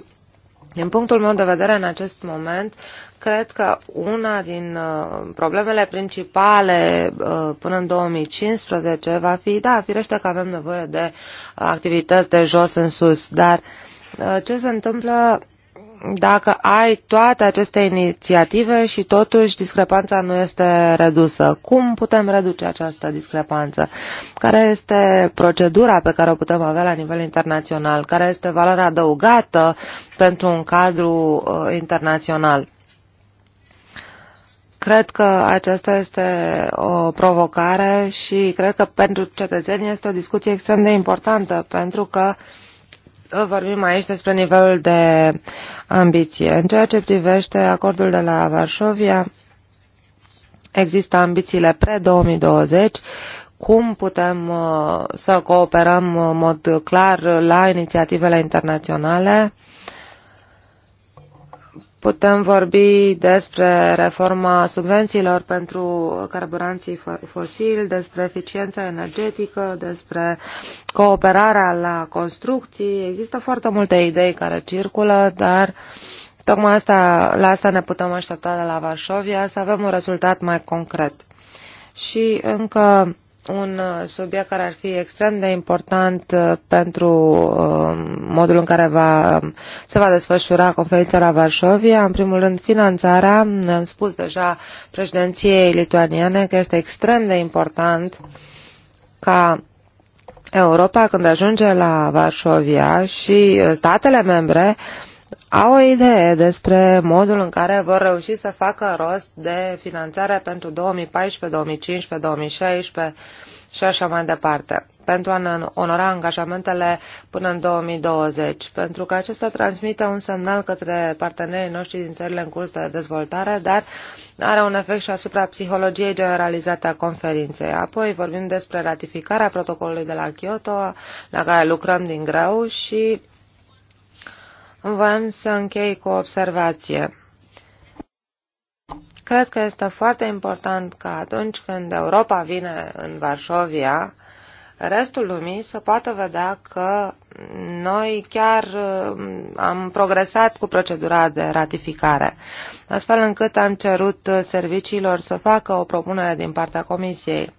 din punctul meu de vedere, în acest moment, cred că una din uh, problemele principale uh, până în 2015 va fi, da, firește că avem nevoie de activități de jos în sus, dar uh, ce se întâmplă dacă ai toate aceste inițiative și totuși discrepanța nu este redusă. Cum putem reduce această discrepanță? Care este procedura pe care o putem avea la nivel internațional? Care este valoarea adăugată pentru un cadru uh, internațional? Cred că aceasta este o provocare și cred că pentru cetățeni este o discuție extrem de importantă pentru că uh, vorbim aici despre nivelul de ambiție. În ceea ce privește acordul de la Varșovia, există ambițiile pre-2020, cum putem uh, să cooperăm în mod clar la inițiativele internaționale, Putem vorbi despre reforma subvențiilor pentru carburanții fosili, despre eficiența energetică, despre cooperarea la construcții. Există foarte multe idei care circulă, dar tocmai asta, la asta ne putem aștepta de la Varșovia, să avem un rezultat mai concret. Și încă un uh, subiect care ar fi extrem de important uh, pentru uh, modul în care va, se va desfășura conferința la Varșovia. În primul rând, finanțarea. Am spus deja președinției lituaniene că este extrem de important ca Europa, când ajunge la Varșovia și statele membre, uh, au o idee despre modul în care vor reuși să facă rost de finanțare pentru 2014, 2015, 2016 și așa mai departe, pentru a ne onora angajamentele până în 2020, pentru că acesta transmite un semnal către partenerii noștri din țările în curs de dezvoltare, dar are un efect și asupra psihologiei generalizate a conferinței. Apoi vorbim despre ratificarea protocolului de la Kyoto, la care lucrăm din greu și Vreau să închei cu o observație. Cred că este foarte important ca atunci când Europa vine în Varșovia, restul lumii să poată vedea că noi chiar uh, am progresat cu procedura de ratificare, astfel încât am cerut serviciilor să facă o propunere din partea Comisiei.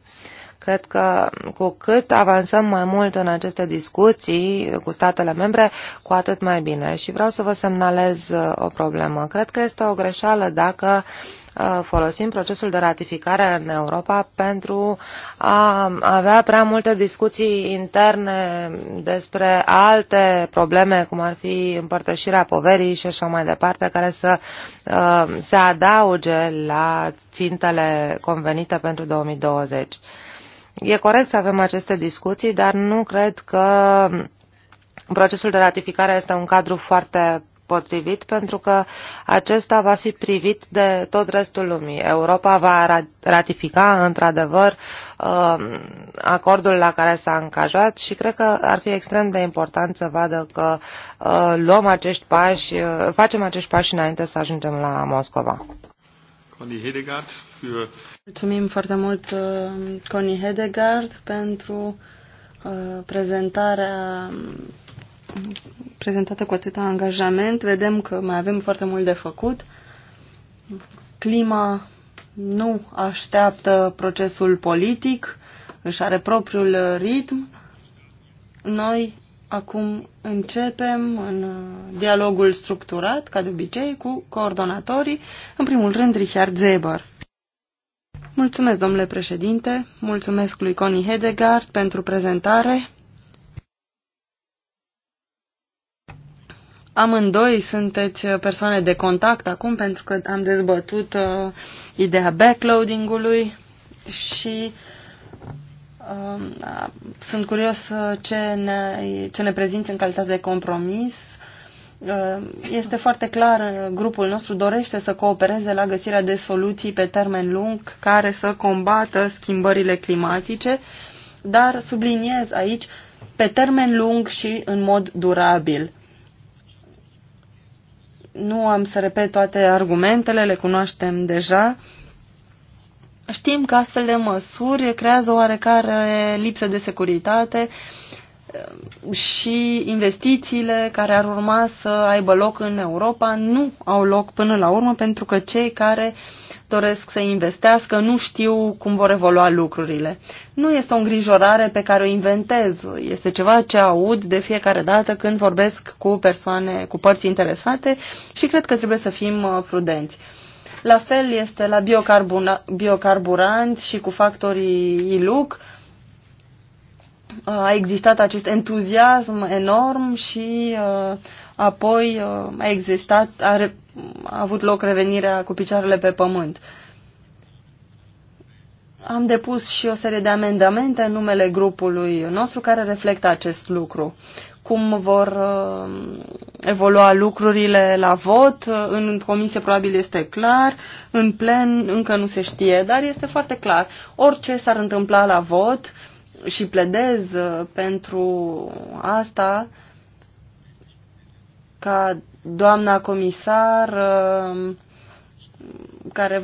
Cred că cu cât avansăm mai mult în aceste discuții cu statele membre, cu atât mai bine. Și vreau să vă semnalez uh, o problemă. Cred că este o greșeală dacă uh, folosim procesul de ratificare în Europa pentru a avea prea multe discuții interne despre alte probleme, cum ar fi împărtășirea poverii și așa mai departe, care să uh, se adauge la țintele convenite pentru 2020. E corect să avem aceste discuții, dar nu cred că procesul de ratificare este un cadru foarte potrivit, pentru că acesta va fi privit de tot restul lumii. Europa va ratifica, într-adevăr, um, acordul la care s-a angajat și cred că ar fi extrem de important să vadă că uh, luăm acești pași, uh, facem acești pași înainte să ajungem la Moscova. Mulțumim foarte mult, uh, Connie Hedegaard, pentru uh, prezentarea prezentată cu atâta angajament. Vedem că mai avem foarte mult de făcut. Clima nu așteaptă procesul politic, își are propriul ritm. Noi acum începem în uh, dialogul structurat, ca de obicei, cu coordonatorii, în primul rând Richard Zeber. Mulțumesc, domnule președinte, mulțumesc lui Connie Hedegaard pentru prezentare. Amândoi sunteți persoane de contact acum pentru că am dezbătut uh, ideea backloading-ului și uh, sunt curios uh, ce ne, ce ne prezinți în calitate de compromis Uh, este foarte clar, uh, grupul nostru dorește să coopereze la găsirea de soluții pe termen lung care să combată schimbările climatice, dar subliniez aici pe termen lung și în mod durabil. Nu am să repet toate argumentele, le cunoaștem deja. Știm că astfel de măsuri creează oarecare lipsă de securitate, Ehm, și investițiile care ar urma să aibă loc în Europa nu au loc până la urmă pentru că cei care doresc să investească nu știu cum vor evolua lucrurile. Nu este o îngrijorare pe care o inventez, este ceva ce aud de fiecare dată când vorbesc cu persoane, cu părți interesate și cred că trebuie să fim uh, prudenți. La fel este la biocarburanți și cu factorii ILUC, Uh, a existat acest entuziasm enorm și uh, apoi uh, a existat, a, a avut loc revenirea cu picioarele pe pământ. Am depus și o serie de amendamente în numele grupului nostru care reflectă acest lucru. Cum vor evolua lucrurile la vot, în comisie probabil este clar, în plen încă nu se știe, dar este foarte clar. Orice s-ar întâmpla la vot, și pledez uh, pentru asta ca doamna comisar uh, care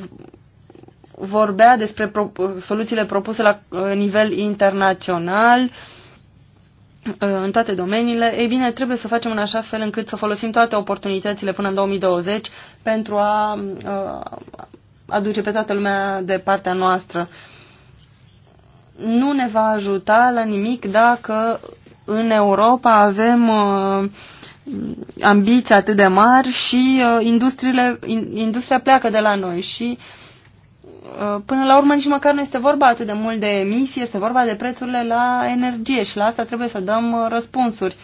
vorbea despre soluțiile propuse la uh, nivel internațional în toate domeniile, ei bine, trebuie să facem în așa fel încât să folosim toate oportunitățile până în 2020 pentru a aduce pe toată lumea de partea noastră nu ne va ajuta la nimic dacă în Europa avem uh, ambiții atât de mari și uh, industriile, in, industria pleacă de la noi și uh, Până la urmă nici măcar nu este vorba atât de mult de emisii, este vorba de prețurile la energie și la asta trebuie să dăm uh, răspunsuri.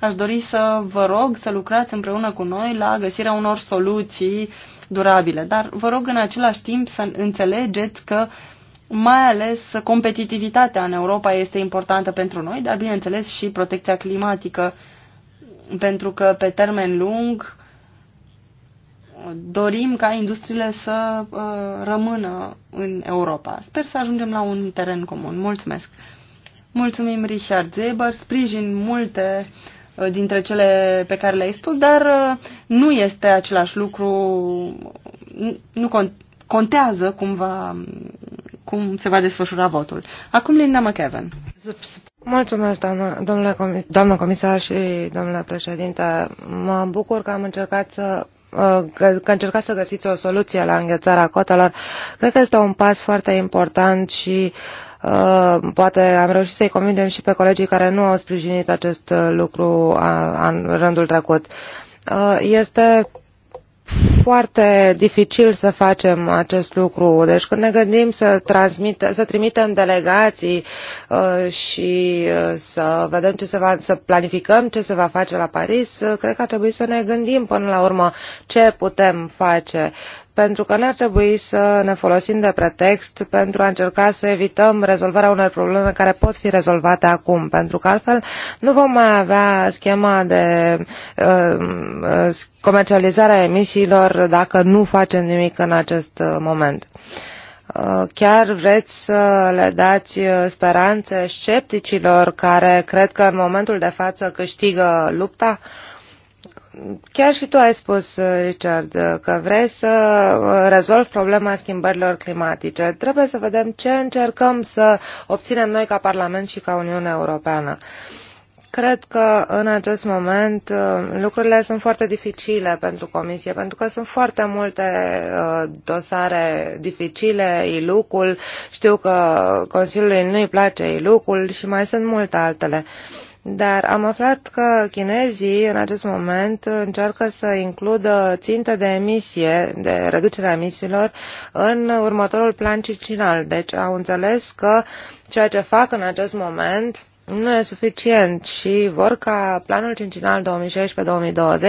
Aș dori să vă rog să lucrați împreună cu noi la găsirea unor soluții durabile, dar vă rog în același timp să înțelegeți că uh, mai ales competitivitatea în Europa este importantă pentru noi, dar bineînțeles și protecția climatică, pentru că pe termen lung dorim ca industriile să uh, rămână în Europa. Sper să ajungem la un teren comun. Mulțumesc! Mulțumim, Richard Zeber, sprijin multe uh, dintre cele pe care le-ai spus, dar uh, nu este același lucru, nu contează cumva cum se va desfășura votul. Acum Linda McKeven. Mulțumesc, doamnă, domnule comis doamnă comisar și domnule președinte. Mă bucur că am încercat să uh, că, că încercați să găsiți o soluție la înghețarea cotelor. Cred că este un pas foarte important și uh, poate am reușit să-i convingem și pe colegii care nu au sprijinit acest lucru a, a, în rândul trecut. Uh, este foarte dificil să facem acest lucru. Deci când ne gândim să, transmit, să trimitem delegații uh, și uh, să vedem ce se va, să planificăm ce se va face la Paris, uh, cred că ar trebui să ne gândim până la urmă ce putem face pentru că nu ar trebui să ne folosim de pretext pentru a încerca să evităm rezolvarea unor probleme care pot fi rezolvate acum, pentru că altfel nu vom mai avea schema de uh, uh comercializare a emisiilor dacă nu facem nimic în acest uh, moment. Uh, chiar vreți să le dați speranțe scepticilor care cred că în momentul de față câștigă lupta? Chiar și tu ai spus, Richard, că vrei să uh, rezolvi problema schimbărilor climatice. Trebuie să vedem ce încercăm să obținem noi ca Parlament și ca Uniunea Europeană. Cred că în acest moment uh, lucrurile sunt foarte dificile pentru Comisie, pentru că sunt foarte multe uh, dosare dificile, ilucul, știu că Consiliului nu-i place ilucul și mai sunt multe altele. Dar am aflat că chinezii în acest moment încearcă să includă ținte de emisie, de reducerea emisiilor, în următorul plan cicinal. Deci au înțeles că ceea ce fac în acest moment nu e suficient și vor ca planul cincinal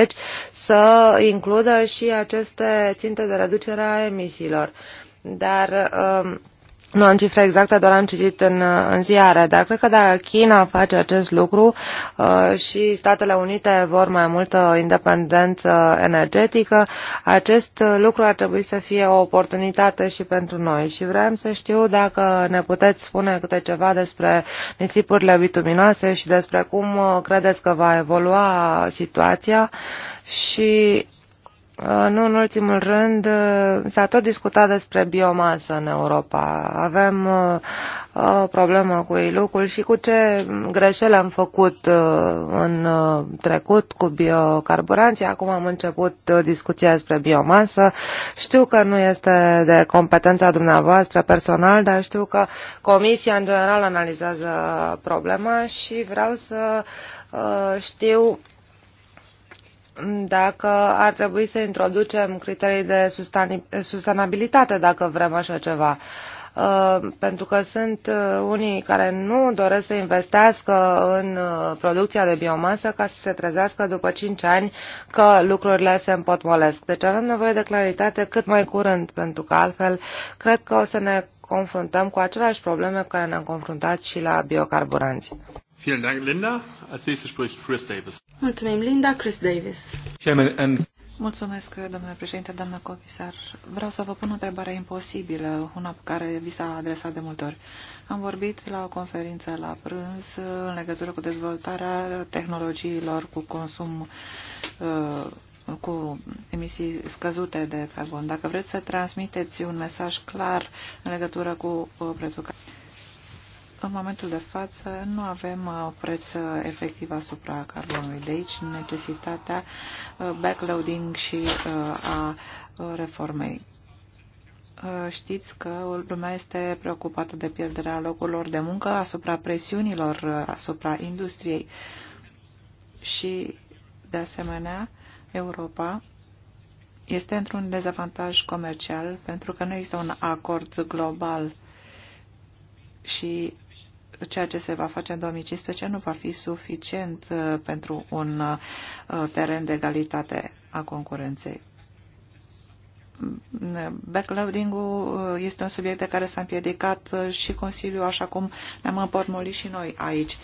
2016-2020 să includă și aceste ținte de reducere a emisiilor. Dar um, nu am cifre exacte, doar am citit în, în ziare, dar cred că dacă China face acest lucru uh, și Statele Unite vor mai multă independență energetică, acest lucru ar trebui să fie o oportunitate și pentru noi. Și vrem să știu dacă ne puteți spune câte ceva despre nisipurile bituminoase și despre cum uh, credeți că va evolua situația și Uh, nu în ultimul rând, uh, s-a tot discutat despre biomasă în Europa. Avem uh, o problemă cu ilucul și cu ce greșeli am făcut în trecut cu biocarburanții. Acum am început discuția despre biomasă. Știu că nu este de competența dumneavoastră personal, dar știu că Comisia în general analizează problema și vreau să știu dacă ar trebui să introducem criterii de sustenabilitate dacă vrem așa ceva. Uh, pentru că sunt uh, unii care nu doresc să investească în uh, producția de biomasă ca să se trezească după 5 ani că lucrurile se împotmolesc. Deci avem nevoie de claritate cât mai curând, pentru că altfel cred că o să ne confruntăm cu aceleași probleme cu care ne-am confruntat și la biocarburanți. Mulțumim, Linda. Als nächstes spricht Chris Davis. Mulțumim, Linda. Chris Davis. Chairman and Mulțumesc, domnule președinte, doamnă comisar. Vreau să vă pun o întrebare imposibilă, una pe care vi s-a adresat de multe ori. Am vorbit la o conferință la prânz în legătură cu dezvoltarea tehnologiilor cu consum uh, cu emisii scăzute de carbon. Dacă vreți să transmiteți un mesaj clar în legătură cu uh, prețul carbon în momentul de față nu avem uh, o preț efectiv asupra carbonului, de aici necesitatea uh, backloading și uh, a reformei. Știți că lumea este preocupată de pierderea locurilor de muncă asupra presiunilor asupra industriei și, de asemenea, Europa este într-un dezavantaj comercial pentru că nu există un acord global și ceea ce se va face în 2015 nu va fi suficient uh, pentru un uh, teren de egalitate a concurenței. Mm, backloading-ul uh, este un subiect de care s-a împiedicat și Consiliul, așa cum ne-am împotmolit și noi aici.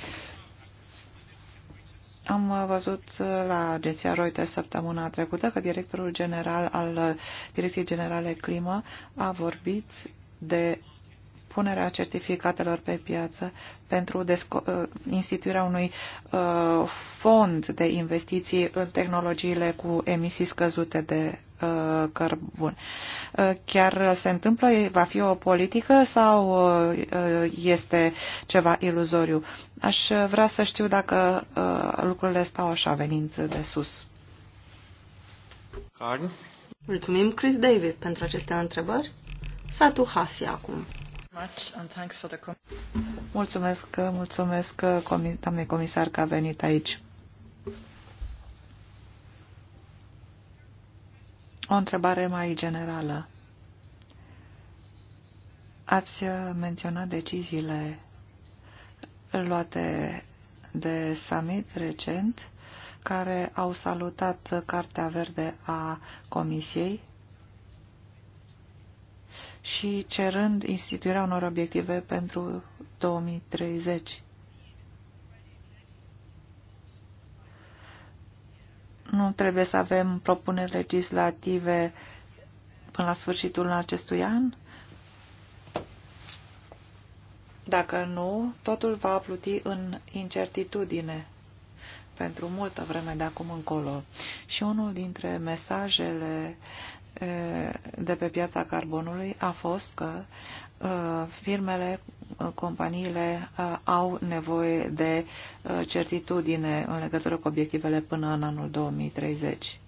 Am văzut la agenția Reuters săptămâna trecută că directorul general al Direcției Generale Climă a vorbit de punerea certificatelor pe piață pentru uh, instituirea unui uh, fond de investiții în tehnologiile cu emisii scăzute de uh, cărbun. Chiar se întâmplă, va fi o politică sau este ceva iluzoriu? Aș vrea să știu dacă lucrurile stau așa venind de sus. Mulțumim, Chris Davis, pentru aceste întrebări. Satu Hasi acum. Mulțumesc, mulțumesc doamnei comisar că a venit aici. O întrebare mai generală. Ați menționat deciziile luate de summit recent, care au salutat Cartea Verde a Comisiei și cerând instituirea unor obiective pentru 2030. Nu trebuie să avem propuneri legislative până la sfârșitul acestui an? Dacă nu, totul va pluti în incertitudine pentru multă vreme de acum încolo. Și unul dintre mesajele de pe piața carbonului a fost că uh, firmele, uh, companiile uh, au nevoie de certitudine în legătură cu obiectivele până în anul 2030.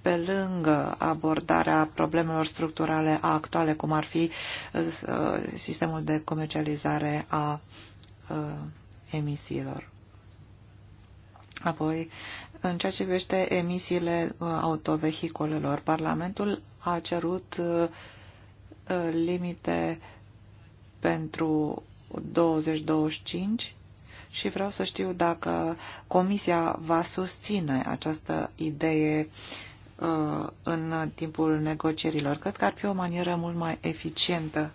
Pe lângă abordarea problemelor structurale actuale, cum ar fi sistemul de comercializare a emisiilor. Apoi, în ceea ce privește emisiile uh, autovehicolelor, Parlamentul a cerut uh, limite pentru 2025 și vreau să știu dacă Comisia va susține această idee uh, în timpul negocierilor. Cred că ar fi o manieră mult mai eficientă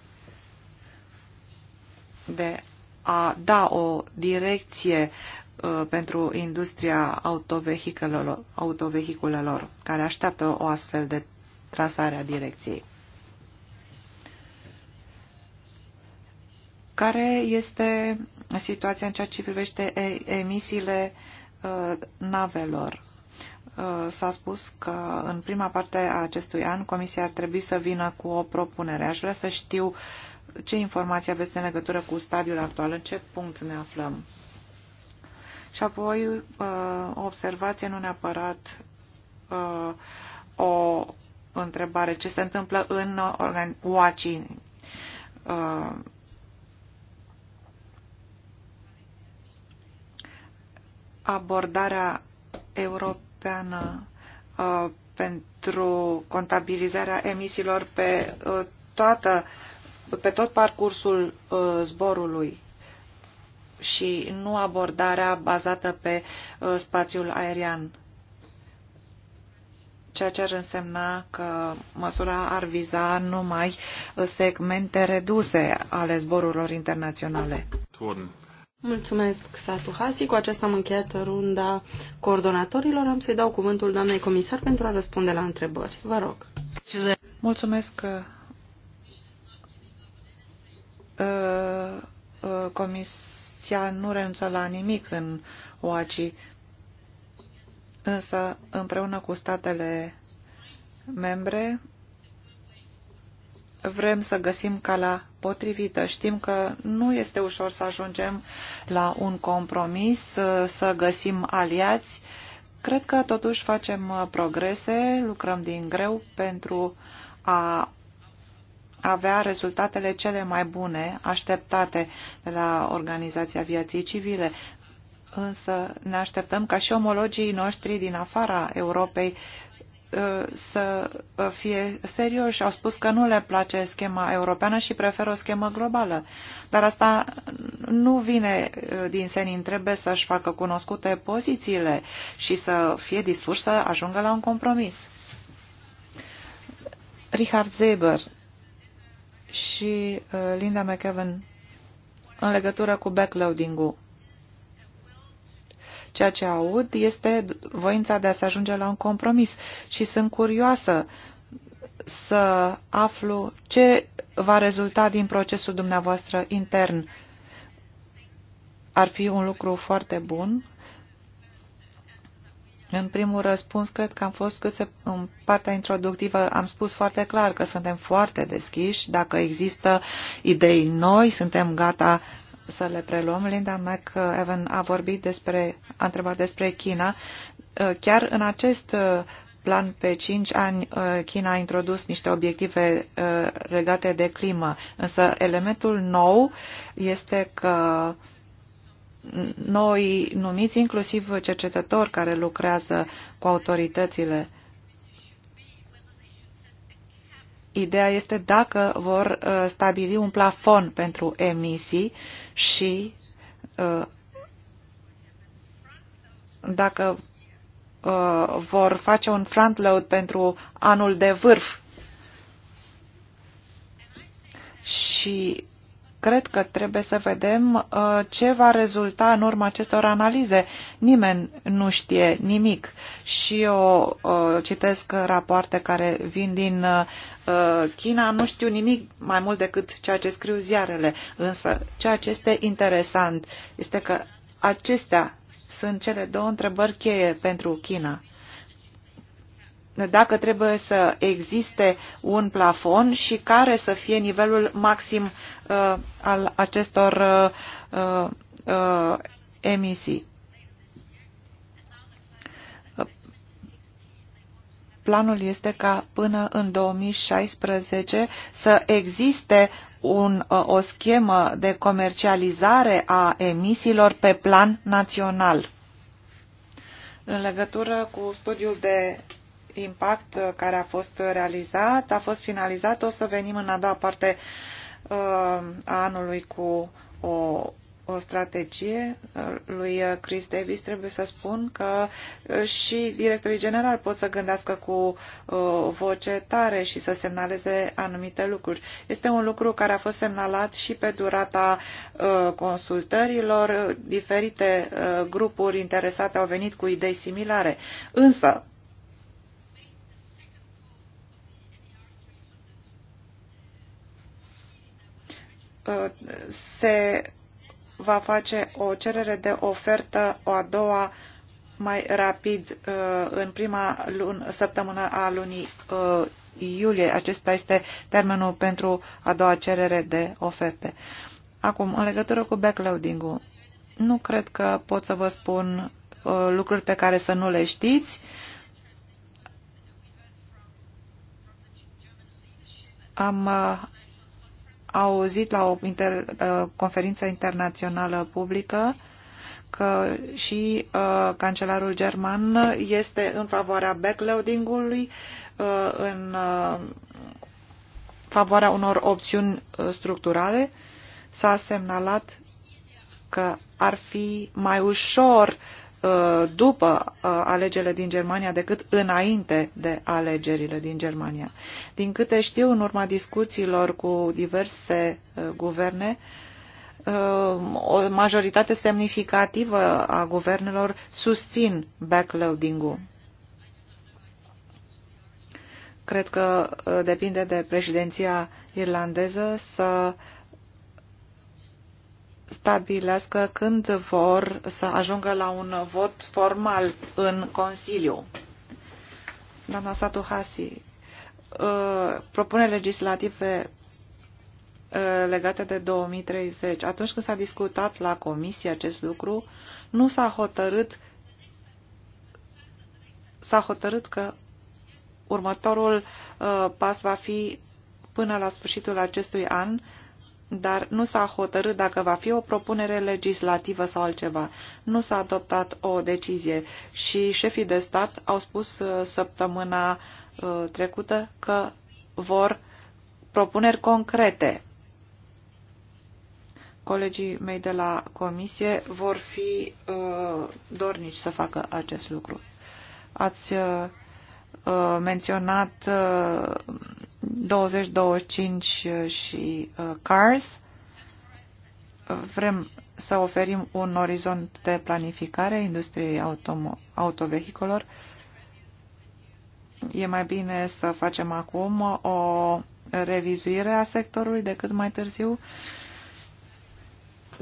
de a da o direcție Uh, pentru industria autovehiculelor, autovehiculelor, care așteaptă o astfel de trasare a direcției. Care este situația în ceea ce privește emisiile uh, navelor? Uh, s-a spus că în prima parte a acestui an Comisia ar trebui să vină cu o propunere. Aș vrea să știu ce informații aveți în legătură cu stadiul actual, în ce punct ne aflăm și apoi uh, o observație, nu neapărat uh, o întrebare. Ce se întâmplă în OACI? Uh, abordarea europeană pentru contabilizarea emisiilor pe toată pe tot parcursul zborului și nu abordarea bazată pe uh, spațiul aerian. Ceea ce ar însemna că măsura ar viza numai uh, segmente reduse ale zborurilor internaționale. Turn. Mulțumesc, Satu Hasi. Cu acesta am încheiat runda coordonatorilor. Am să-i dau cuvântul doamnei comisar pentru a răspunde la întrebări. Vă rog. Mulțumesc, uh, comis Comisia nu renunță la nimic în OACI, însă împreună cu statele membre vrem să găsim cala potrivită. Știm că nu este ușor să ajungem la un compromis, să găsim aliați. Cred că totuși facem progrese, lucrăm din greu pentru a avea rezultatele cele mai bune așteptate de la Organizația Vieții Civile, însă ne așteptăm ca și omologii noștri din afara Europei ă, să fie serioși. Au spus că nu le place schema europeană și preferă o schemă globală. Dar asta nu vine ă, din senin. Trebuie să-și facă cunoscute pozițiile și să fie dispuși să ajungă la un compromis. Richard Zeber și uh, Linda McEwen în legătură cu backloading-ul. Ceea ce aud este voința de a se ajunge la un compromis și sunt curioasă să aflu ce va rezulta din procesul dumneavoastră intern. Ar fi un lucru foarte bun în primul răspuns, cred că am fost cât se, în partea introductivă, am spus foarte clar că suntem foarte deschiși. Dacă există idei noi, suntem gata să le preluăm. Linda McEwan a vorbit despre, a întrebat despre China. Chiar în acest uh, plan pe 5 ani, uh, China a introdus niște obiective uh, legate de climă, însă elementul nou este că noi numiți, inclusiv cercetători care lucrează cu autoritățile. Ideea este dacă vor uh, stabili un plafon pentru emisii și uh, dacă uh, vor face un frontload pentru anul de vârf. Și cred că trebuie să vedem uh, ce va rezulta în urma acestor analize. Nimeni nu știe nimic și eu uh, citesc rapoarte care vin din uh, China, nu știu nimic mai mult decât ceea ce scriu ziarele, însă ceea ce este interesant este că acestea sunt cele două întrebări cheie pentru China dacă trebuie să existe un plafon și care să fie nivelul maxim Uh, al acestor uh, uh, emisii. Planul este ca până în 2016 să existe un, o schemă de comercializare a emisiilor pe plan național. În legătură cu studiul de impact care a fost realizat, a fost finalizat, o să venim în a doua parte Uh, a anului cu o o strategie uh, lui uh, Chris Davis, trebuie să spun că și directorii general pot să gândească cu voce tare și să semnaleze anumite lucruri. Este un lucru care a fost semnalat și pe durata consultărilor. Diferite grupuri interesate au venit cu idei similare. Însă, Uh, se va face o cerere de ofertă o a doua mai rapid uh, în prima lună, săptămână a lunii uh, iulie. Acesta este termenul pentru a doua cerere de oferte. Acum, în legătură cu backloading-ul, nu cred că pot să vă spun lucruri pe care să nu le știți. Am auzit la o inter, uh, conferință internațională publică că și uh, cancelarul german este în favoarea backloading-ului, uh, în uh, favoarea unor opțiuni uh, structurale. S-a semnalat că ar fi mai ușor uh, Uh, după uh, alegerile din Germania decât înainte de alegerile din Germania. Din câte știu, în urma discuțiilor cu diverse uh, guverne, o majoritate semnificativă a guvernelor susțin backloading-ul. Cred că depinde de președinția irlandeză să uh, stabilească când vor să ajungă la un vot formal în Consiliu. Doamna Satuhasi, uh, propune legislative uh, legate de 2030. Atunci când s-a discutat la comisie acest lucru, nu s-a hotărât s-a hotărât că următorul uh, pas va fi până la sfârșitul acestui an dar nu s-a hotărât dacă va fi o propunere legislativă sau altceva. Nu s-a adoptat o decizie și șefii de stat au spus uh, săptămâna uh, trecută că vor propuneri concrete. Colegii mei de la comisie vor fi uh, dornici să facă acest lucru. Ați menționat 20, 25 și uh, uh, CARS. Vrem să oferim un orizont de planificare industriei auto, autovehicolor. E mai bine să facem acum o revizuire a sectorului decât mai târziu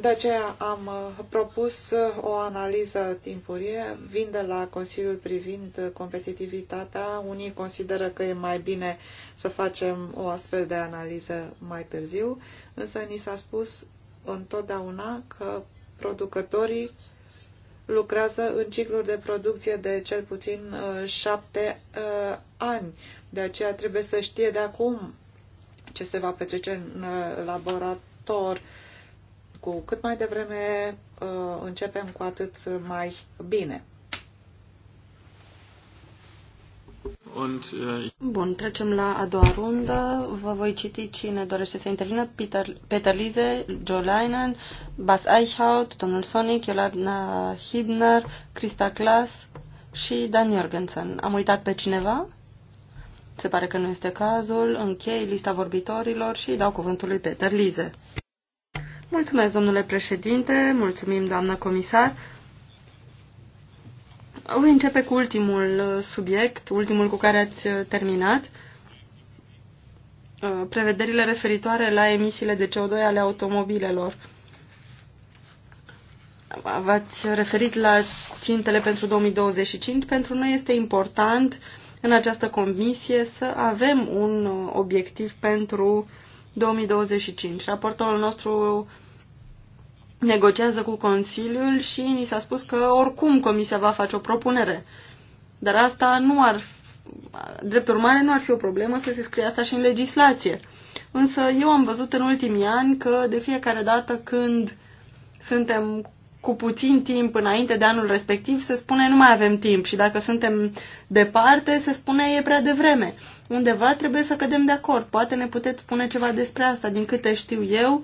de aceea am uh, propus uh, o analiză timpurie. Vin de la Consiliul privind uh, competitivitatea. Unii consideră că e mai bine să facem o astfel de analiză mai târziu, însă ni s-a spus întotdeauna că producătorii lucrează în cicluri de producție de cel puțin șapte ani. De aceea trebuie să știe de acum ce se va petrece în laborator cu cât mai devreme uh, începem, cu atât mai bine. Uh, Bun, trecem la a doua rundă. Vă voi citi cine dorește să intervină. Peter, Peter Lize, Joe Leinen, Bas Eichhout, domnul Sonic, Iolana Hidner, Krista Klaas și Dan Jorgensen. Am uitat pe cineva? Se pare că nu este cazul. Închei lista vorbitorilor și dau cuvântul lui Peter Lize. Mulțumesc, domnule președinte, mulțumim, doamnă comisar. Voi începe cu ultimul uh, subiect, ultimul cu care ați uh, terminat. Uh, prevederile referitoare la emisiile de CO2 ale automobilelor. V-ați referit la țintele pentru 2025. Pentru noi este important în această comisie să avem un obiectiv pentru uh, 2025. Raportorul nostru negociază cu Consiliul și ni s-a spus că oricum Comisia va face o propunere. Dar asta nu ar, drept urmare, nu ar fi o problemă să se scrie asta și în legislație. Însă eu am văzut în ultimii ani că de fiecare dată când suntem cu puțin timp înainte de anul respectiv, se spune nu mai avem timp și dacă suntem departe, se spune e prea devreme. Undeva trebuie să cădem de acord. Poate ne puteți spune ceva despre asta. Din câte știu eu,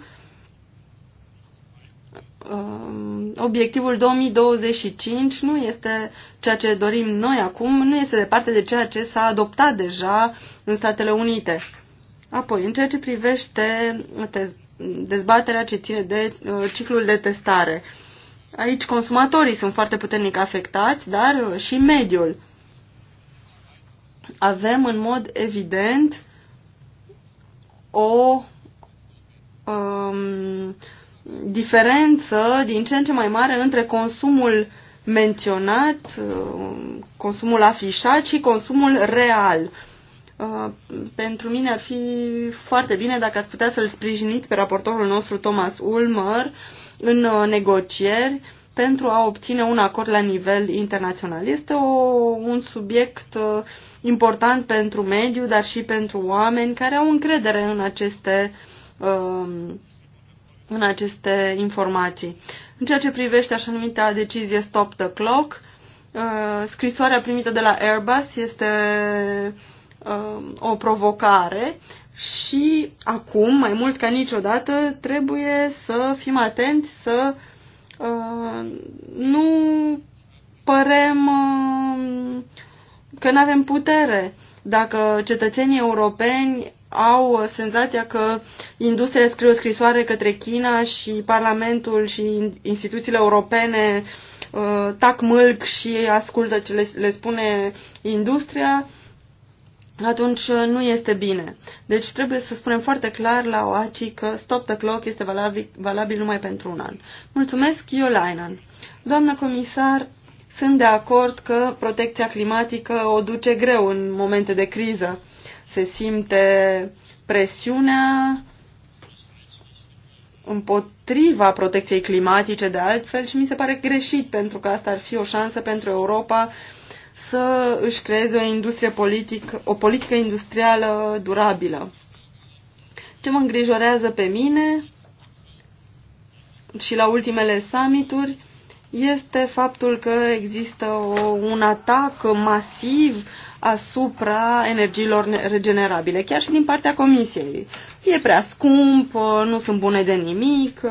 um, obiectivul 2025 nu este ceea ce dorim noi acum, nu este departe de ceea ce s-a adoptat deja în Statele Unite. Apoi, în ceea ce privește dezbaterea ce ține de uh, ciclul de testare. Aici consumatorii sunt foarte puternic afectați, dar și mediul. Avem în mod evident o um, diferență din ce în ce mai mare între consumul menționat, um, consumul afișat și consumul real. Uh, pentru mine ar fi foarte bine dacă ați putea să-l sprijiniți pe raportorul nostru Thomas Ulmer în uh, negocieri pentru a obține un acord la nivel internațional. Este o, un subiect uh, important pentru mediu, dar și pentru oameni care au încredere în aceste, um, în aceste informații. În ceea ce privește așa numita decizie Stop the Clock, uh, scrisoarea primită de la Airbus este um, o provocare și acum, mai mult ca niciodată, trebuie să fim atenți să uh, nu părem uh, că nu avem putere. Dacă cetățenii europeni au senzația că industria scrie o scrisoare către China și Parlamentul și instituțiile europene uh, tac mâlc și ascultă ce le, le spune industria, uh, atunci uh, nu este bine. Deci trebuie să spunem foarte clar la OACI că stop the clock este valabil, valabil numai pentru un an. Mulțumesc, Iolainan. Doamnă comisar, sunt de acord că protecția climatică o duce greu în momente de criză. Se simte presiunea împotriva protecției climatice de altfel și mi se pare greșit pentru că asta ar fi o șansă pentru Europa uh, să își creeze o industrie politică, o politică industrială durabilă. Ce mă îngrijorează pe mine și la ultimele summituri este faptul că există o, un atac masiv asupra energiilor regenerabile, chiar și din partea Comisiei. E prea scump, nu sunt bune de nimic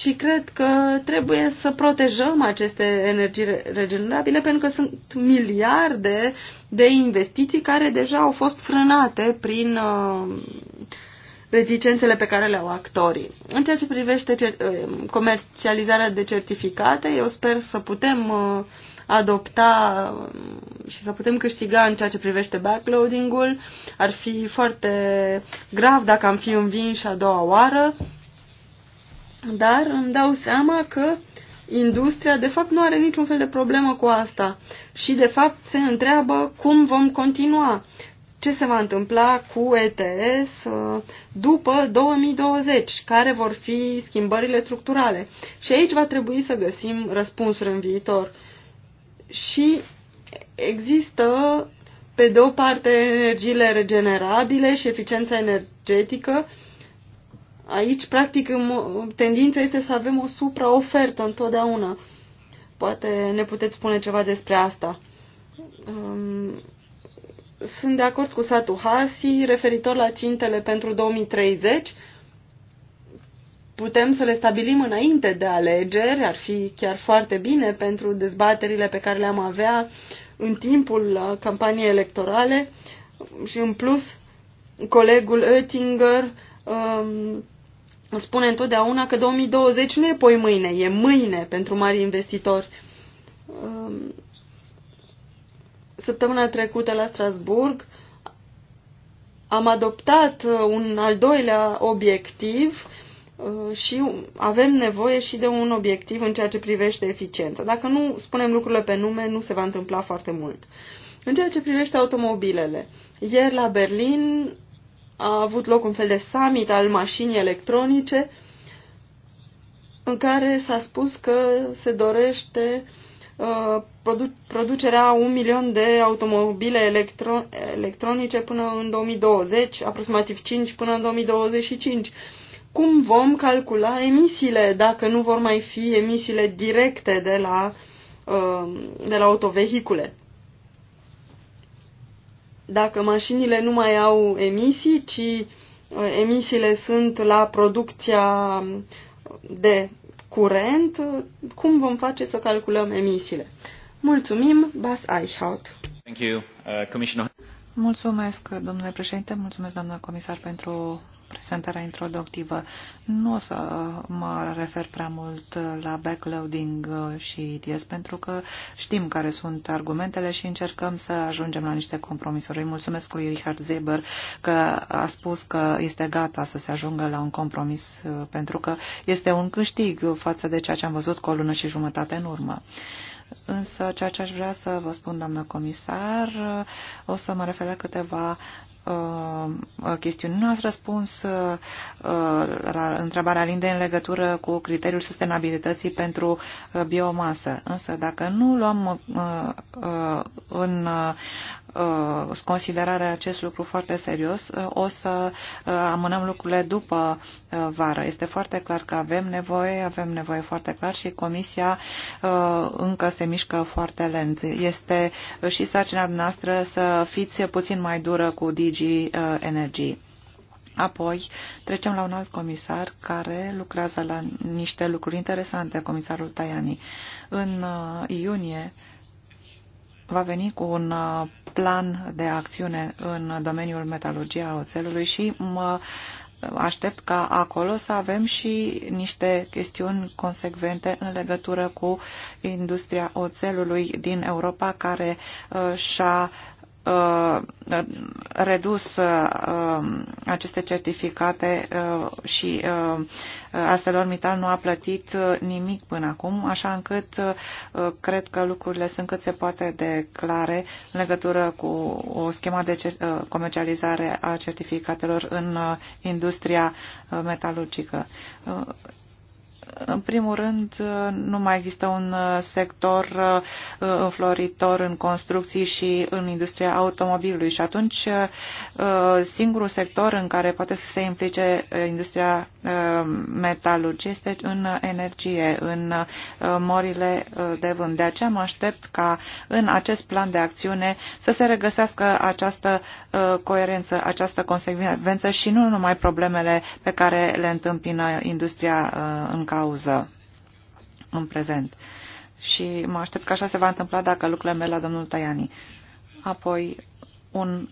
și cred că trebuie să protejăm aceste energii regenerabile pentru că sunt miliarde de investiții care deja au fost frânate prin uh, reticențele pe care le au actorii. În ceea ce privește cer- uh, comercializarea de certificate, eu sper să putem uh, adopta um, și să putem câștiga în ceea ce privește backloading-ul. Ar fi foarte grav dacă am fi învinși a doua oară dar îmi dau seama că industria de fapt nu are niciun fel de problemă cu asta și de fapt se întreabă cum vom continua, ce se va întâmpla cu ETS uh, după 2020, care vor fi schimbările structurale. Și aici va trebui să găsim răspunsuri în viitor. Și există, pe de o parte, energiile regenerabile și eficiența energetică, Aici, practic, tendința este să avem o supraofertă întotdeauna. Poate ne puteți spune ceva despre asta. Um, sunt de acord cu Satu Hasi referitor la țintele pentru 2030. Putem să le stabilim înainte de alegeri, ar fi chiar foarte bine pentru dezbaterile pe care le-am avea în timpul uh, campaniei electorale și în plus colegul Oettinger um, spune întotdeauna că 2020 nu e poi mâine, e mâine pentru mari investitori. Um, săptămâna trecută la Strasburg am adoptat uh, un al doilea obiectiv uh, și avem nevoie și de un obiectiv în ceea ce privește eficiența. Dacă nu spunem lucrurile pe nume, nu se va întâmpla foarte mult. În ceea ce privește automobilele, ieri la Berlin a avut loc un fel de summit al mașinii electronice în care s-a spus că se dorește uh, producerea un milion de automobile electro electronice până în 2020, aproximativ 5 până în 2025. Cum vom calcula emisiile dacă nu vor mai fi emisiile directe de la, uh, de la autovehicule? dacă mașinile nu mai au emisii, ci uh, emisiile sunt la producția de curent, cum vom face să calculăm emisiile? Mulțumim, Bas Eichhout. Thank you, uh, Mulțumesc, domnule președinte, mulțumesc, doamna comisar, pentru prezentarea introductivă. Nu o să mă refer prea mult la backloading uh, și ETS, pentru că știm care sunt argumentele și încercăm să ajungem la niște compromisuri. Îi mulțumesc lui Richard Zeber că a spus că este gata să se ajungă la un compromis, uh, pentru că este un câștig față de ceea ce am văzut cu o lună și jumătate în urmă. Însă ceea ce aș vrea să vă spun, doamnă comisar, uh, o să mă refer la câteva Uh, chestiuni. Nu ați răspuns uh, la întrebarea Linde în legătură cu criteriul sustenabilității pentru uh, biomasă. Însă dacă nu luăm în uh, considerare acest lucru foarte serios, uh, o să uh, amânăm lucrurile după uh, vară. Este foarte clar că avem nevoie, avem nevoie foarte clar și Comisia uh, încă se mișcă foarte lent. Este uh, și sarcina noastră să fiți puțin mai dură cu DG uh, Energy. Apoi trecem la un alt comisar care lucrează la niște lucruri interesante, comisarul Tajani. În uh, iunie va veni cu un uh, plan de acțiune în domeniul metalurgiei a oțelului și mă aștept ca acolo să avem și niște chestiuni consecvente în legătură cu industria oțelului din Europa care uh, și-a Uh, redus uh, uh, aceste certificate și ArcelorMittal nu a plătit nimic până acum, așa încât cred că lucrurile sunt cât se poate de clare în legătură cu o schema de comercializare a certificatelor în industria metalurgică. În primul rând, nu mai există un uh, sector uh, înfloritor în construcții și în industria automobilului și atunci uh, singurul sector în care poate să se implice industria metalurgie este în energie, în morile de vânt. De aceea mă aștept ca în acest plan de acțiune să se regăsească această coerență, această consecvență și nu numai problemele pe care le întâmpină industria în care cauză în prezent. Și mă aștept că așa se va întâmpla dacă lucrurile merg la domnul Tajani. Apoi, un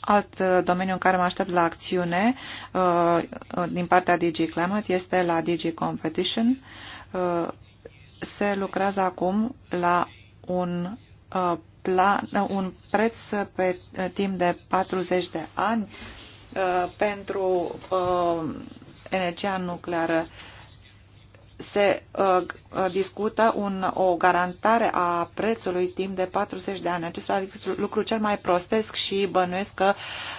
alt domeniu în care mă aștept la acțiune uh, din partea DG Climate este la DG Competition. Uh, se lucrează acum la un uh, plan, un preț pe timp de 40 de ani pentru energia nucleară. Se uh, uh, discută un, o garantare a prețului timp de 40 de ani. Acest lucru cel mai prostesc și bănuiesc că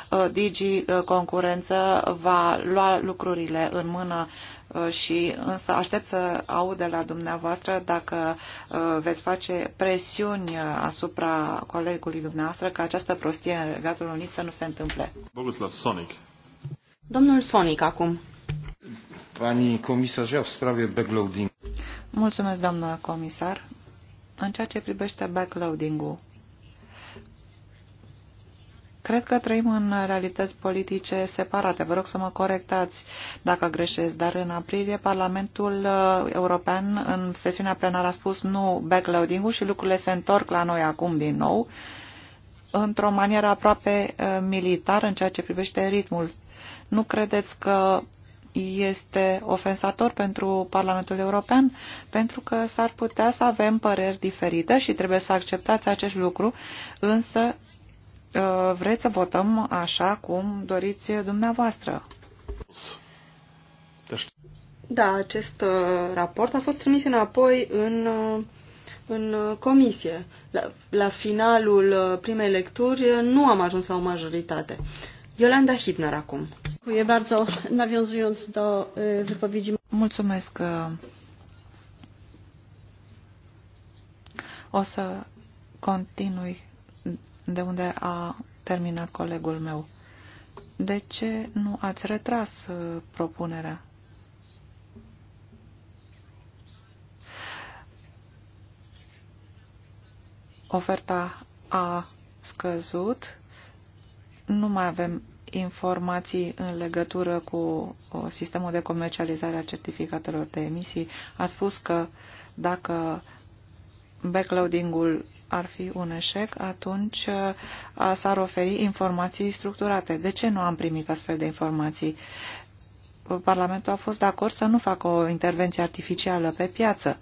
uh, Digi uh, Concurență va lua lucrurile în mână uh, și însă aștept să aud de la dumneavoastră dacă uh, veți face presiuni asupra colegului dumneavoastră ca această prostie în Regatul Unit să nu se întâmple. Sonic. Domnul Sonic acum pani comisarze w sprawie backloading. Mulțumesc, doamnă comisar. În ceea ce privește backloading-ul, Cred că trăim în realități politice separate. Vă rog să mă corectați dacă greșesc, dar în aprilie Parlamentul uh, European în sesiunea plenară a spus nu backloading-ul și lucrurile se întorc la noi acum din nou într-o manieră aproape uh, militară în ceea ce privește ritmul. Nu credeți că este ofensator pentru Parlamentul European, pentru că s-ar putea să avem păreri diferite și trebuie să acceptați acest lucru, însă uh, vreți să votăm așa cum doriți dumneavoastră. Da, acest uh, raport a fost trimis înapoi în, uh, în comisie. La, la finalul primei lecturi nu am ajuns la o majoritate. Iolanda Hidner acum. Mulțumesc. O să continui de unde a terminat colegul meu. De ce nu ați retras uh, propunerea? Oferta a scăzut nu mai avem informații în legătură cu uh, sistemul de comercializare a certificatelor de emisii. A spus că dacă backloading-ul ar fi un eșec, atunci uh, s-ar oferi informații structurate. De ce nu am primit astfel de informații? Parlamentul a fost de acord să nu facă o intervenție artificială pe piață.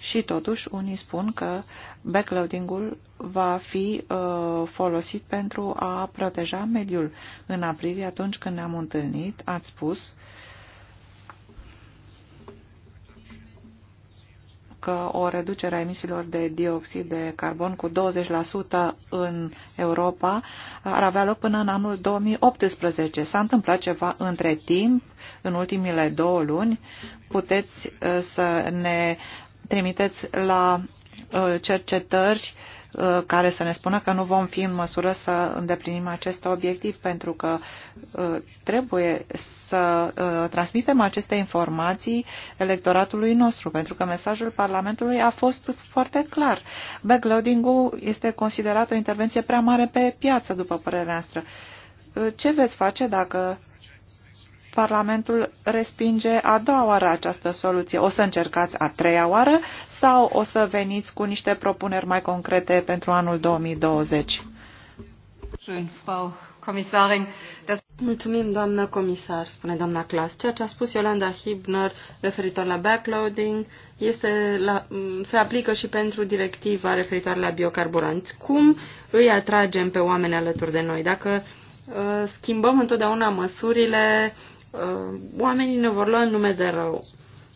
Și totuși, unii spun că backloading-ul va fi uh, folosit pentru a proteja mediul. În aprilie, atunci când ne-am întâlnit, ați spus că o reducere a emisiilor de dioxid de carbon cu 20% în Europa ar avea loc până în anul 2018. S-a întâmplat ceva între timp, în ultimile două luni. Puteți uh, să ne trimiteți la uh, cercetări uh, care să ne spună că nu vom fi în măsură să îndeplinim acest obiectiv, pentru că uh, trebuie să transmitem aceste informații electoratului nostru, pentru că mesajul Parlamentului a fost foarte clar. Backloading-ul este considerat o intervenție prea mare pe piață, după părerea noastră. Ce veți face dacă Parlamentul respinge a doua oară această soluție. O să încercați a treia oară sau o să veniți cu niște propuneri mai concrete pentru anul 2020? Mulțumim, doamnă comisar, spune doamna Clas. Ceea ce a spus Iolanda Hibner referitor la backloading este la, mm, se aplică și pentru directiva referitoare la biocarburanți. Cum îi atragem pe oameni alături de noi? Dacă uh, schimbăm întotdeauna măsurile Uh, oamenii ne vor lua în nume de rău.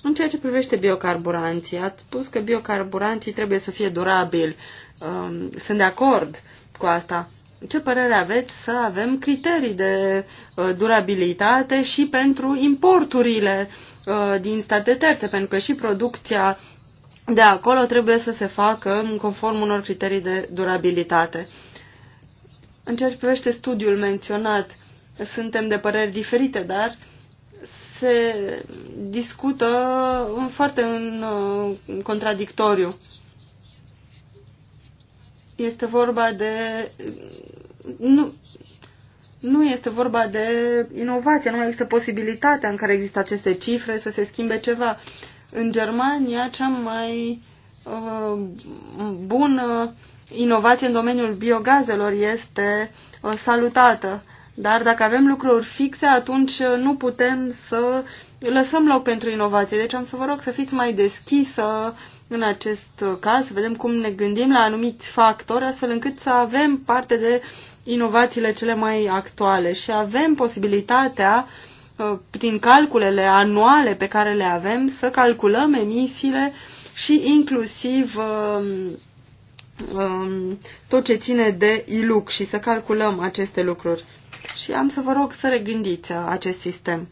În ceea ce privește biocarburanții, ați spus că biocarburanții trebuie să fie durabili. Um, sunt de acord cu asta. Ce părere aveți să avem criterii de uh, durabilitate și pentru importurile uh, din state terțe, pentru că și producția de acolo trebuie să se facă în conform unor criterii de durabilitate. În ceea ce privește studiul menționat, suntem de păreri diferite, dar se discută în foarte în, în contradictoriu. Este vorba de... Nu, nu este vorba de inovație, nu mai există posibilitatea în care există aceste cifre să se schimbe ceva. În Germania, cea mai uh, bună inovație în domeniul biogazelor este uh, salutată. Dar dacă avem lucruri fixe, atunci uh, nu putem să lăsăm loc pentru inovație. Deci am să vă rog să fiți mai deschisă în acest uh, caz, să vedem cum ne gândim la anumiți factori, astfel încât să avem parte de inovațiile cele mai actuale și avem posibilitatea, uh, prin calculele anuale pe care le avem, să calculăm emisiile și inclusiv um, um, tot ce ține de ILUC și să calculăm aceste lucruri și am să vă rog să regândiți uh, acest sistem.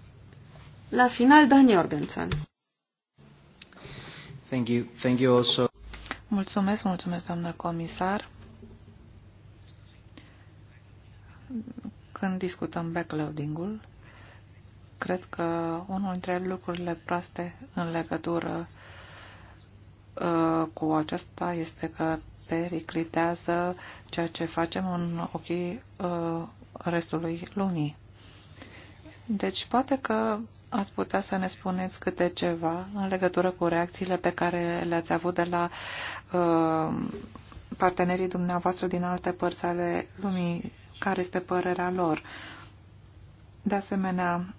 La final, Dan Jorgensen. Thank you. Thank you also. Mulțumesc, mulțumesc, doamnă comisar. Când discutăm backloading-ul, cred că unul dintre lucrurile proaste în legătură uh, cu aceasta este că periclitează ceea ce facem în ochii uh, restului lumii. Deci poate că ați putea să ne spuneți câte ceva în legătură cu reacțiile pe care le-ați avut de la uh, partenerii dumneavoastră din alte părți ale lumii, care este părerea lor. De asemenea,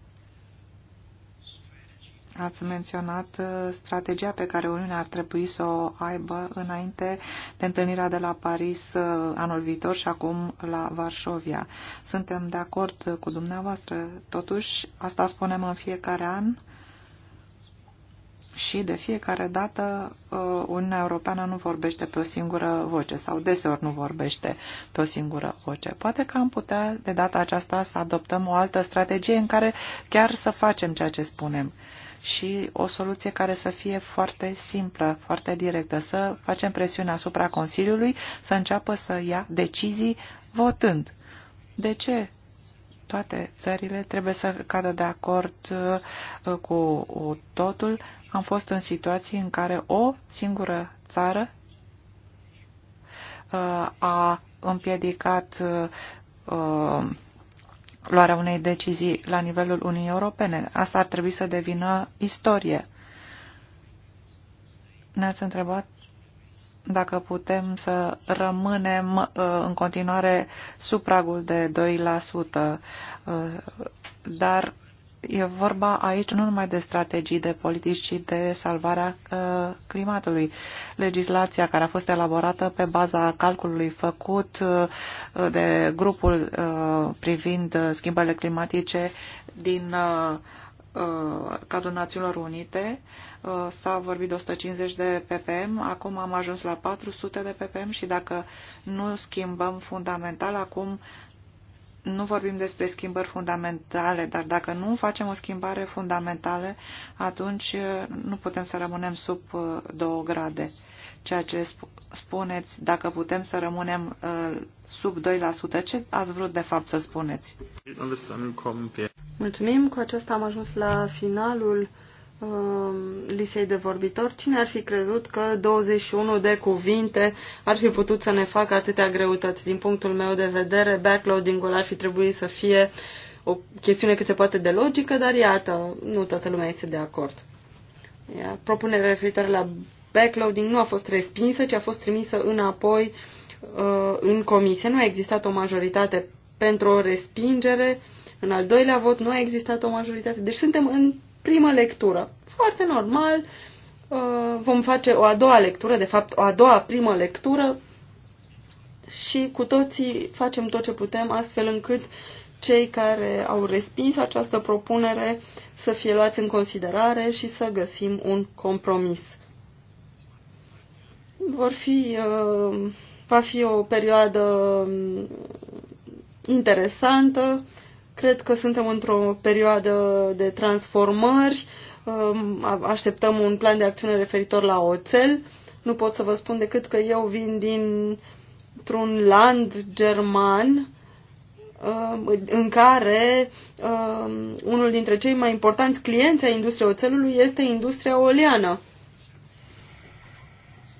Ați menționat uh, strategia pe care Uniunea ar trebui să o aibă înainte de întâlnirea de la Paris uh, anul viitor și acum la Varșovia. Suntem de acord cu dumneavoastră, totuși asta spunem în fiecare an și de fiecare dată uh, Uniunea Europeană nu vorbește pe o singură voce sau deseori nu vorbește pe o singură voce. Poate că am putea de data aceasta să adoptăm o altă strategie în care chiar să facem ceea ce spunem și o soluție care să fie foarte simplă, foarte directă, să facem presiune asupra Consiliului să înceapă să ia decizii votând. De ce toate țările trebuie să cadă de acord uh, cu totul. Am fost în situații în care o singură țară uh, a împiedicat uh, luarea unei decizii la nivelul Uniunii Europene. Asta ar trebui să devină istorie. Ne-ați întrebat dacă putem să rămânem uh, în continuare sub pragul de 2%, uh, dar E vorba aici nu numai de strategii de politici, ci de salvarea uh, climatului. Legislația care a fost elaborată pe baza calculului făcut uh, de grupul uh, privind uh, schimbările climatice din uh, uh, cadrul Națiunilor Unite uh, s-a vorbit de 150 de ppm, acum am ajuns la 400 de ppm și dacă nu schimbăm fundamental, acum nu vorbim despre schimbări fundamentale, dar dacă nu facem o schimbare fundamentală, atunci uh, nu putem să rămânem sub 2 uh, grade. Ceea ce spuneți, dacă putem să rămânem uh, sub 2%, ce ați vrut de fapt să spuneți? Mulțumim, cu acesta am ajuns la finalul Um, lisei de vorbitor. cine ar fi crezut că 21 de cuvinte ar fi putut să ne facă atâtea greutăți? Din punctul meu de vedere, backloading-ul ar fi trebuit să fie o chestiune cât se poate de logică, dar iată, nu toată lumea este de acord. Ia, propunerea referitoare la backloading nu a fost respinsă, ci a fost trimisă înapoi uh, în comisie. Nu a existat o majoritate pentru o respingere. În al doilea vot nu a existat o majoritate. Deci suntem în primă lectură. Foarte normal, uh, vom face o a doua lectură, de fapt o a doua primă lectură și cu toții facem tot ce putem astfel încât cei care au respins această propunere să fie luați în considerare și să găsim un compromis. Vor fi, uh, va fi o perioadă mm, interesantă Cred că suntem într-o perioadă de transformări, um, așteptăm un plan de acțiune referitor la oțel. Nu pot să vă spun decât că eu vin dintr-un land german um, în care um, unul dintre cei mai importanți clienți ai industriei oțelului este industria oleană.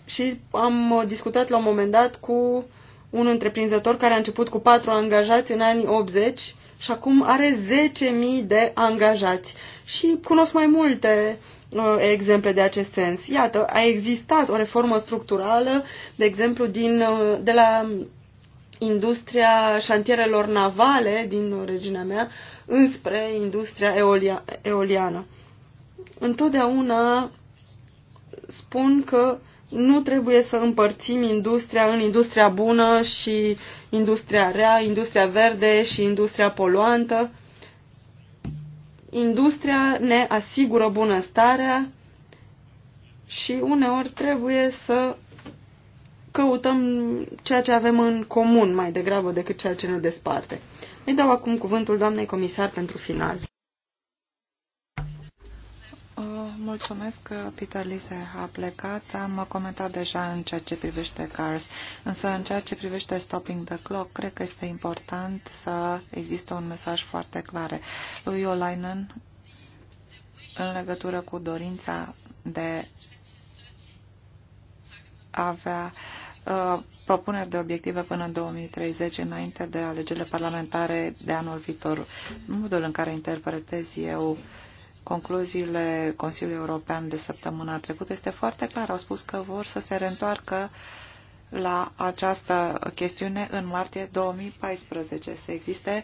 Și am discutat la un moment dat cu un întreprinzător care a început cu patru angajați în anii 80 și acum are 10.000 de angajați. Și cunosc mai multe uh, exemple de acest sens. Iată, a existat o reformă structurală, de exemplu, din, uh, de la industria șantierelor navale din regiunea mea înspre industria eolia, eoliană. Întotdeauna spun că nu trebuie să împărțim industria în industria bună și industria rea, industria verde și industria poluantă. Industria ne asigură bunăstarea și uneori trebuie să căutăm ceea ce avem în comun mai degrabă decât ceea ce ne desparte. Îi dau acum cuvântul doamnei comisar pentru final. Mulțumesc că Peter Lise a plecat. Am comentat deja în ceea ce privește CARS, însă în ceea ce privește Stopping the Clock, cred că este important să există un mesaj foarte clar. Lui Olainen, în legătură cu dorința de a avea uh, propuneri de obiective până în 2030, înainte de alegerile parlamentare de anul viitor. Modul în care interpretez eu uh, concluziile Consiliului European de săptămâna trecută este foarte clar. Au spus că vor să se reîntoarcă la această chestiune în martie 2014. Să existe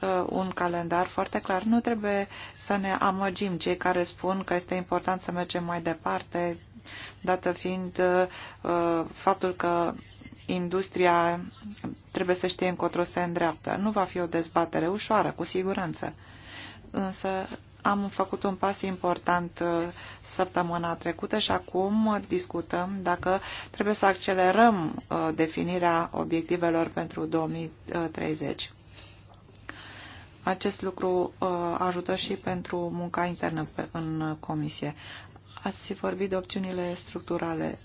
uh, un calendar foarte clar. Nu trebuie să ne amăgim cei care spun că este important să mergem mai departe, dată fiind uh, faptul că industria trebuie să știe încotro se îndreaptă. Nu va fi o dezbatere ușoară, cu siguranță. Însă am făcut un pas important uh, săptămâna trecută și acum discutăm dacă trebuie să accelerăm uh, definirea obiectivelor pentru 2030. Acest lucru uh, ajută și pentru munca internă în comisie. Ați vorbit de opțiunile structurale,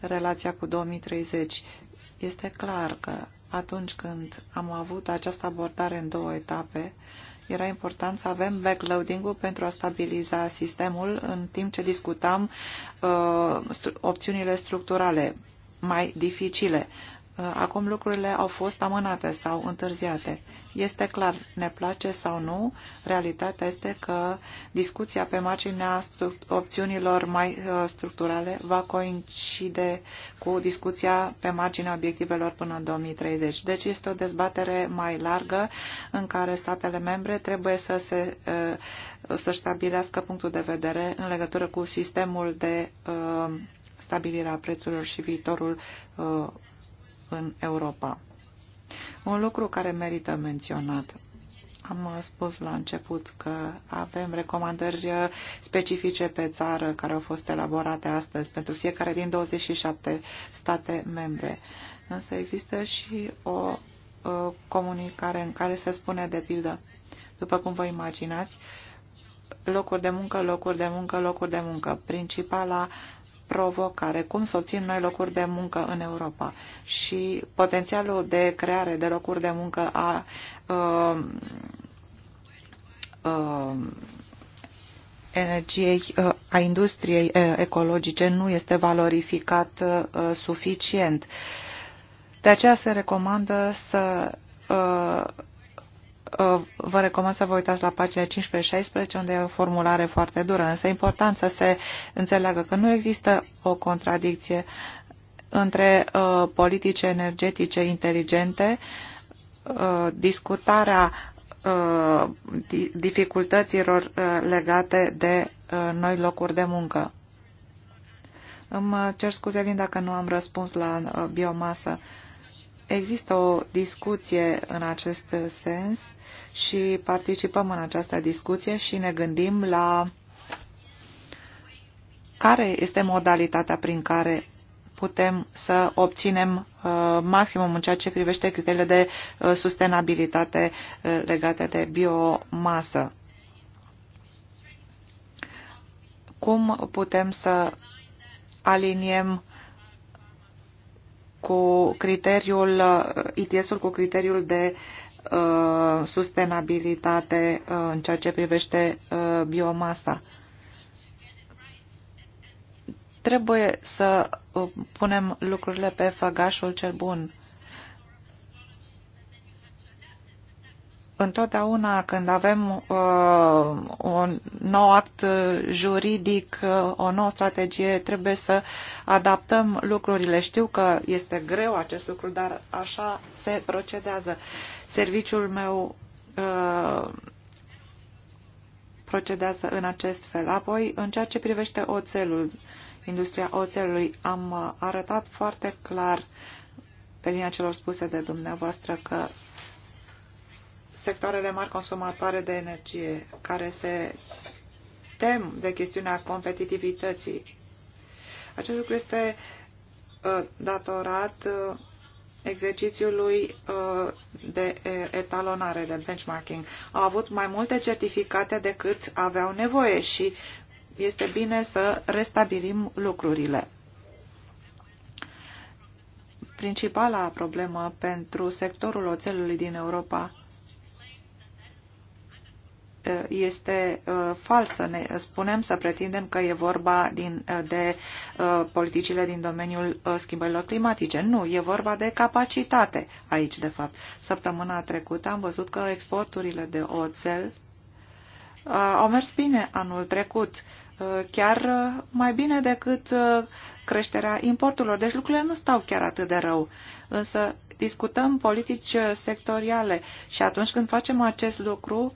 relația cu 2030. Este clar că atunci când am avut această abordare în două etape, era important să avem backloading-ul pentru a stabiliza sistemul în timp ce discutam uh, opțiunile structurale mai dificile acum lucrurile au fost amânate sau întârziate. Este clar, ne place sau nu, realitatea este că discuția pe marginea opțiunilor mai uh, structurale va coincide cu discuția pe marginea obiectivelor până în 2030. Deci este o dezbatere mai largă în care statele membre trebuie să se uh, să stabilească punctul de vedere în legătură cu sistemul de uh, stabilire a prețurilor și viitorul în Europa. Un lucru care merită menționat. Am spus la început că avem recomandări specifice pe țară care au fost elaborate astăzi pentru fiecare din 27 state membre. Însă există și o comunicare în care se spune de pildă, după cum vă imaginați, locuri de muncă, locuri de muncă, locuri de muncă. Principala provocare, cum să obțin noi locuri de muncă în Europa. Și potențialul de creare de locuri de muncă a uh, uh, energiei, uh, a industriei uh, ecologice nu este valorificat uh, suficient. De aceea se recomandă să uh, Uh, vă recomand să vă uitați la pagina 15-16, unde e o formulare foarte dură, însă e important să se înțeleagă că nu există o contradicție între uh, politici energetice inteligente, uh, discutarea uh, dificultăților uh, legate de uh, noi locuri de muncă. Îmi uh, cer scuze, Lin, dacă nu am răspuns la uh, biomasă. Există o discuție în acest uh, sens și participăm în această discuție și ne gândim la care este modalitatea prin care putem să obținem uh, maximum în ceea ce privește criteriile de uh, sustenabilitate uh, legate de biomasă. Cum putem să aliniem cu criteriul ITS-ul cu criteriul de uh, Uh, sustenabilitate uh, în ceea ce privește uh, biomasa. Trebuie să punem lucrurile pe făgașul cel bun. întotdeauna când avem uh, un nou act juridic, uh, o nouă strategie, trebuie să adaptăm lucrurile. Știu că este greu acest lucru, dar așa se procedează. Serviciul meu uh, procedează în acest fel. Apoi, în ceea ce privește oțelul, industria oțelului, am uh, arătat foarte clar pe linia celor spuse de dumneavoastră că sectoarele mari consumatoare de energie care se tem de chestiunea competitivității. Acest lucru este uh, datorat exercițiului uh, de uh, etalonare, de benchmarking. Au avut mai multe certificate decât aveau nevoie și este bine să restabilim lucrurile. Principala problemă pentru sectorul oțelului din Europa Eh, este eh, falsă. Ne spunem să pretindem că e vorba din, eh, de politicile din domeniul schimbărilor climatice. Nu, e vorba de capacitate aici, de fapt. Săptămâna trecută am văzut că exporturile de oțel au mers bine anul trecut, chiar mai bine decât creșterea importurilor. Deci lucrurile nu stau chiar atât de rău. Însă discutăm politici sectoriale și atunci când facem acest lucru,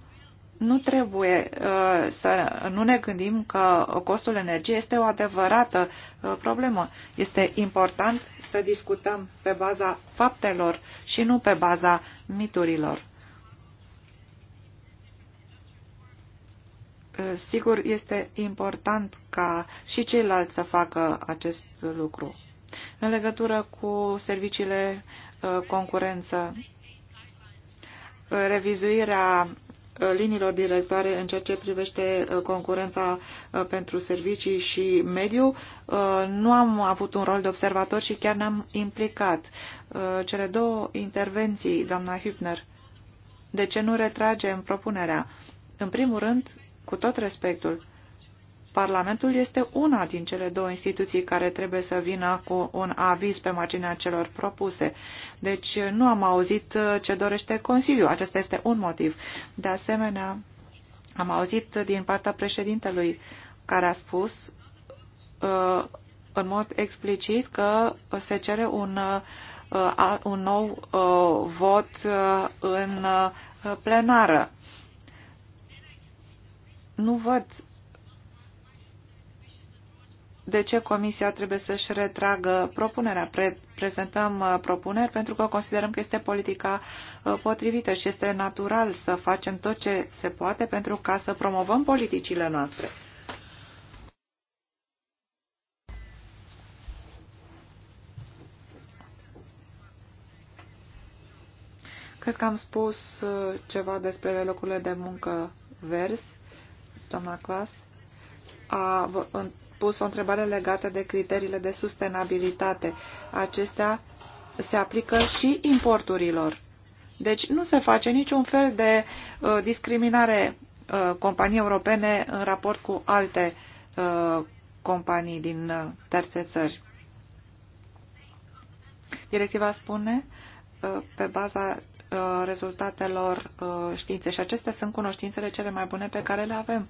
nu trebuie uh, să nu ne gândim că costul energiei este o adevărată uh, problemă. Este important să discutăm pe baza faptelor și nu pe baza miturilor. Uh, sigur, este important ca și ceilalți să facă acest lucru. În legătură cu serviciile concurență, revizuirea Uh, liniilor directoare în ceea ce privește uh, concurența uh, pentru servicii și mediu. Nu am avut un rol de observator și chiar ne-am implicat. Cele două intervenții, doamna Hübner, de ce nu retragem propunerea? În primul rând, cu tot respectul, Parlamentul este una din cele două instituții care trebuie să vină cu un aviz pe marginea celor propuse. Deci nu am auzit uh, ce dorește Consiliul. Acesta este un motiv. De asemenea, am auzit din partea președintelui care a spus uh, în mod explicit că se cere un, uh, un nou vot în plenară. Nu văd de ce Comisia trebuie să-și retragă propunerea. Pre prezentăm uh, propuneri pentru că considerăm că este politica uh, potrivită și este natural să facem tot ce se poate pentru ca să promovăm politicile noastre. Cred că am spus uh, ceva despre locurile de muncă vers, doamna Clas a pus o întrebare legată de criteriile de sustenabilitate. Acestea se aplică și importurilor. Deci nu se face niciun fel de uh, discriminare uh, companii europene în raport cu alte uh, companii din uh, terțe țări. Directiva spune uh, pe baza uh, rezultatelor uh, științe și acestea sunt cunoștințele cele mai bune pe care le avem.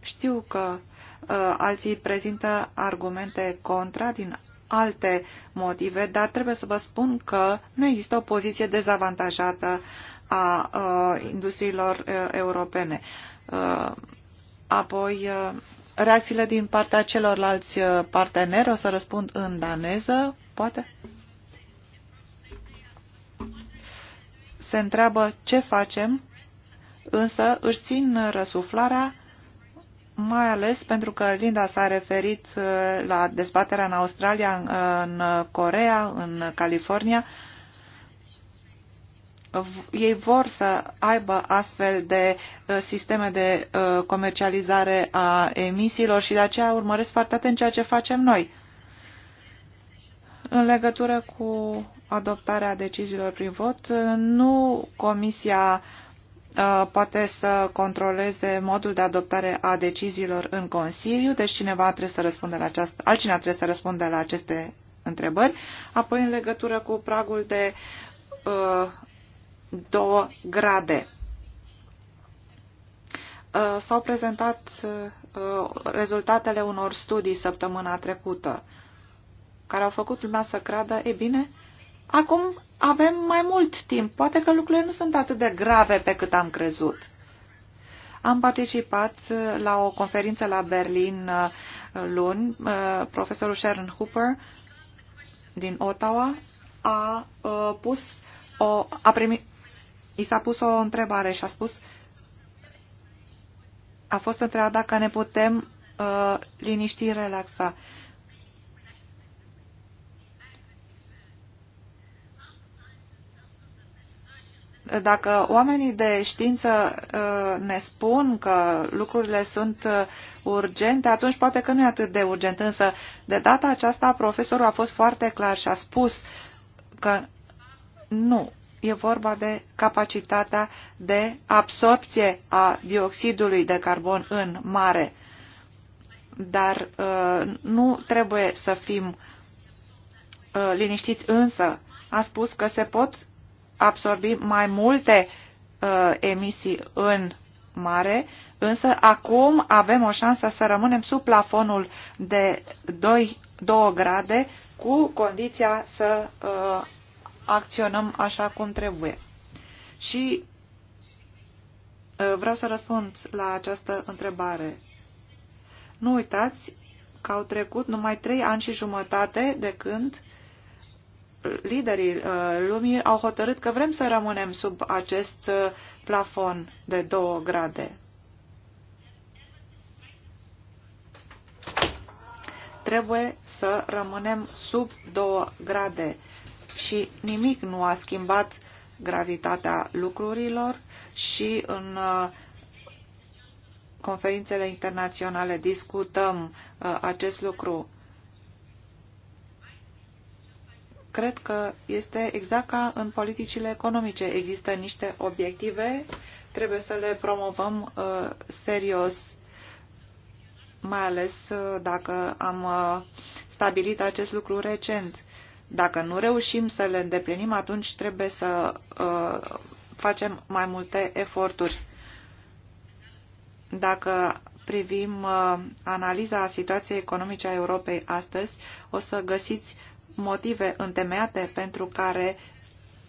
Știu că uh, Uh, alții prezintă argumente contra din alte motive, dar trebuie să vă spun că nu există o poziție dezavantajată a uh, industriilor uh, europene. Apoi, reacțiile din partea celorlalți parteneri, o să răspund în daneză, poate? Se întreabă ce facem, însă își țin răsuflarea mai ales pentru că Linda s-a referit uh, la dezbaterea în Australia, în uh, Corea, în California. Ei vor să aibă astfel de uh, sisteme de comercializare a emisiilor și de aceea urmăresc foarte atent ceea ce facem noi. În legătură cu adoptarea deciziilor prin vot, nu Comisia uh, Uh, poate să controleze modul de adoptare a deciziilor în Consiliu, deci cineva trebuie să răspundă la această, altcineva trebuie să răspundă la aceste întrebări. Apoi, în legătură cu pragul de uh, două grade. Uh, S-au prezentat uh, rezultatele unor studii săptămâna trecută, care au făcut lumea să creadă, e bine, Acum avem mai mult timp. Poate că lucrurile nu sunt atât de grave pe cât am crezut. Am participat uh, la o conferință la Berlin uh, luni. Uh, profesorul Sharon Hooper din Ottawa a pus o, a primit, i s-a pus o întrebare și a spus a fost întrebat dacă ne putem uh, liniști, relaxa. Dacă oamenii de știință uh, ne spun că lucrurile sunt uh, urgente, atunci poate că nu e atât de urgent. Însă, de data aceasta, profesorul a fost foarte clar și a spus că nu, e vorba de capacitatea de absorpție a dioxidului de carbon în mare. Dar uh, nu trebuie să fim liniștiți însă. A spus că se pot absorbi mai multe uh, emisii în mare, însă acum avem o șansă să rămânem sub plafonul de 2, 2 grade cu condiția să uh, acționăm așa cum trebuie. Și uh, vreau să răspund la această întrebare. Nu uitați că au trecut numai 3 ani și jumătate de când liderii uh, lumii au hotărât că vrem să rămânem sub acest uh, plafon de 2 grade. Trebuie să rămânem sub 2 grade și nimic nu a schimbat gravitatea lucrurilor și în uh, conferințele internaționale discutăm acest lucru cred că este exact ca în politicile economice. Există niște obiective, trebuie să le promovăm uh, serios, mai ales uh, dacă am uh, stabilit acest lucru recent. Dacă nu reușim să le îndeplinim, atunci trebuie să uh, facem mai multe eforturi. Dacă privim uh, analiza situației economice a Europei astăzi, o să găsiți motive întemeiate pentru care,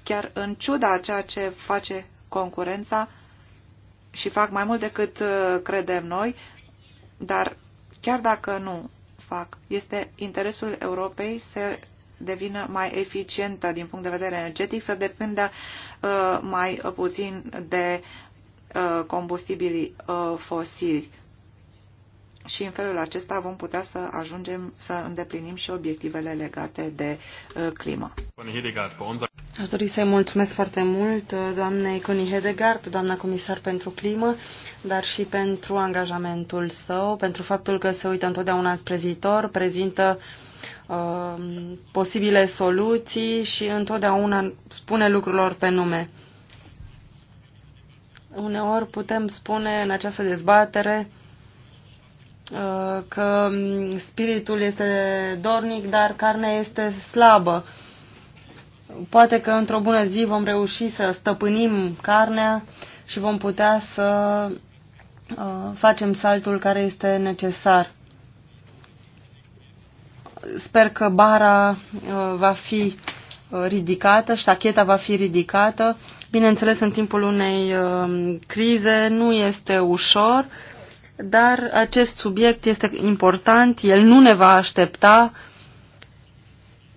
chiar în ciuda a ceea ce face concurența, și fac mai mult decât uh, credem noi, dar chiar dacă nu fac, este interesul Europei să devină mai eficientă din punct de vedere energetic, să depindă uh, mai puțin de uh, combustibilii fosili și în felul acesta vom putea să ajungem să îndeplinim și obiectivele legate de uh, climă. Aș dori să-i mulțumesc foarte mult uh, doamnei Connie Hedegaard, doamna comisar pentru climă, dar și pentru angajamentul său, pentru faptul că se uită întotdeauna spre viitor, prezintă uh, posibile soluții și întotdeauna spune lucrurilor pe nume. Uneori putem spune în această dezbatere Uh, că mm, spiritul este dornic, dar carnea este slabă. Poate că într-o bună zi vom reuși să stăpânim carnea și vom putea să uh, facem saltul care este necesar. Sper că bara uh, va fi ridicată, ștacheta va fi ridicată. Bineînțeles, în timpul unei crize nu este ușor, dar acest subiect este important, el nu ne va aștepta,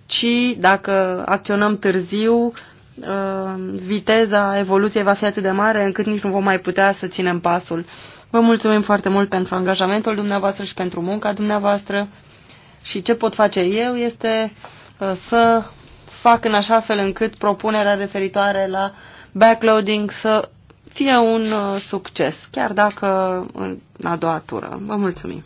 ci dacă acționăm târziu, uh, viteza evoluției va fi atât de mare încât nici nu vom mai putea să ținem pasul. Vă mulțumim foarte mult pentru angajamentul dumneavoastră și pentru munca dumneavoastră și ce pot face eu este uh, să fac în așa fel încât propunerea referitoare la backloading să fie un uh, succes, chiar dacă în a doua tură. Vă mulțumim!